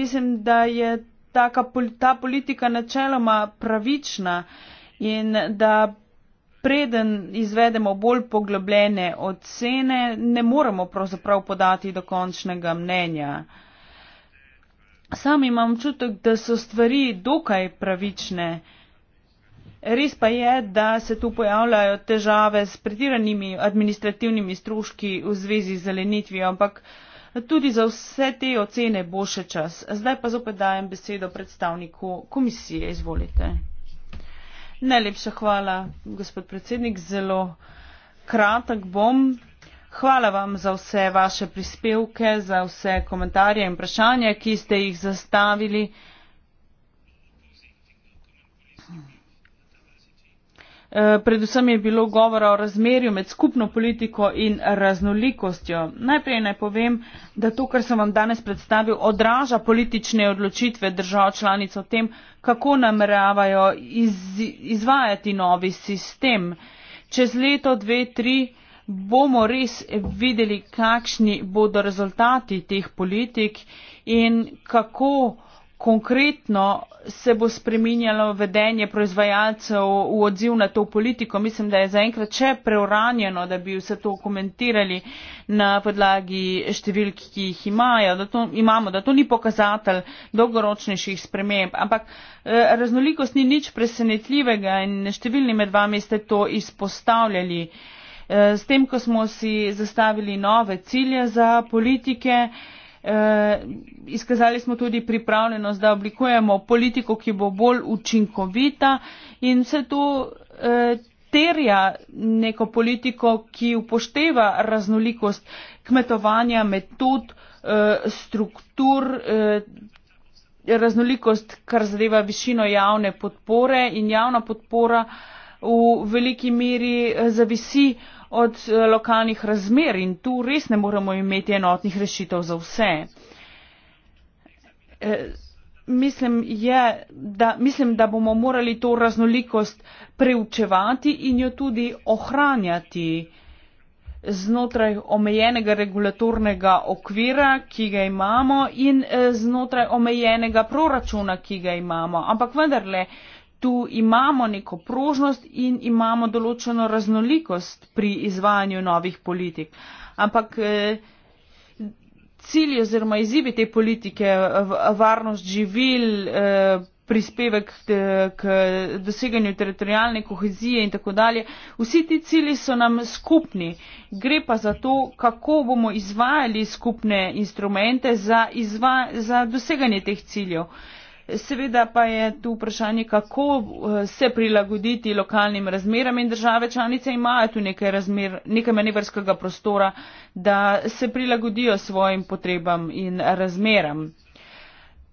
Mislim, da je taka, ta politika načeloma pravična in da preden izvedemo bolj poglobljene ocene, ne moremo pravzaprav podati do končnega mnenja. Sam imam čutek, da so stvari dokaj pravične. Res pa je, da se tu pojavljajo težave s pretiranimi administrativnimi stroški v zvezi z zelenitvijo, ampak uh, Tudi za vse te ocene bo še čas. Zdaj pa zopet dajem besedo predstavniku komisije. Izvolite. Najlepša hvala, gospod predsednik. Zelo kratek bom. Hvala vam za vse vaše prispevke, za vse komentarje in vprašanja, ki ste jih zastavili. Eh, predvsem je bilo govora o razmerju med skupno politiko in raznolikostjo. Najprej naj povem, da to, kar sem vam danes predstavil, odraža politične odločitve držav članic o tem, kako nameravajo iz, izvajati novi sistem. Čez leto, dve, tri bomo res videli, kakšni bodo rezultati teh politik in kako konkretno se bo spreminjalo vedenje proizvajalcev v odziv na to politiko. Mislim, da je zaenkrat še preuranjeno, da bi vse to komentirali na podlagi številk, ki jih imajo, da to, imamo, da to ni pokazatelj dolgoročnejših sprememb. Ampak eh, raznolikost ni nič presenetljivega in številni med vami ste to izpostavljali. Eh, s tem, ko smo si zastavili nove cilje za politike, Eh, izkazali smo tudi pripravljenost, da oblikujemo politiko, ki bo bolj učinkovita in vse to eh, terja neko politiko, ki upošteva raznolikost kmetovanja, metod, eh, struktur, raznolikost, kar zadeva višino javne podpore in javna podpora v veliki meri zavisi od eh, lokalnih razmer in tu res ne moremo imeti enotnih rešitev za vse. Eh, mislim, je, da, mislim, da bomo morali to raznolikost preučevati in jo tudi ohranjati znotraj omejenega regulatornega okvira, ki ga imamo in eh, znotraj omejenega proračuna, ki ga imamo. Ampak vendarle, tu imamo neko prožnost in imamo določeno raznolikost pri izvajanju novih politik. Ampak eh, cilj oziroma izzivi te politike, varnost živil, eh, prispevek k doseganju teritorijalne kohezije in tako dalje. Vsi ti cili so nam skupni. Gre pa za to, kako bomo izvajali skupne instrumente za, izva za doseganje teh ciljev. Uh, Seveda pa je tu vprašanje, kako eh, se prilagoditi lokalnim razmeram in države članice imajo tu nekaj, razmer, nekaj manevrskega prostora, da se prilagodijo svojim potrebam in razmeram.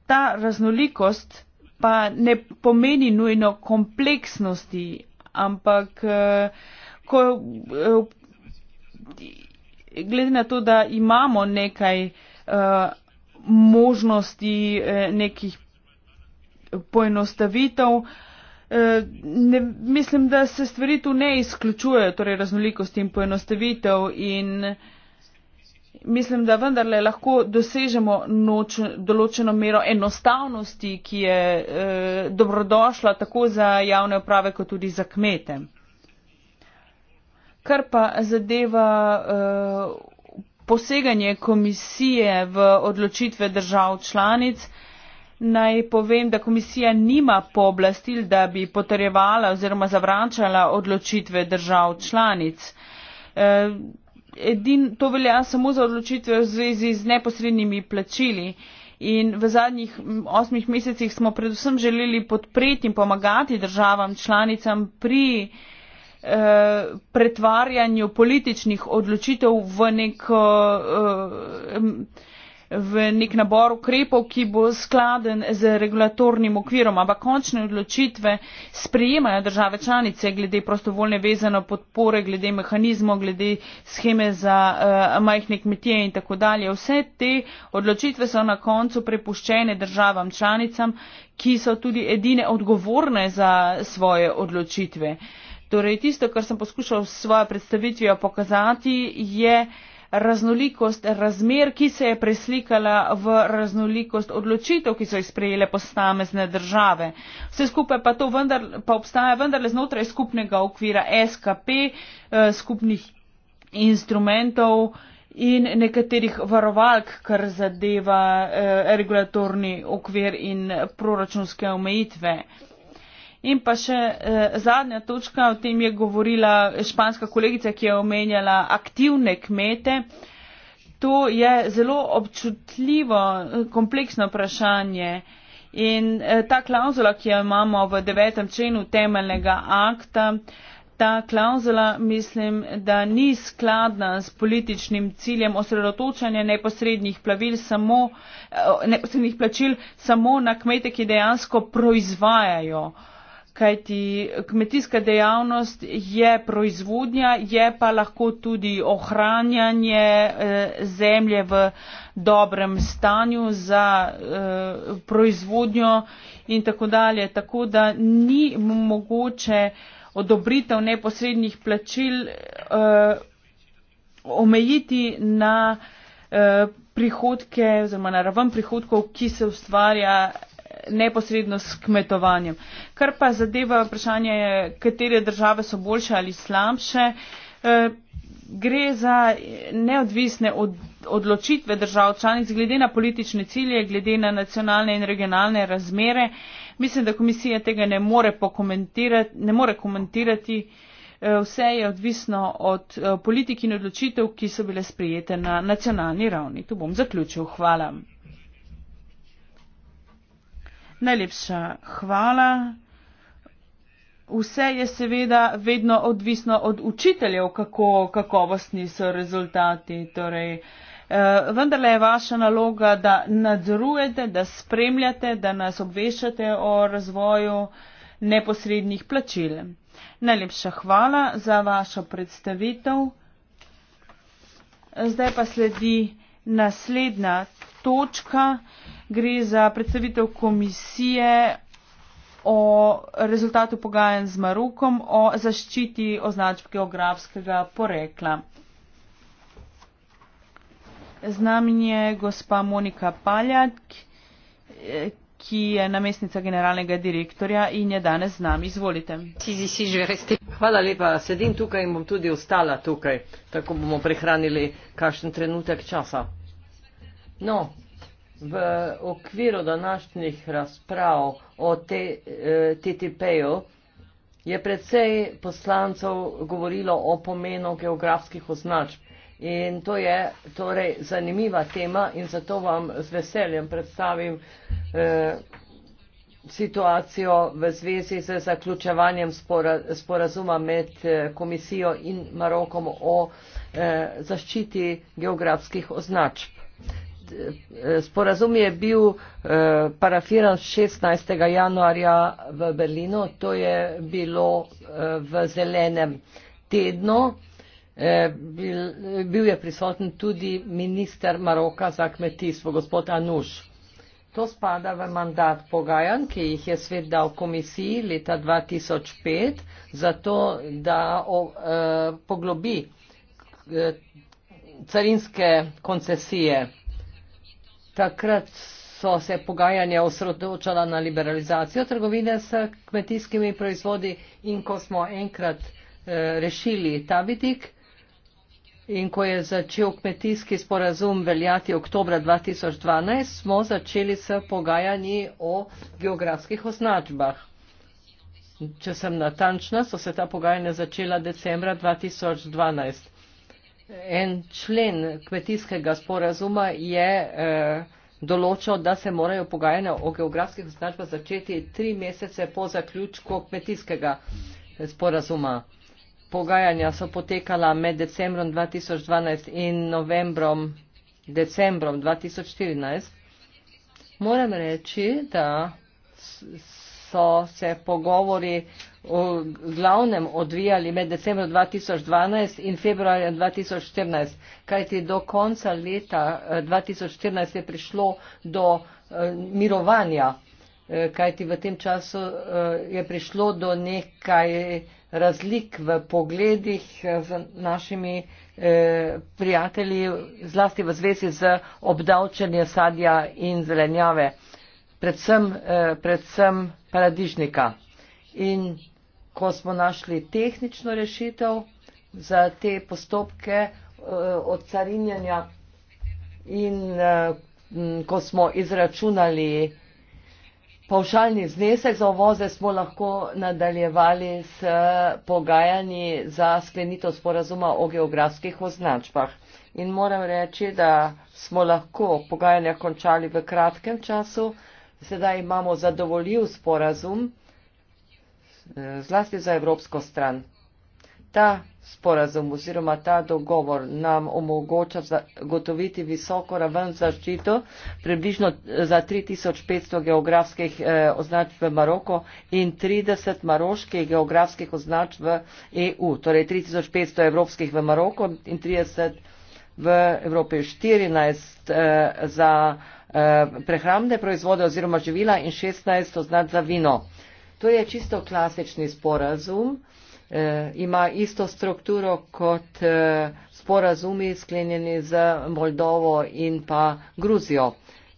Ta raznolikost pa ne pomeni nujno kompleksnosti, ampak eh, ko, eh, glede na to, da imamo nekaj možnosti, nekih poenostavitev. Eh, ne, mislim, da se stvari tu ne izključujejo, torej raznolikost in poenostavitev in mislim, da vendarle lahko dosežemo noč, določeno mero enostavnosti, ki je eh, dobrodošla tako za javne uprave, kot tudi za kmete. Kar pa zadeva eh, poseganje komisije v odločitve držav članic, Naj povem, da komisija nima pooblastil, da bi potrjevala oziroma zavračala odločitve držav članic. E, edin, to velja samo za odločitve v zvezi z neposrednimi plačili. In v zadnjih osmih mesecih smo predvsem želeli podpreti in pomagati državam članicam pri eh, pretvarjanju političnih odločitev v neko. Eh, v nek nabor ukrepov, ki bo skladen z regulatornim okvirom, ampak končne odločitve sprejemajo države članice glede prostovoljne vezano podpore, glede mehanizmov, glede scheme za uh, majhne kmetije in tako dalje. Vse te odločitve so na koncu prepuščene državam članicam, ki so tudi edine odgovorne za svoje odločitve. Torej, tisto, kar sem poskušal s svojo predstavitvijo pokazati, je, raznolikost razmer, ki se je preslikala v raznolikost odločitev, ki so jih sprejele posamezne države. Vse skupaj pa to vendar, pa obstaja vendarle znotraj skupnega okvira SKP, eh, skupnih instrumentov in nekaterih varovalk, kar zadeva eh, regulatorni okvir in proračunske omejitve. In pa še eh, zadnja točka, o tem je govorila španska kolegica, ki je omenjala aktivne kmete. To je zelo občutljivo, eh, kompleksno vprašanje. In eh, ta klauzula, ki jo imamo v devetem členu temeljnega akta, ta klauzula mislim, da ni skladna s političnim ciljem osredotočanja neposrednih, plavil, samo, eh, neposrednih plačil samo na kmete, ki dejansko proizvajajo kajti kmetijska dejavnost je proizvodnja, je pa lahko tudi ohranjanje eh, zemlje v dobrem stanju za eh, proizvodnjo in tako dalje. Tako da ni mogoče odobritev neposrednih plačil eh, omejiti na prihodke oziroma na raven prihodkov, ki se ustvarja neposredno s kmetovanjem. Kar pa zadeva vprašanje, katere države so boljše ali slabše, eh, gre za neodvisne od, odločitve držav članic glede na politične cilje, glede na nacionalne in regionalne razmere. Mislim, da komisija tega ne more, ne more komentirati. Eh, vse je odvisno od eh, politik in odločitev, ki so bile sprijete na nacionalni ravni. Tu bom zaključil. Hvala. Najlepša hvala. Vse je seveda vedno odvisno od učiteljev, kako kakovostni so rezultati. Torej, eh, vendarle je vaša naloga, da nadzorujete, da spremljate, da nas obvešate o razvoju neposrednih plačil. Najlepša hvala za vašo predstavitev. Zdaj pa sledi naslednja točka gre za predstavitev komisije o rezultatu pogajanj z Marokom o zaščiti označb geografskega porekla. Z nami je gospa Monika Paljak, ki je namestnica generalnega direktorja in je danes z nami. Izvolite. Hvala lepa. Sedim tukaj in bom tudi ostala tukaj. Tako bomo prehranili kakšen trenutek časa. No, v okviru današnjih razprav o te, eh, TTP-ju je predvsej poslancev govorilo o pomenu geografskih označb. In to je torej zanimiva tema in zato vam z veseljem predstavim eh, situacijo v zvezi z zaključevanjem spora, sporazuma med eh, komisijo in Marokom o eh, zaščiti geografskih označb sporazum je bil eh, parafiran 16. januarja v Berlinu, to je bilo eh, v zelenem tednu. Eh, bil je prisoten tudi minister Maroka za kmetijstvo, gospod Anuš. To spada v mandat pogajan, ki jih je svet dal komisiji leta 2005, zato da o, e, poglobi e, carinske koncesije. E, takrat so se pogajanja osredotočala na liberalizacijo trgovine s kmetijskimi proizvodi in ko smo enkrat eh, rešili ta vidik in ko je začel kmetijski sporazum veljati oktobra 2012, smo začeli s pogajanji o geografskih označbah. Če sem natančna, so se ta pogajanja začela decembra 2012. En člen kmetijskega sporazuma je eh, določil, da se morajo pogajanja o geografskih označbah začeti tri mesece po zaključku kmetijskega sporazuma. Pogajanja so potekala med decembrom 2012 in novembrom decembrom 2014. Moram reči, da so se pogovori v glavnem odvijali med decembrom 2012 in februarjem 2014, kajti do konca leta 2014 eh, je prišlo do eh, mirovanja, eh, kajti v tem času je prišlo do nekaj razlik v pogledih z našimi prijatelji, zlasti v zvezi z obdavčenje sadja in zelenjave, predvsem, predvsem paradižnika. In ko smo našli tehnično rešitev za te postopke uh, odcarinjanja in uh, ko smo izračunali Pavšalni znesek za ovoze smo lahko nadaljevali s eh, pogajanji za sklenitev sporazuma o geografskih označbah. In moram reči, da smo lahko pogajanja končali v kratkem času. Sedaj imamo zadovoljiv sporazum zlasti za evropsko stran. Ta sporazum oziroma ta dogovor nam omogoča zagotoviti visoko raven zaščito približno za 3500 geografskih eh, označ v Maroko in 30 maroških geografskih označ v EU. Torej 3500 evropskih v Maroko in 30 v Evropi, 14 eh, za eh, prehramne proizvode oziroma živila in 16 označ za vino. Eh, To je čisto klasični sporazum, e, ima isto strukturo kot e, sporazumi sklenjeni z Moldovo in pa Gruzijo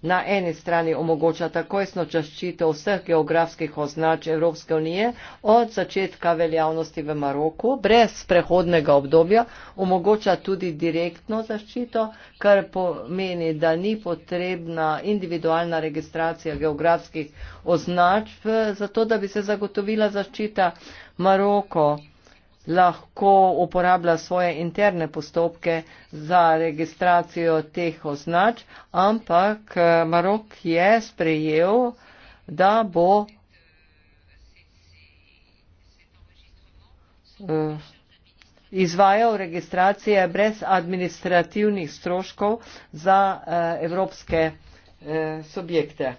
na eni strani omogoča takojsno čaščitev vseh geografskih označ Evropske unije od začetka veljavnosti v Maroku, brez prehodnega obdobja, omogoča tudi direktno zaščito, kar pomeni, da ni potrebna individualna registracija geografskih označ, zato da bi se zagotovila zaščita Maroko lahko uporablja svoje interne postopke za registracijo teh označ, ampak eh, Marok je sprejel, da bo eh, izvajal registracije brez administrativnih stroškov za eh, evropske subjekte.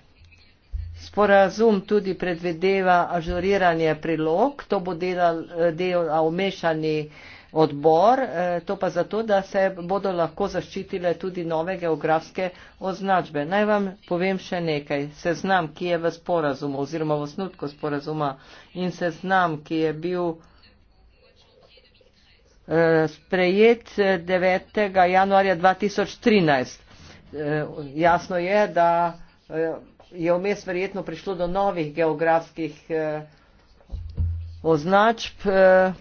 Sporazum tudi predvideva ažuriranje prilog, to bo delal, delal mešani odbor, e, to pa zato, da se bodo lahko zaščitile tudi nove geografske označbe. Naj vam povem še nekaj. Seznam, ki je v sporazumu oziroma v osnutku sporazuma in seznam, ki je bil e, sprejet 9. E, januarja 2013. Jasno je, da je vmes verjetno prišlo do novih geografskih eh, označb, eh,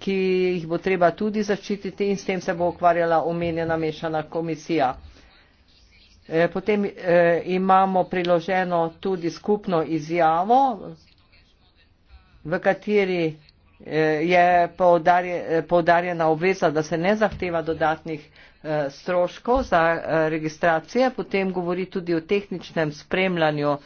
ki jih bo treba tudi zaščititi in s tem se bo ukvarjala omenjena mešana komisija. Eh, potem eh, imamo priloženo tudi skupno izjavo, v kateri eh, je poudarjena obveza, da se ne zahteva dodatnih Eh, stroškov za eh, registracije, potem govori tudi o tehničnem spremljanju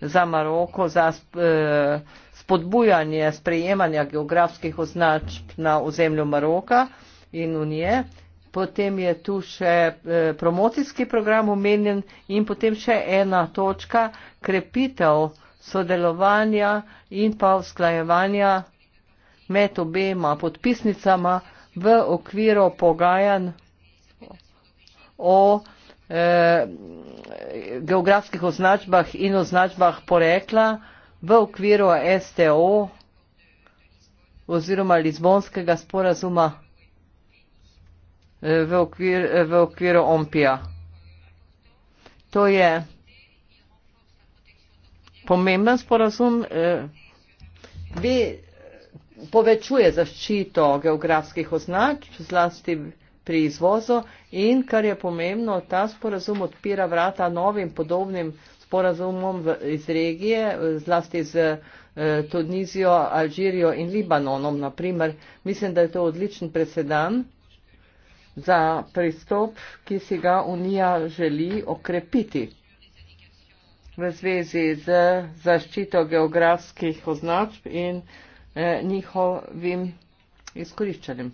za Maroko, za eh, spodbujanje sprejemanja geografskih označb na ozemlju Maroka in unije. Potem je tu še promocijski program omenjen in potem še ena točka, krepitev sodelovanja in pa usklajevanja med obema podpisnicama v okviru pogajanj o e, geografskih označbah in označbah porekla v okviru STO oziroma Lizbonskega sporazuma e, v, okvir, e, v okviru OMPIA. To je pomemben sporazum, ki povečuje zaščito geografskih označb, zlasti v pri izvozu in, kar je pomembno, ta sporazum odpira vrata novim podobnim sporazumom v, iz regije, zlasti z eh, Tunizijo, Alžirijo in Libanonom. Naprimer, mislim, da je to odličen presedan za pristop, ki si ga Unija želi okrepiti v zvezi z zaščito geografskih označb in eh, njihovim izkoriščanjem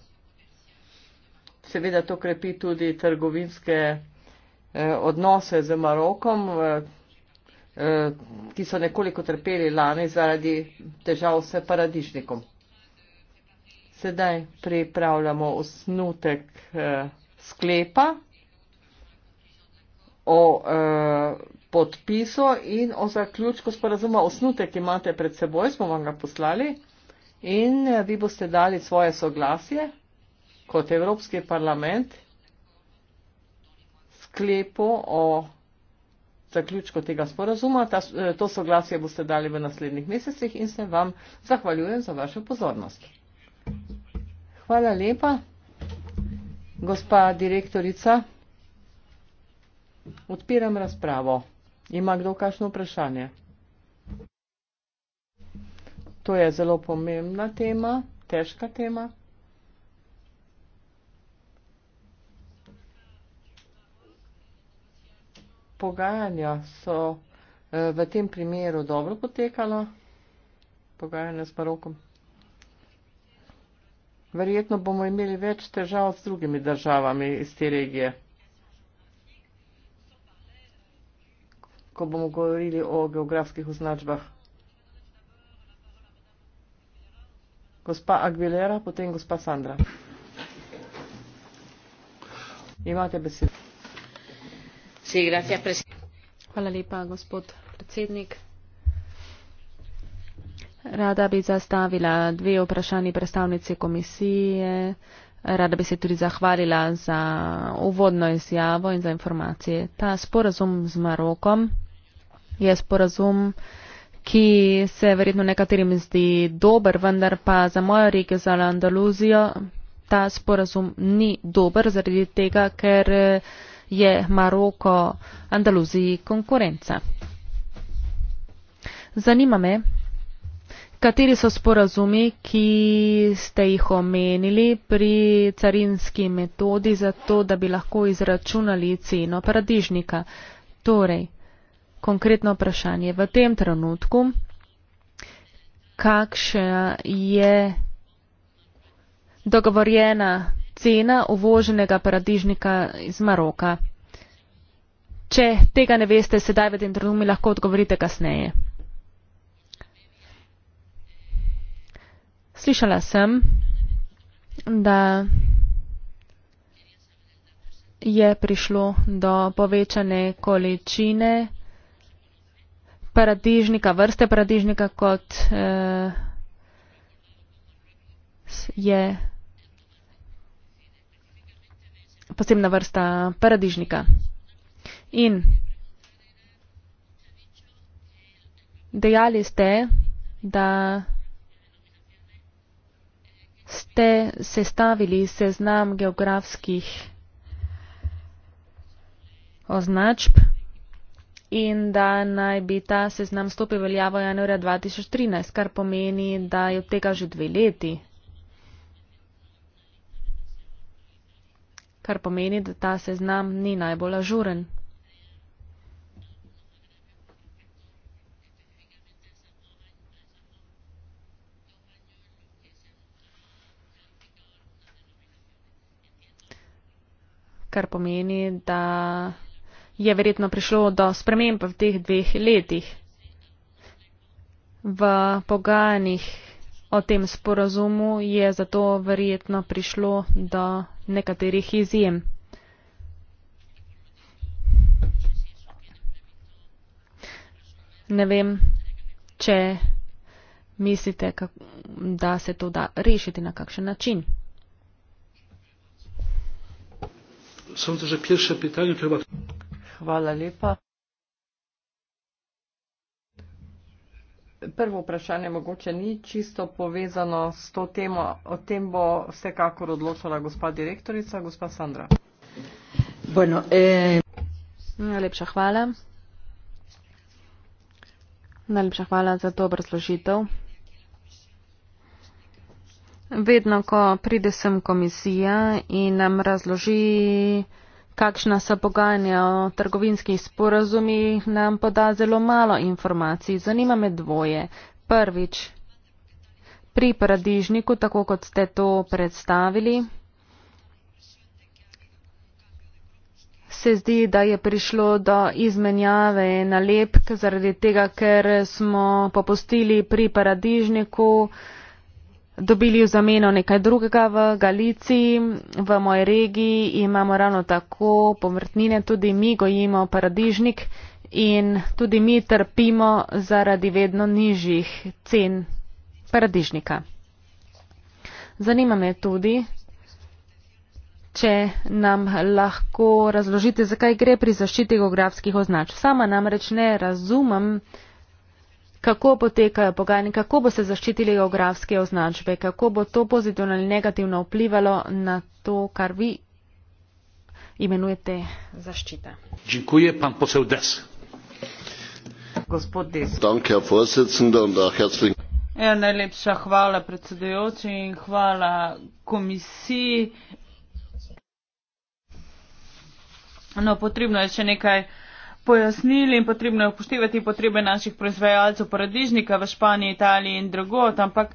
seveda to krepi tudi trgovinske eh, odnose z Marokom, eh, eh, ki so nekoliko trpeli lani zaradi težav s paradižnikom. Sedaj pripravljamo osnutek eh, sklepa o eh, podpiso in o zaključku sporazuma. Osnutek imate pred seboj, smo vam ga poslali in eh, vi boste dali svoje soglasje kot Evropski parlament sklepu o zaključku tega sporazuma. Ta, eh, to soglasje boste dali v naslednjih mesecih in se vam zahvaljujem za vašo pozornost. Hvala lepa, gospa direktorica. Odpiram razpravo. Ima kdo kakšno vprašanje? To je zelo pomembna tema, težka tema. pogajanja so eh, v tem primeru dobro potekala, pogajanja s Marokom. Verjetno bomo imeli več težav s drugimi državami iz te regije, ko bomo govorili o geografskih označbah. Gospa Aguilera, potem gospa Sandra. Imate besedo. Hvala lepa, gospod predsednik. Rada bi zastavila dve vprašanje predstavnice komisije. Rada bi se tudi zahvalila za uvodno izjavo in za informacije. Ta sporazum z Marokom je sporazum, ki se verjetno nekaterim zdi dober, vendar pa za mojo regijo, za Andaluzijo, ta sporazum ni dober zaradi tega, ker je Maroko Andaluziji konkurenca. Zanima me, kateri so sporazumi, ki ste jih omenili pri carinski metodi za to, da bi lahko izračunali ceno paradižnika. Torej, konkretno vprašanje v tem trenutku, kakšna je dogovorjena cena uvoženega paradižnika iz Maroka? Če tega ne veste, sedaj v tem trenutku lahko odgovorite kasneje. Slišala sem, da je prišlo do povečane količine paradižnika, vrste paradižnika, kot eh, je posebna vrsta paradižnika. In dejali ste, da ste sestavili seznam geografskih označb in da naj bi ta seznam stopil veljavo januarja 2013, kar pomeni, da je od tega že dve leti. kar pomeni, da ta seznam ni najbolj ažuren. Kar pomeni, da je verjetno prišlo do sprememb v teh dveh letih. V pogajanjih o tem sporazumu je zato verjetno prišlo do nekaterih izjem. Ne vem, če mislite, da se to da rešiti na kakšen način. Hvala lepa. prvo vprašanje mogoče ni čisto povezano s to temo. O tem bo vsekakor odločila gospa direktorica, gospa Sandra. Bueno, eh... Najlepša hvala. Najlepša hvala za to obrazložitev. Vedno, ko pride sem komisija in nam razloži, kakšna so pogajanja o trgovinskih sporazumih, nam poda zelo malo informacij. Zanima me dvoje. Prvič, pri paradižniku, tako kot ste to predstavili, se zdi, da je prišlo do izmenjave nalepk zaradi tega, ker smo popustili pri paradižniku. Uh, dobili v zameno nekaj drugega v Galiciji, v moji regiji imamo ravno tako povrtnine, tudi mi gojimo paradižnik in tudi mi trpimo zaradi vedno nižjih cen paradižnika. Zanima me tudi, če nam lahko razložite, zakaj gre pri zaščiti geografskih označ. Sama namreč ne razumem, kako potekajo pogajanja, kako bo se zaščitili geografske označbe, kako bo to pozitivno ali negativno vplivalo na to, kar vi imenujete zaščita. Džinkuje, pan posel des. Gospod des. Danke, vorsitzende, da herzlich. Ja, najlepša hvala predsedujoči in hvala komisiji. No, potrebno je še nekaj pojasnili in potrebno je upoštevati potrebe naših proizvajalcev paradižnika v Španiji, Italiji in drugot, ampak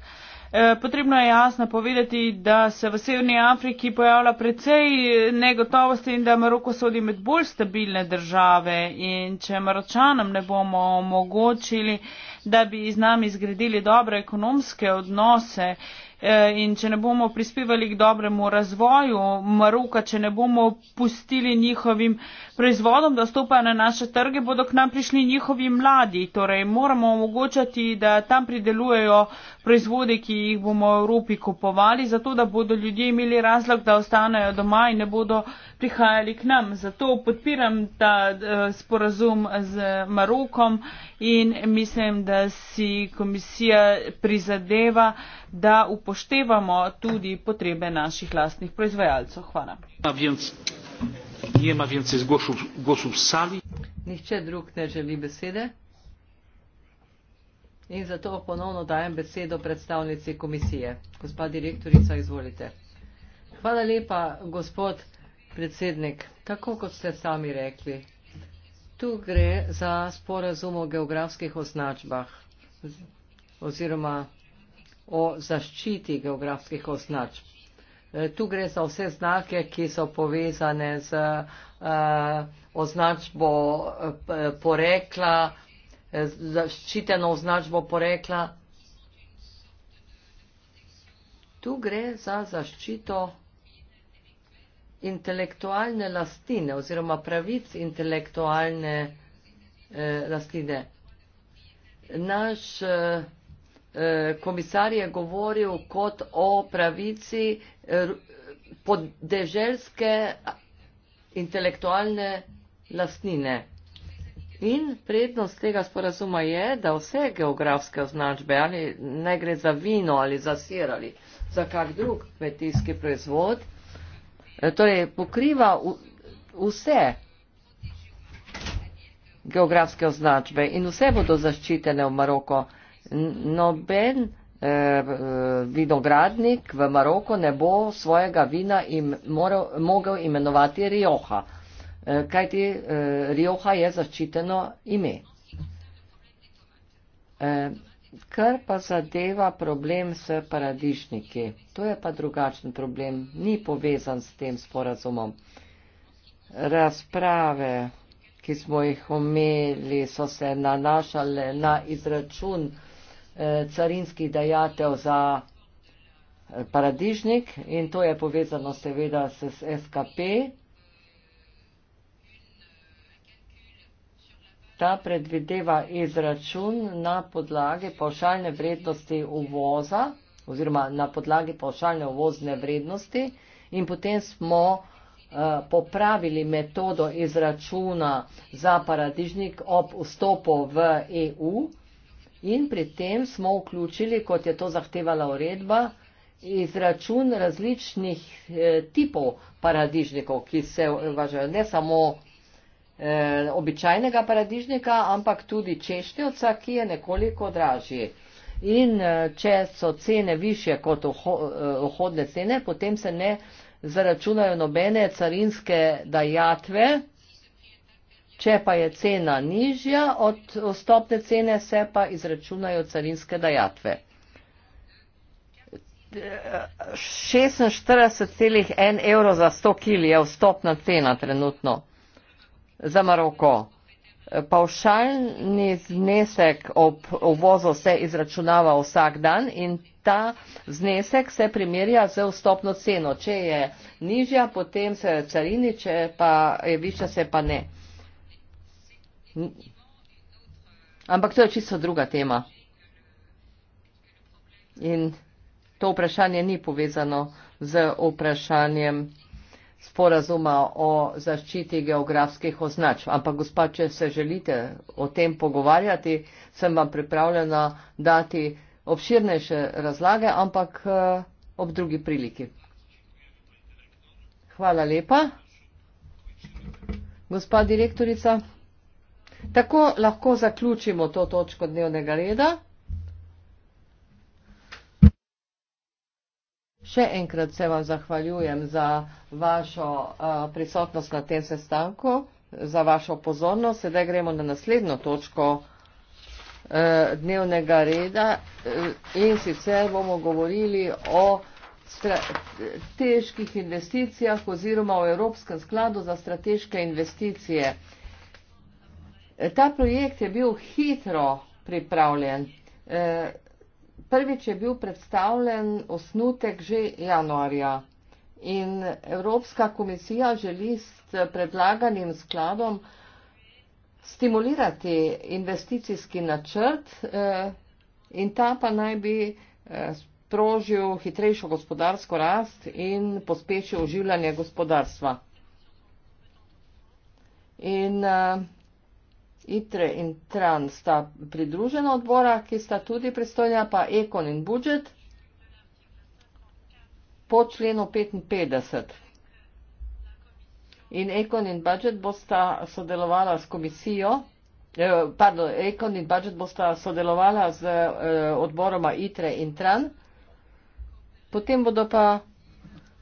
eh, Potrebno je jasno povedati, da se v Severni Afriki pojavlja precej eh, negotovosti in da Maroko sodi med bolj stabilne države in če Maročanom ne bomo omogočili, da bi z nami zgradili dobre ekonomske odnose, eh, Eh, in če ne bomo prispevali k dobremu razvoju Maroka, če ne bomo pustili njihovim proizvodom, da stopajo na naše trge, bodo k nam prišli njihovi mladi. Torej, moramo omogočati, da tam pridelujejo proizvode, ki jih bomo v Evropi kupovali, zato da bodo ljudje imeli razlog, da ostanejo doma in ne bodo prihajali k nam. Zato podpiram ta uh, sporazum z Marokom in mislim, da si komisija prizadeva, da upoštevamo tudi potrebe naših lastnih proizvajalcev. Hvala. Nima vence zgošu v sali. Nihče drug ne želi besede. In zato ponovno dajem besedo predstavnici komisije. Gospa direktorica, izvolite. Hvala lepa, gospod predsednik, tako kot ste sami rekli, tu gre za sporazum o geografskih označbah oziroma o zaščiti geografskih označb. E, tu gre za vse znake, ki so povezane z uh, označbo e, porekla, zaščiteno označbo porekla. Tu gre za zaščito intelektualne lastine oziroma pravic intelektualne eh, lastine. Naš eh, eh, komisar je govoril kot o pravici eh, podeželske intelektualne lastnine. In prednost tega sporazuma je, da vse geografske označbe, ali ne gre za vino, ali za sir, ali za kak drug kmetijski proizvod, torej pokriva vse geografske označbe in vse bodo zaščitene v Maroko. Noben eh, vinogradnik v Maroko ne bo svojega vina im, moral, mogel imenovati Rioha, eh, kajti eh, Rioha je zaščiteno ime. Kar pa zadeva problem s paradižniki, to je pa drugačen problem, ni povezan s tem sporazumom. Razprave, ki smo jih omeli, so se nanašale na izračun eh, carinskih dajatev za eh, paradižnik in to je povezano seveda s SKP, Ta predvideva izračun na podlagi pavšalne vrednosti uvoza oziroma na podlagi pavšalne uvozne vrednosti in potem smo uh, popravili metodo izračuna za paradižnik ob vstopu v EU in pri tem smo vključili, kot je to zahtevala uredba, izračun različnih eh, tipov paradižnikov, ki se uvažajo ne samo eh, običajnega paradižnika, ampak tudi češnjevca, ki je nekoliko dražji. In eh, če so cene više kot vhodne eh, cene, potem se ne zaračunajo nobene carinske dajatve. Če pa je cena nižja od eh, stopne cene, se pa izračunajo carinske dajatve. 46,1 eh, evro za 100 kg je vstopna cena trenutno za Maroko. Pavšalni znesek ob uvozu se izračunava vsak dan in ta znesek se primerja z vstopno ceno. Če je nižja, potem se carini, če pa je višja, se pa ne. Ampak to je čisto druga tema. In to vprašanje ni povezano z vprašanjem sporazuma o zaščiti geografskih označb. Ampak, gospa, če se želite o tem pogovarjati, sem vam pripravljena dati obširnejše razlage, ampak eh, ob drugi priliki. Hvala lepa. Gospa direktorica, tako lahko zaključimo to točko dnevnega reda. Še enkrat se vam zahvaljujem za vašo uh, prisotnost na tem sestanku, za vašo pozornost. Sedaj gremo na naslednjo točko uh, dnevnega reda uh, in sicer bomo govorili o strateških investicijah oziroma o Evropskem skladu za strateške investicije. Ta projekt je bil hitro pripravljen. Uh, Prvič je bil predstavljen osnutek že januarja in Evropska komisija želi s predlaganim skladom stimulirati investicijski načrt eh, in ta pa naj bi eh, sprožil hitrejšo gospodarsko rast in pospešil oživljanje gospodarstva. In uh, ITRE in TRAN sta pridružena odbora, ki sta tudi pristojna, pa EKON in BUDŽET po členu 55. In EKON in BUDŽET bosta sodelovala s komisijo, eh, pardon, EKON in BUDŽET bosta sodelovala z eh, odboroma ITRE in TRAN. Potem bodo pa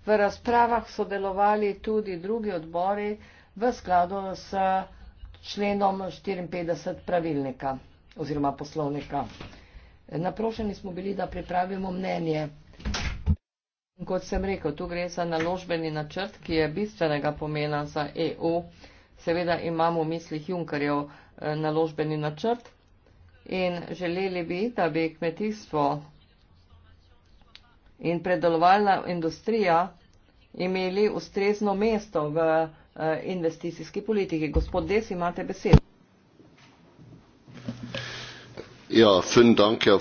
v razpravah sodelovali tudi drugi odbori v skladu s členom 54 pravilnika oziroma poslovnika. Naprošeni smo bili, da pripravimo mnenje. Kot sem rekel, tu gre za naložbeni načrt, ki je bistvenega pomena za EU. Seveda imamo v mislih Junkerjev eh, naložbeni načrt in želeli bi, da bi kmetijstvo in predelovalna industrija imeli ustrezno mesto v Eh, investicijski politiki. Gospod Des, imate besed. Ja, dank, ja,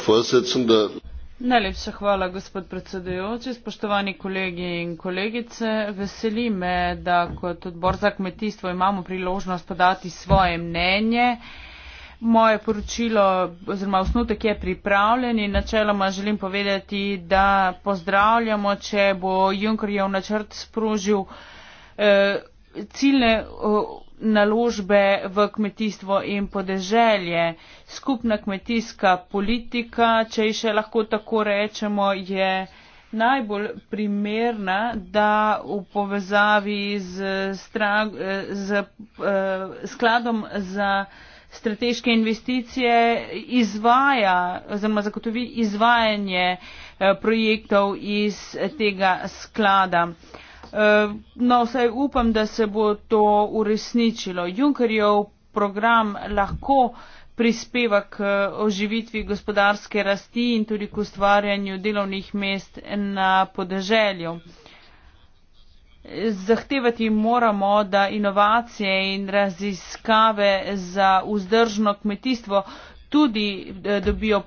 Najlepša hvala, gospod predsedujoči. Spoštovani kolegi in kolegice, veseli me, da kot odbor za kmetijstvo imamo priložnost podati svoje mnenje. Moje poročilo oziroma osnutek je pripravljen in načeloma želim povedati, da pozdravljamo, če bo Junkerjev načrt sprožil. Eh, ciljne naložbe v kmetijstvo in podeželje. Skupna kmetijska politika, če še lahko tako rečemo, je najbolj primerna, da v povezavi z, strag, z eh, skladom za strateške investicije izvaja oziroma zagotovi izvajanje eh, projektov iz tega sklada. Eh, no, vsaj upam, da se bo to uresničilo. Junkerjev program lahko prispeva k eh, oživitvi gospodarske rasti in tudi k ustvarjanju delovnih mest na podeželju. Zahtevati moramo, da inovacije in raziskave za vzdržno kmetijstvo tudi eh, dobijo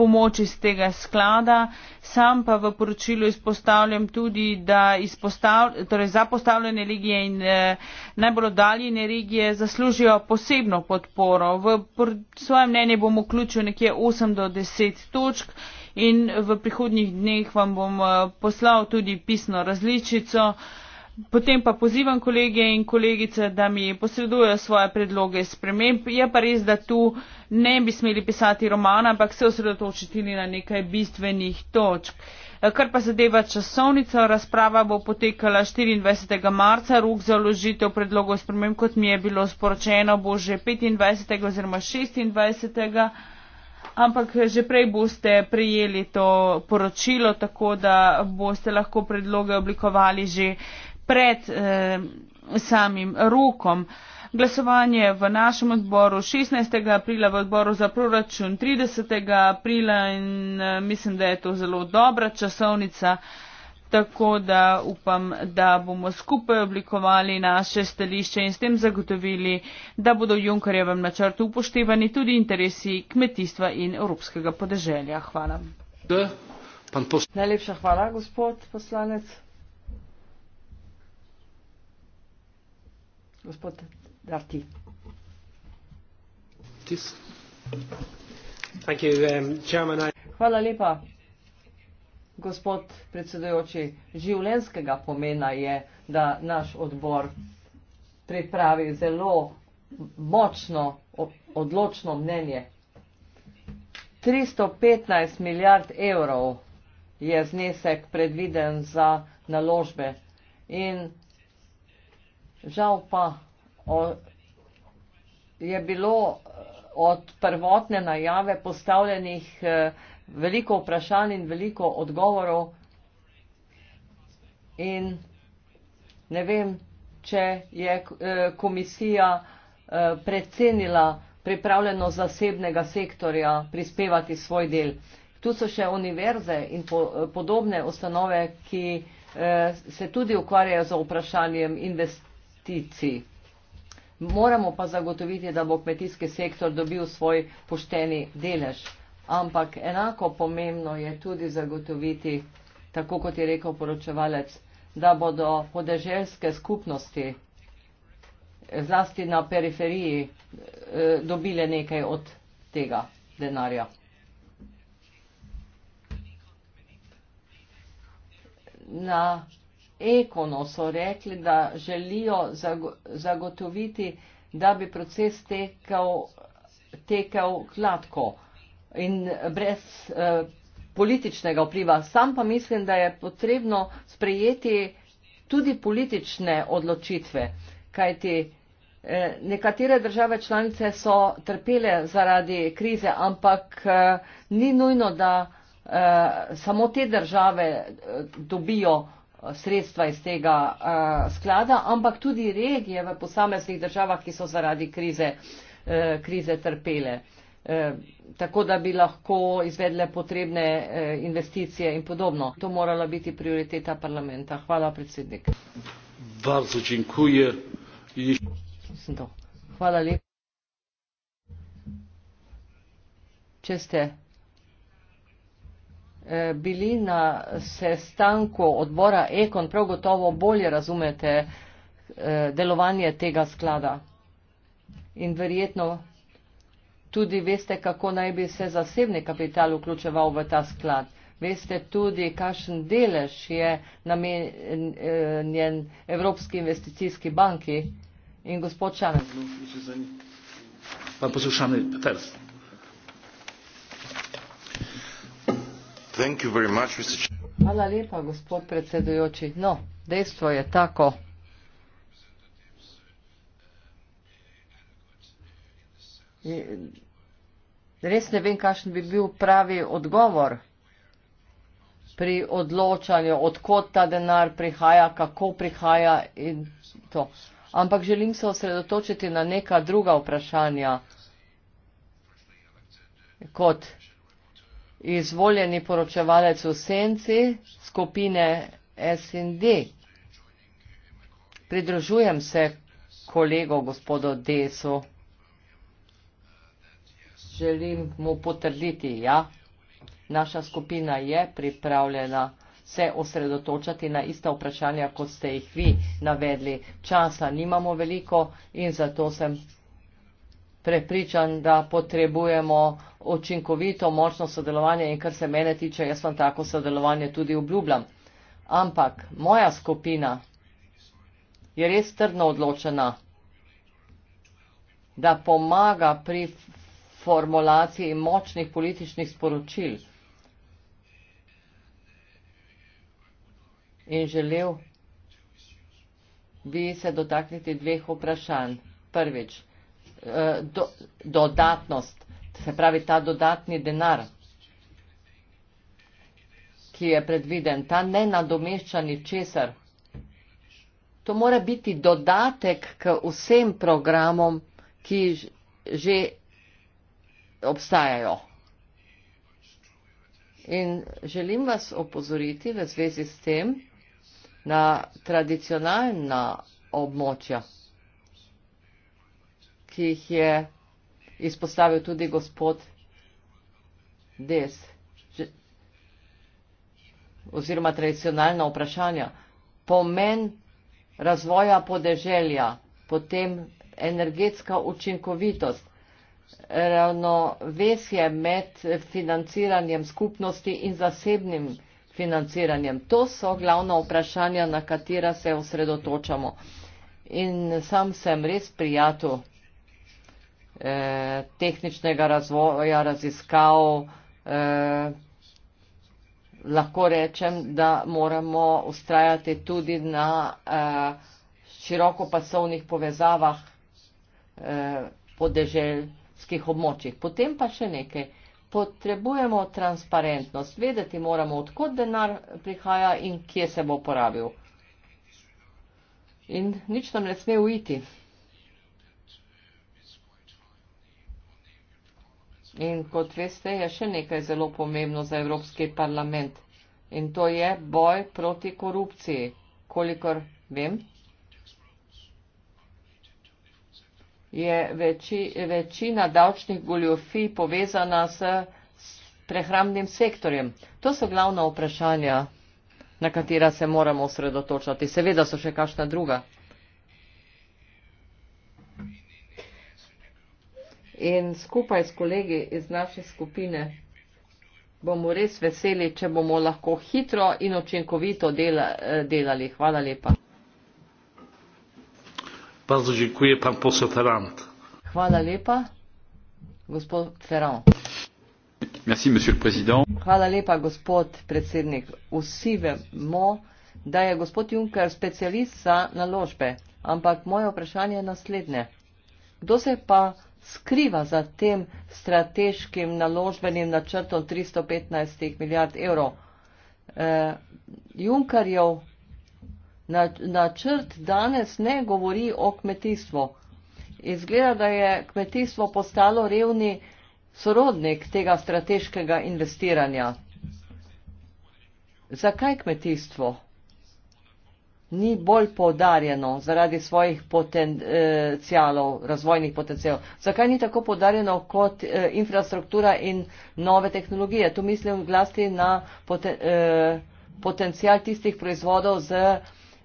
pomoč iz tega sklada. Sam pa v poročilu izpostavljam tudi, da izpostav, torej za postavljene regije in eh, najbolj oddaljene regije zaslužijo posebno podporo. V svojem mnenju bom vključil nekje 8 do 10 točk in v prihodnjih dneh vam bom eh, poslal tudi pisno različico. Eh, potem pa pozivam kolege in kolegice, da mi posredujejo svoje predloge sprememb. Je pa res, da tu ne bi smeli pisati romana, ampak se osredotočiti na nekaj bistvenih točk. Kar pa zadeva časovnico, razprava bo potekala 24. marca, rok za ložitev predlogov sprememb, kot mi je bilo sporočeno, bo že 25. oziroma 26. Ampak že prej boste prijeli to poročilo, tako da boste lahko predloge oblikovali že pred eh, samim rokom. Glasovanje v našem odboru 16. aprila, v odboru za proračun 30. aprila in eh, mislim, da je to zelo dobra časovnica. Tako da upam, da bomo skupaj oblikovali naše stališče in s tem zagotovili, da bodo v Junkarjevem načrtu upoštevani tudi interesi kmetijstva in evropskega podeželja. Hvala. Najlepša hvala, gospod poslanec. gospod Darty. Thank you, um, chairman, I... Hvala lepa, gospod predsedujoči. Življenskega pomena je, da naš odbor pripravi zelo močno, odločno mnenje. 315 milijard evrov je znesek predviden za naložbe in Žal pa o, je bilo eh, od prvotne najave postavljenih eh, veliko vprašanj in veliko odgovorov. In ne vem, če je eh, komisija predcenila pripravljeno zasebnega sektorja prispevati svoj del. Tu so še univerze in podobne ustanove, ki se tudi ukvarjajo z vprašanjem investicij investicij. Moramo pa zagotoviti, da bo kmetijski sektor dobil svoj pošteni delež. Ampak enako pomembno je tudi zagotoviti, tako kot je rekel poročevalec, da bodo podeželske skupnosti, zlasti na periferiji, eh, dobile nekaj od tega denarja. Na Ekono so rekli, da želijo zagotoviti, da bi proces tekel, tekel gladko in brez eh, političnega vpliva. Sam pa mislim, da je potrebno sprejeti tudi politične odločitve, kajti eh, nekatere države članice so trpele zaradi krize, ampak eh, ni nujno, da eh, samo te države eh, dobijo sredstva iz tega uh, sklada, ampak tudi regije v posameznih državah, ki so zaradi krize, uh, krize trpele. Uh, tako da bi lahko izvedle potrebne uh, investicije in podobno. To morala biti prioriteta parlamenta. Hvala, predsednik. Hvala lepa. Če ste Eh, bili na sestanku odbora Ekon, prav gotovo bolje razumete eh, delovanje tega sklada. In verjetno tudi veste, kako naj bi se zasebni kapital vključeval v ta sklad. Veste tudi, kakšen delež je namenjen Evropski investicijski banki. In gospod Šanec. Pa poslušam, Peters. Hvala lepa, gospod predsedujoči. No, dejstvo je tako. Res ne vem, kakšen bi bil pravi odgovor pri odločanju, odkot ta denar prihaja, kako prihaja in to. Ampak želim se osredotočiti na neka druga vprašanja kot izvoljeni poročevalec v senci skupine SND. Pridružujem se kolego gospodu Desu. Želim mu potrditi, ja, naša skupina je pripravljena se osredotočati na ista vprašanja, kot ste jih vi navedli. Časa nimamo veliko in zato sem prepričan, da potrebujemo učinkovito, močno sodelovanje in kar se mene tiče, jaz vam tako sodelovanje tudi obljubljam. Ampak moja skupina je res trdno odločena, da pomaga pri formulaciji močnih političnih sporočil. In želel bi se dotakniti dveh vprašanj. Prvič, eh, do, dodatnost se pravi ta dodatni denar, ki je predviden, ta nenadomeščani česar, to mora biti dodatek k vsem programom, ki že obstajajo. In želim vas opozoriti v zvezi s tem na tradicionalna območja, ki jih je izpostavil tudi gospod Des. Že, oziroma tradicionalna vprašanja. Pomen razvoja podeželja, potem energetska učinkovitost, ravnovesje med financiranjem skupnosti in zasebnim financiranjem. To so glavna vprašanja, na katera se osredotočamo. In sam sem res prijatelj eh, tehničnega razvoja, raziskav. Eh, lahko rečem, da moramo ustrajati tudi na eh, širokopasovnih povezavah eh, podeželjskih območjih. Potem pa še nekaj. Potrebujemo transparentnost, vedeti moramo, odkot denar prihaja in kje se bo porabil. In nič nam ne sme uiti. In kot veste, je še nekaj zelo pomembno za Evropski parlament. In to je boj proti korupciji, kolikor vem. Je veči, večina davčnih goljofij povezana s prehrambnim sektorjem. To so glavna vprašanja, na katera se moramo osredotočati. Seveda so še kakšna druga. in skupaj s kolegi iz naše skupine bomo res veseli, če bomo lahko hitro in očinkovito dela, eh, delali. Hvala lepa. Hvala lepa, gospod Ferran. Merci, Hvala lepa, gospod predsednik. Vsi vemo, da je gospod Juncker specialist za naložbe, ampak moje vprašanje je naslednje. Kdo se pa skriva za tem strateškim naložbenim načrtom 315 milijard evrov. Eh, Junkarjev načrt danes ne govori o kmetijstvu. Izgleda, da je kmetijstvo postalo revni sorodnik tega strateškega investiranja. Zakaj kmetijstvo? ni bolj podarjeno zaradi svojih potencijalov, eh, razvojnih potencijalov. Zakaj ni tako podarjeno kot eh, infrastruktura in nove tehnologije? Tu mislim glasti na poten, eh, potencijal tistih proizvodov z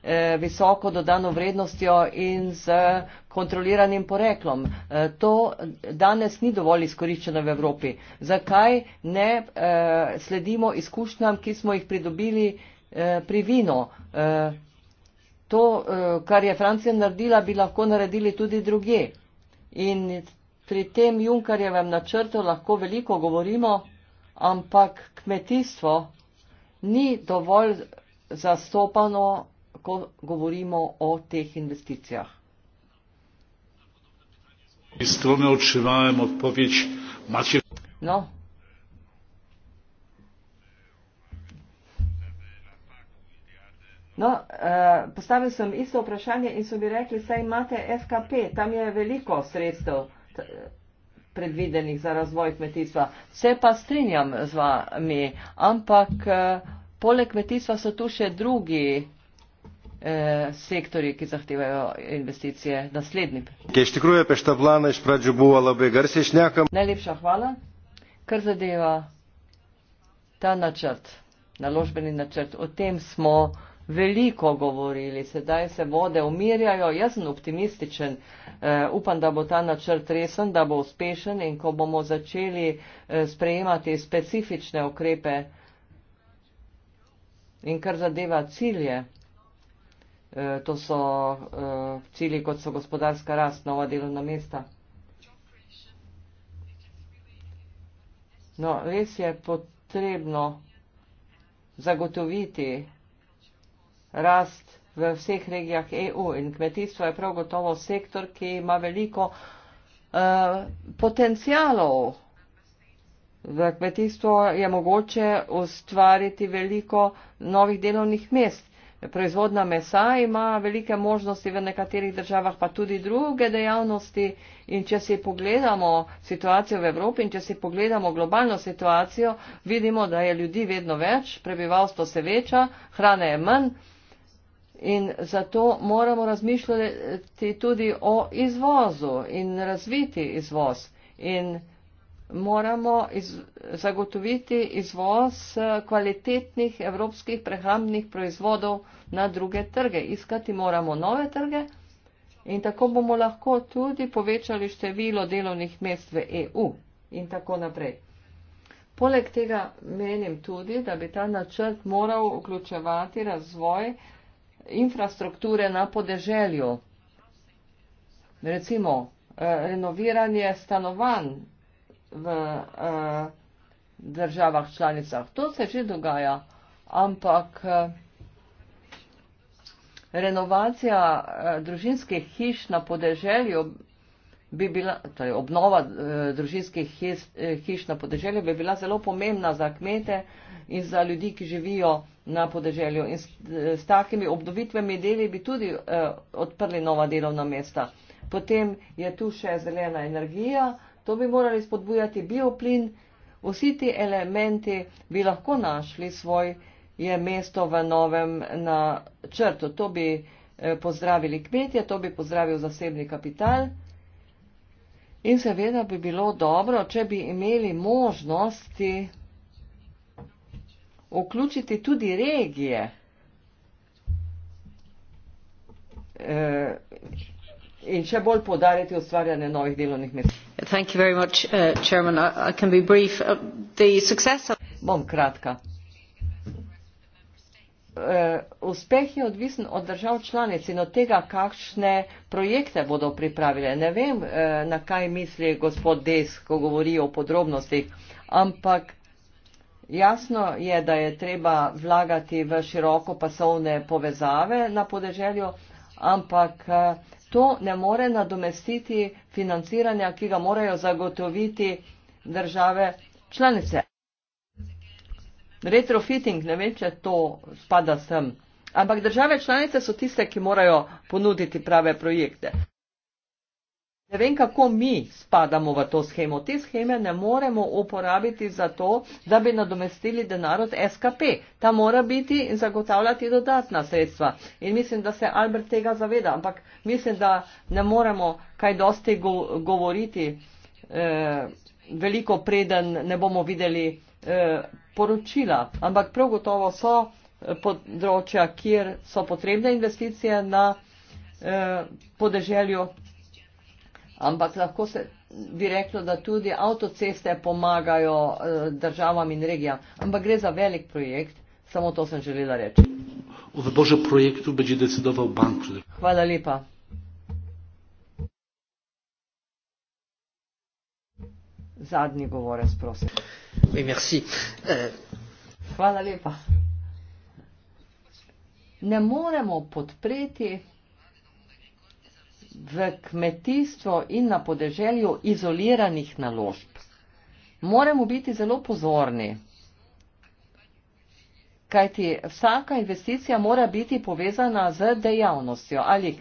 eh, visoko dodano vrednostjo in z kontroliranim poreklom. Eh, to danes ni dovolj izkoriščeno v Evropi. Zakaj ne eh, sledimo izkušnjam, ki smo jih pridobili eh, pri vino? Eh, to, eh, kar je Francija naredila, bi lahko naredili tudi druge. In pri tem Junkarjevem načrtu lahko veliko govorimo, ampak kmetijstvo ni dovolj zastopano, ko govorimo o teh investicijah. No, No, eh, postavil sem isto vprašanje in so mi rekli, saj imate FKP, tam je veliko sredstev predvidenih za razvoj kmetijstva. Se pa strinjam z vami, ampak eh, poleg kmetijstva so tu še drugi eh, sektori, ki zahtevajo investicije naslednji. Najlepša hvala, kar zadeva ta načrt, naložbeni načrt, o tem smo veliko govorili, sedaj se vode umirjajo. Jaz sem optimističen, uh, upam, da bo ta načrt resen, da bo uspešen in ko bomo začeli uh, sprejemati specifične ukrepe in kar zadeva cilje, uh, to so uh, cilji, kot so gospodarska rast, nova delovna mesta. No, res je potrebno zagotoviti rast v vseh regijah EU in kmetijstvo je prav gotovo sektor, ki ima veliko uh, eh, potencijalov. V kmetijstvo je mogoče ustvariti veliko novih delovnih mest. Proizvodna mesa ima velike možnosti v nekaterih državah, pa tudi druge dejavnosti. In če si pogledamo situacijo v Evropi in če si pogledamo globalno situacijo, vidimo, da je ljudi vedno več, prebivalstvo se veča, hrane je manj. In zato moramo razmišljati tudi o izvozu in razviti izvoz. In moramo iz, zagotoviti izvoz eh, kvalitetnih evropskih prehrambnih proizvodov na druge trge. Iskati moramo nove trge in tako bomo lahko tudi povečali število delovnih mest v EU in tako naprej. Poleg tega menim tudi, da bi ta načrt moral vključevati razvoj infrastrukture na podeželju. Recimo, eh, renoviranje stanovanj v eh, državah članicah. To se že dogaja, ampak eh, renovacija družinskih hiš na podeželju bi bila, torej obnova družinskih hiš na podeželju bi bila zelo pomembna za kmete in za ljudi, ki živijo v na podeželju in s, s takimi obdovitvami deli bi tudi eh, odprli nova delovna mesta. Potem je tu še zelena energija, to bi morali spodbujati bioplin, vsi ti elementi bi lahko našli svoj je mesto v novem na črtu. To bi eh, pozdravili kmetje, to bi pozdravil zasebni kapital. In seveda bi bilo dobro, če bi imeli možnosti vključiti tudi regije. E, Thank you very much, uh, Chairman. I, I can be brief. Uh, the success of Bom kratka. Uh, uspeh je odvisen od držav članic in od tega, kakšne projekte bodo pripravile. Ne vem, uh, na kaj misli gospod Des, ko govori o podrobnostih, ampak Jasno je, da je treba vlagati v široko pasovne povezave na podeželju, ampak eh, to ne more nadomestiti financiranja, ki ga morajo zagotoviti države članice. Retrofitting, ne vem, če to spada sem. Ampak države članice so tiste, ki morajo ponuditi prave projekte. Ne vem, kako mi spadamo v to schemo. Te scheme ne moremo uporabiti za to, da bi nadomestili denar od SKP. Ta mora biti in zagotavljati dodatna sredstva. In mislim, da se Albert tega zaveda, ampak mislim, da ne moremo kaj dosti go govoriti eh, veliko preden ne bomo videli eh, poročila. Ampak prav gotovo so eh, področja, kjer so potrebne investicije na eh, podeželju. Ampak lahko se bi reklo, da tudi avtoceste pomagajo eh, državam in regijam. Ampak gre za velik projekt, samo to sem želela reči. O vebožem projektu bi že decidoval bank. Hvala lepa. Zadnji govorec, prosim. Oui, merci. Euh, Hvala lepa. Ne moremo podpreti v kmetijstvo in na podeželju izoliranih naložb. Moramo biti zelo pozorni, kajti vsaka investicija mora biti povezana z dejavnostjo, ali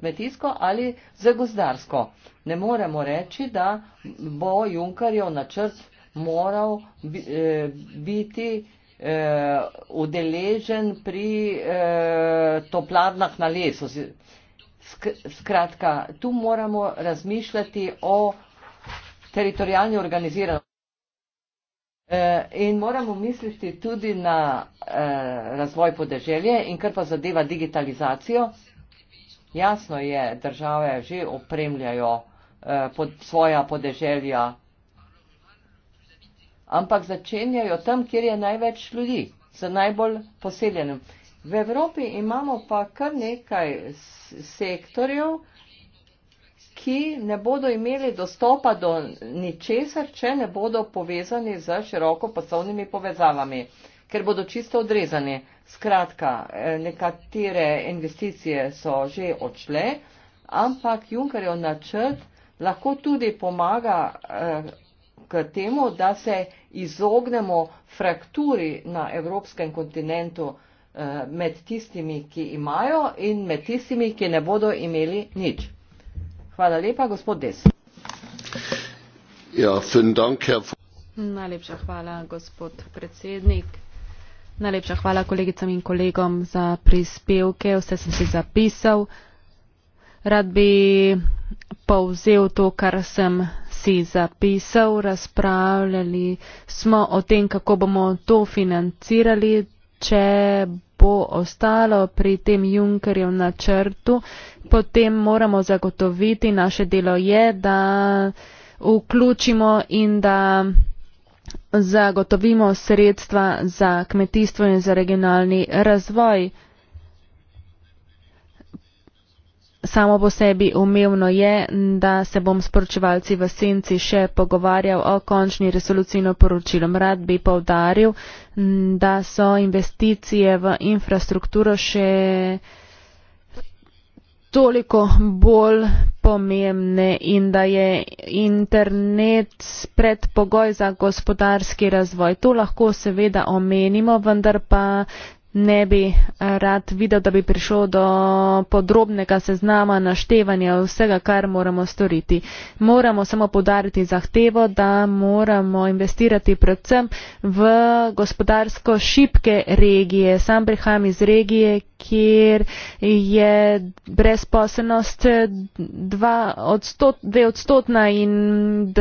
kmetijsko ali z gozdarsko. Ne moremo reči, da bo Junkarjev načrt moral eh, biti eh, udeležen pri eh, toplarnah na lesu. Skratka, tu moramo razmišljati o teritorijalni organiziranosti. E, in moramo misliti tudi na e, razvoj podeželje in kar pa zadeva digitalizacijo. Jasno je, države že opremljajo e, pod svoja podeželja, ampak začenjajo tam, kjer je največ ljudi, z najbolj poseljenim. V Evropi imamo pa kar nekaj sektorjev, ki ne bodo imeli dostopa do ničesar, če ne bodo povezani z široko poslovnimi povezavami, ker bodo čisto odrezani. Skratka, eh, nekatere investicije so že odšle, ampak Junkerjev načrt lahko tudi pomaga eh, k temu, da se izognemo frakturi na evropskem kontinentu. Eh, med tistimi, ki imajo in med tistimi, ki ne bodo imeli nič. Hvala lepa, gospod Des. Ja, dank, Najlepša hvala, gospod predsednik. Najlepša hvala kolegicam in kolegom za prispevke. Vse sem si zapisal. Rad bi povzel to, kar sem si zapisal. Razpravljali smo o tem, kako bomo to financirali če bo ostalo pri tem Junkerjev načrtu, potem moramo zagotoviti, naše delo je, da vključimo in da zagotovimo sredstva za kmetijstvo in za regionalni razvoj. Samo po sebi umevno je, da se bom s poročevalci v senci še pogovarjal o končni resoluciji in o poročilom. Rad bi povdaril, da so investicije v infrastrukturo še toliko bolj pomembne in da je internet predpogoj za gospodarski razvoj. To lahko seveda omenimo, vendar pa ne bi eh, rad videl, da bi prišlo do podrobnega seznama naštevanja vsega, kar moramo storiti. Moramo samo podariti zahtevo, da moramo investirati predvsem v gospodarsko šipke regije. Sam prihajam iz regije, kjer je brezposelnost dve odstotna in,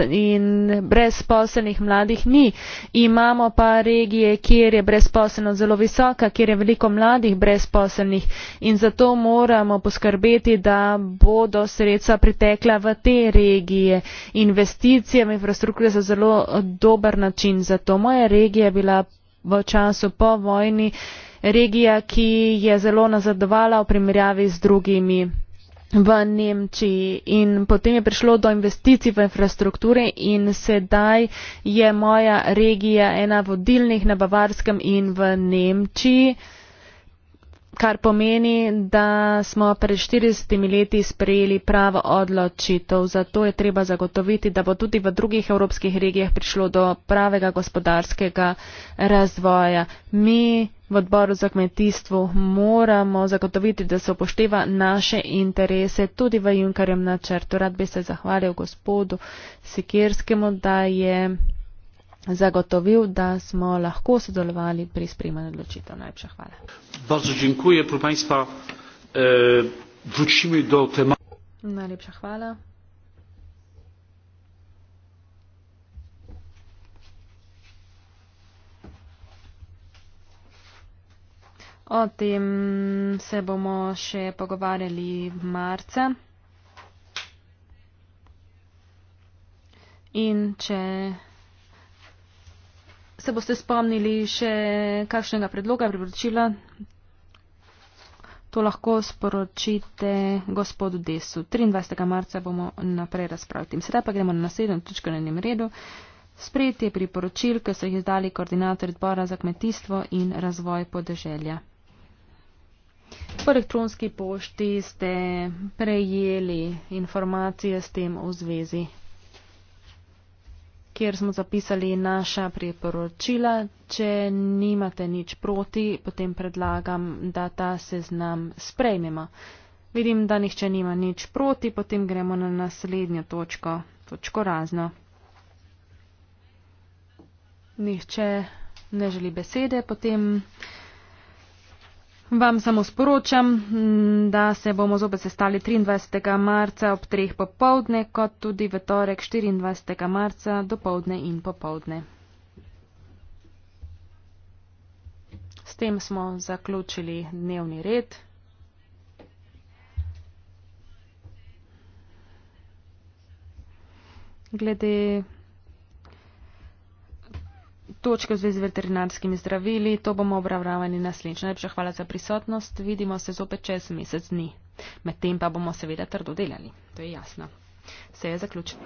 in brezposelnih mladih ni. Imamo pa regije, kjer je brezposelnost zelo visoka, kjer je veliko mladih brezposelnih in zato moramo poskrbeti, da bodo sredstva pritekla v te regije. Investicije v infrastrukture so zelo dober način za to. Moja regija je bila v času po vojni regija, ki je zelo nazadovala v primerjavi z drugimi v Nemčiji in potem je prišlo do investicij v infrastrukture in sedaj je moja regija ena vodilnih na Bavarskem in v Nemčiji, kar pomeni, da smo pred 40 leti sprejeli pravo odločitev. Zato je treba zagotoviti, da bo tudi v drugih evropskih regijah prišlo do pravega gospodarskega razvoja. Mi v odboru za kmetijstvo moramo zagotoviti, da se upošteva naše interese tudi v Junkarjem načrtu. Rad bi se zahvalil gospodu Sikerskemu, da je zagotovil, da smo lahko sodelovali pri sprejemanju odločitev. Najlepša hvala. E, Najlepša hvala. O tem se bomo še pogovarjali marca. In če se boste spomnili še kakšnega predloga priporočila, to lahko sporočite gospodu Desu. 23. marca bomo naprej razpravljati. Sedaj pa gremo na naslednjo točko na enem redu. Sprejetje priporočil, ki so jih izdali koordinator odbora za kmetijstvo in razvoj podeželja. Po elektronski pošti ste prejeli informacije s tem v zvezi, kjer smo zapisali naša priporočila. Če nimate nič proti, potem predlagam, da ta seznam sprejmemo. Vidim, da nihče nima nič proti, potem gremo na naslednjo točko, točko razno. Nihče ne želi besede, potem. Vam samo sporočam, mm, da se bomo zopet sestali 23. marca ob 3. popovdne, kot tudi v torek 24. marca do povdne in popovdne. S tem smo zaključili dnevni red. Glede točke v zvezi z veterinarskimi zdravili. To bomo obravnavali naslednjič. Najlepša hvala za prisotnost. Vidimo se zopet čez mesec dni. Medtem pa bomo seveda trdo delali. To je jasno. Se je zaključeno.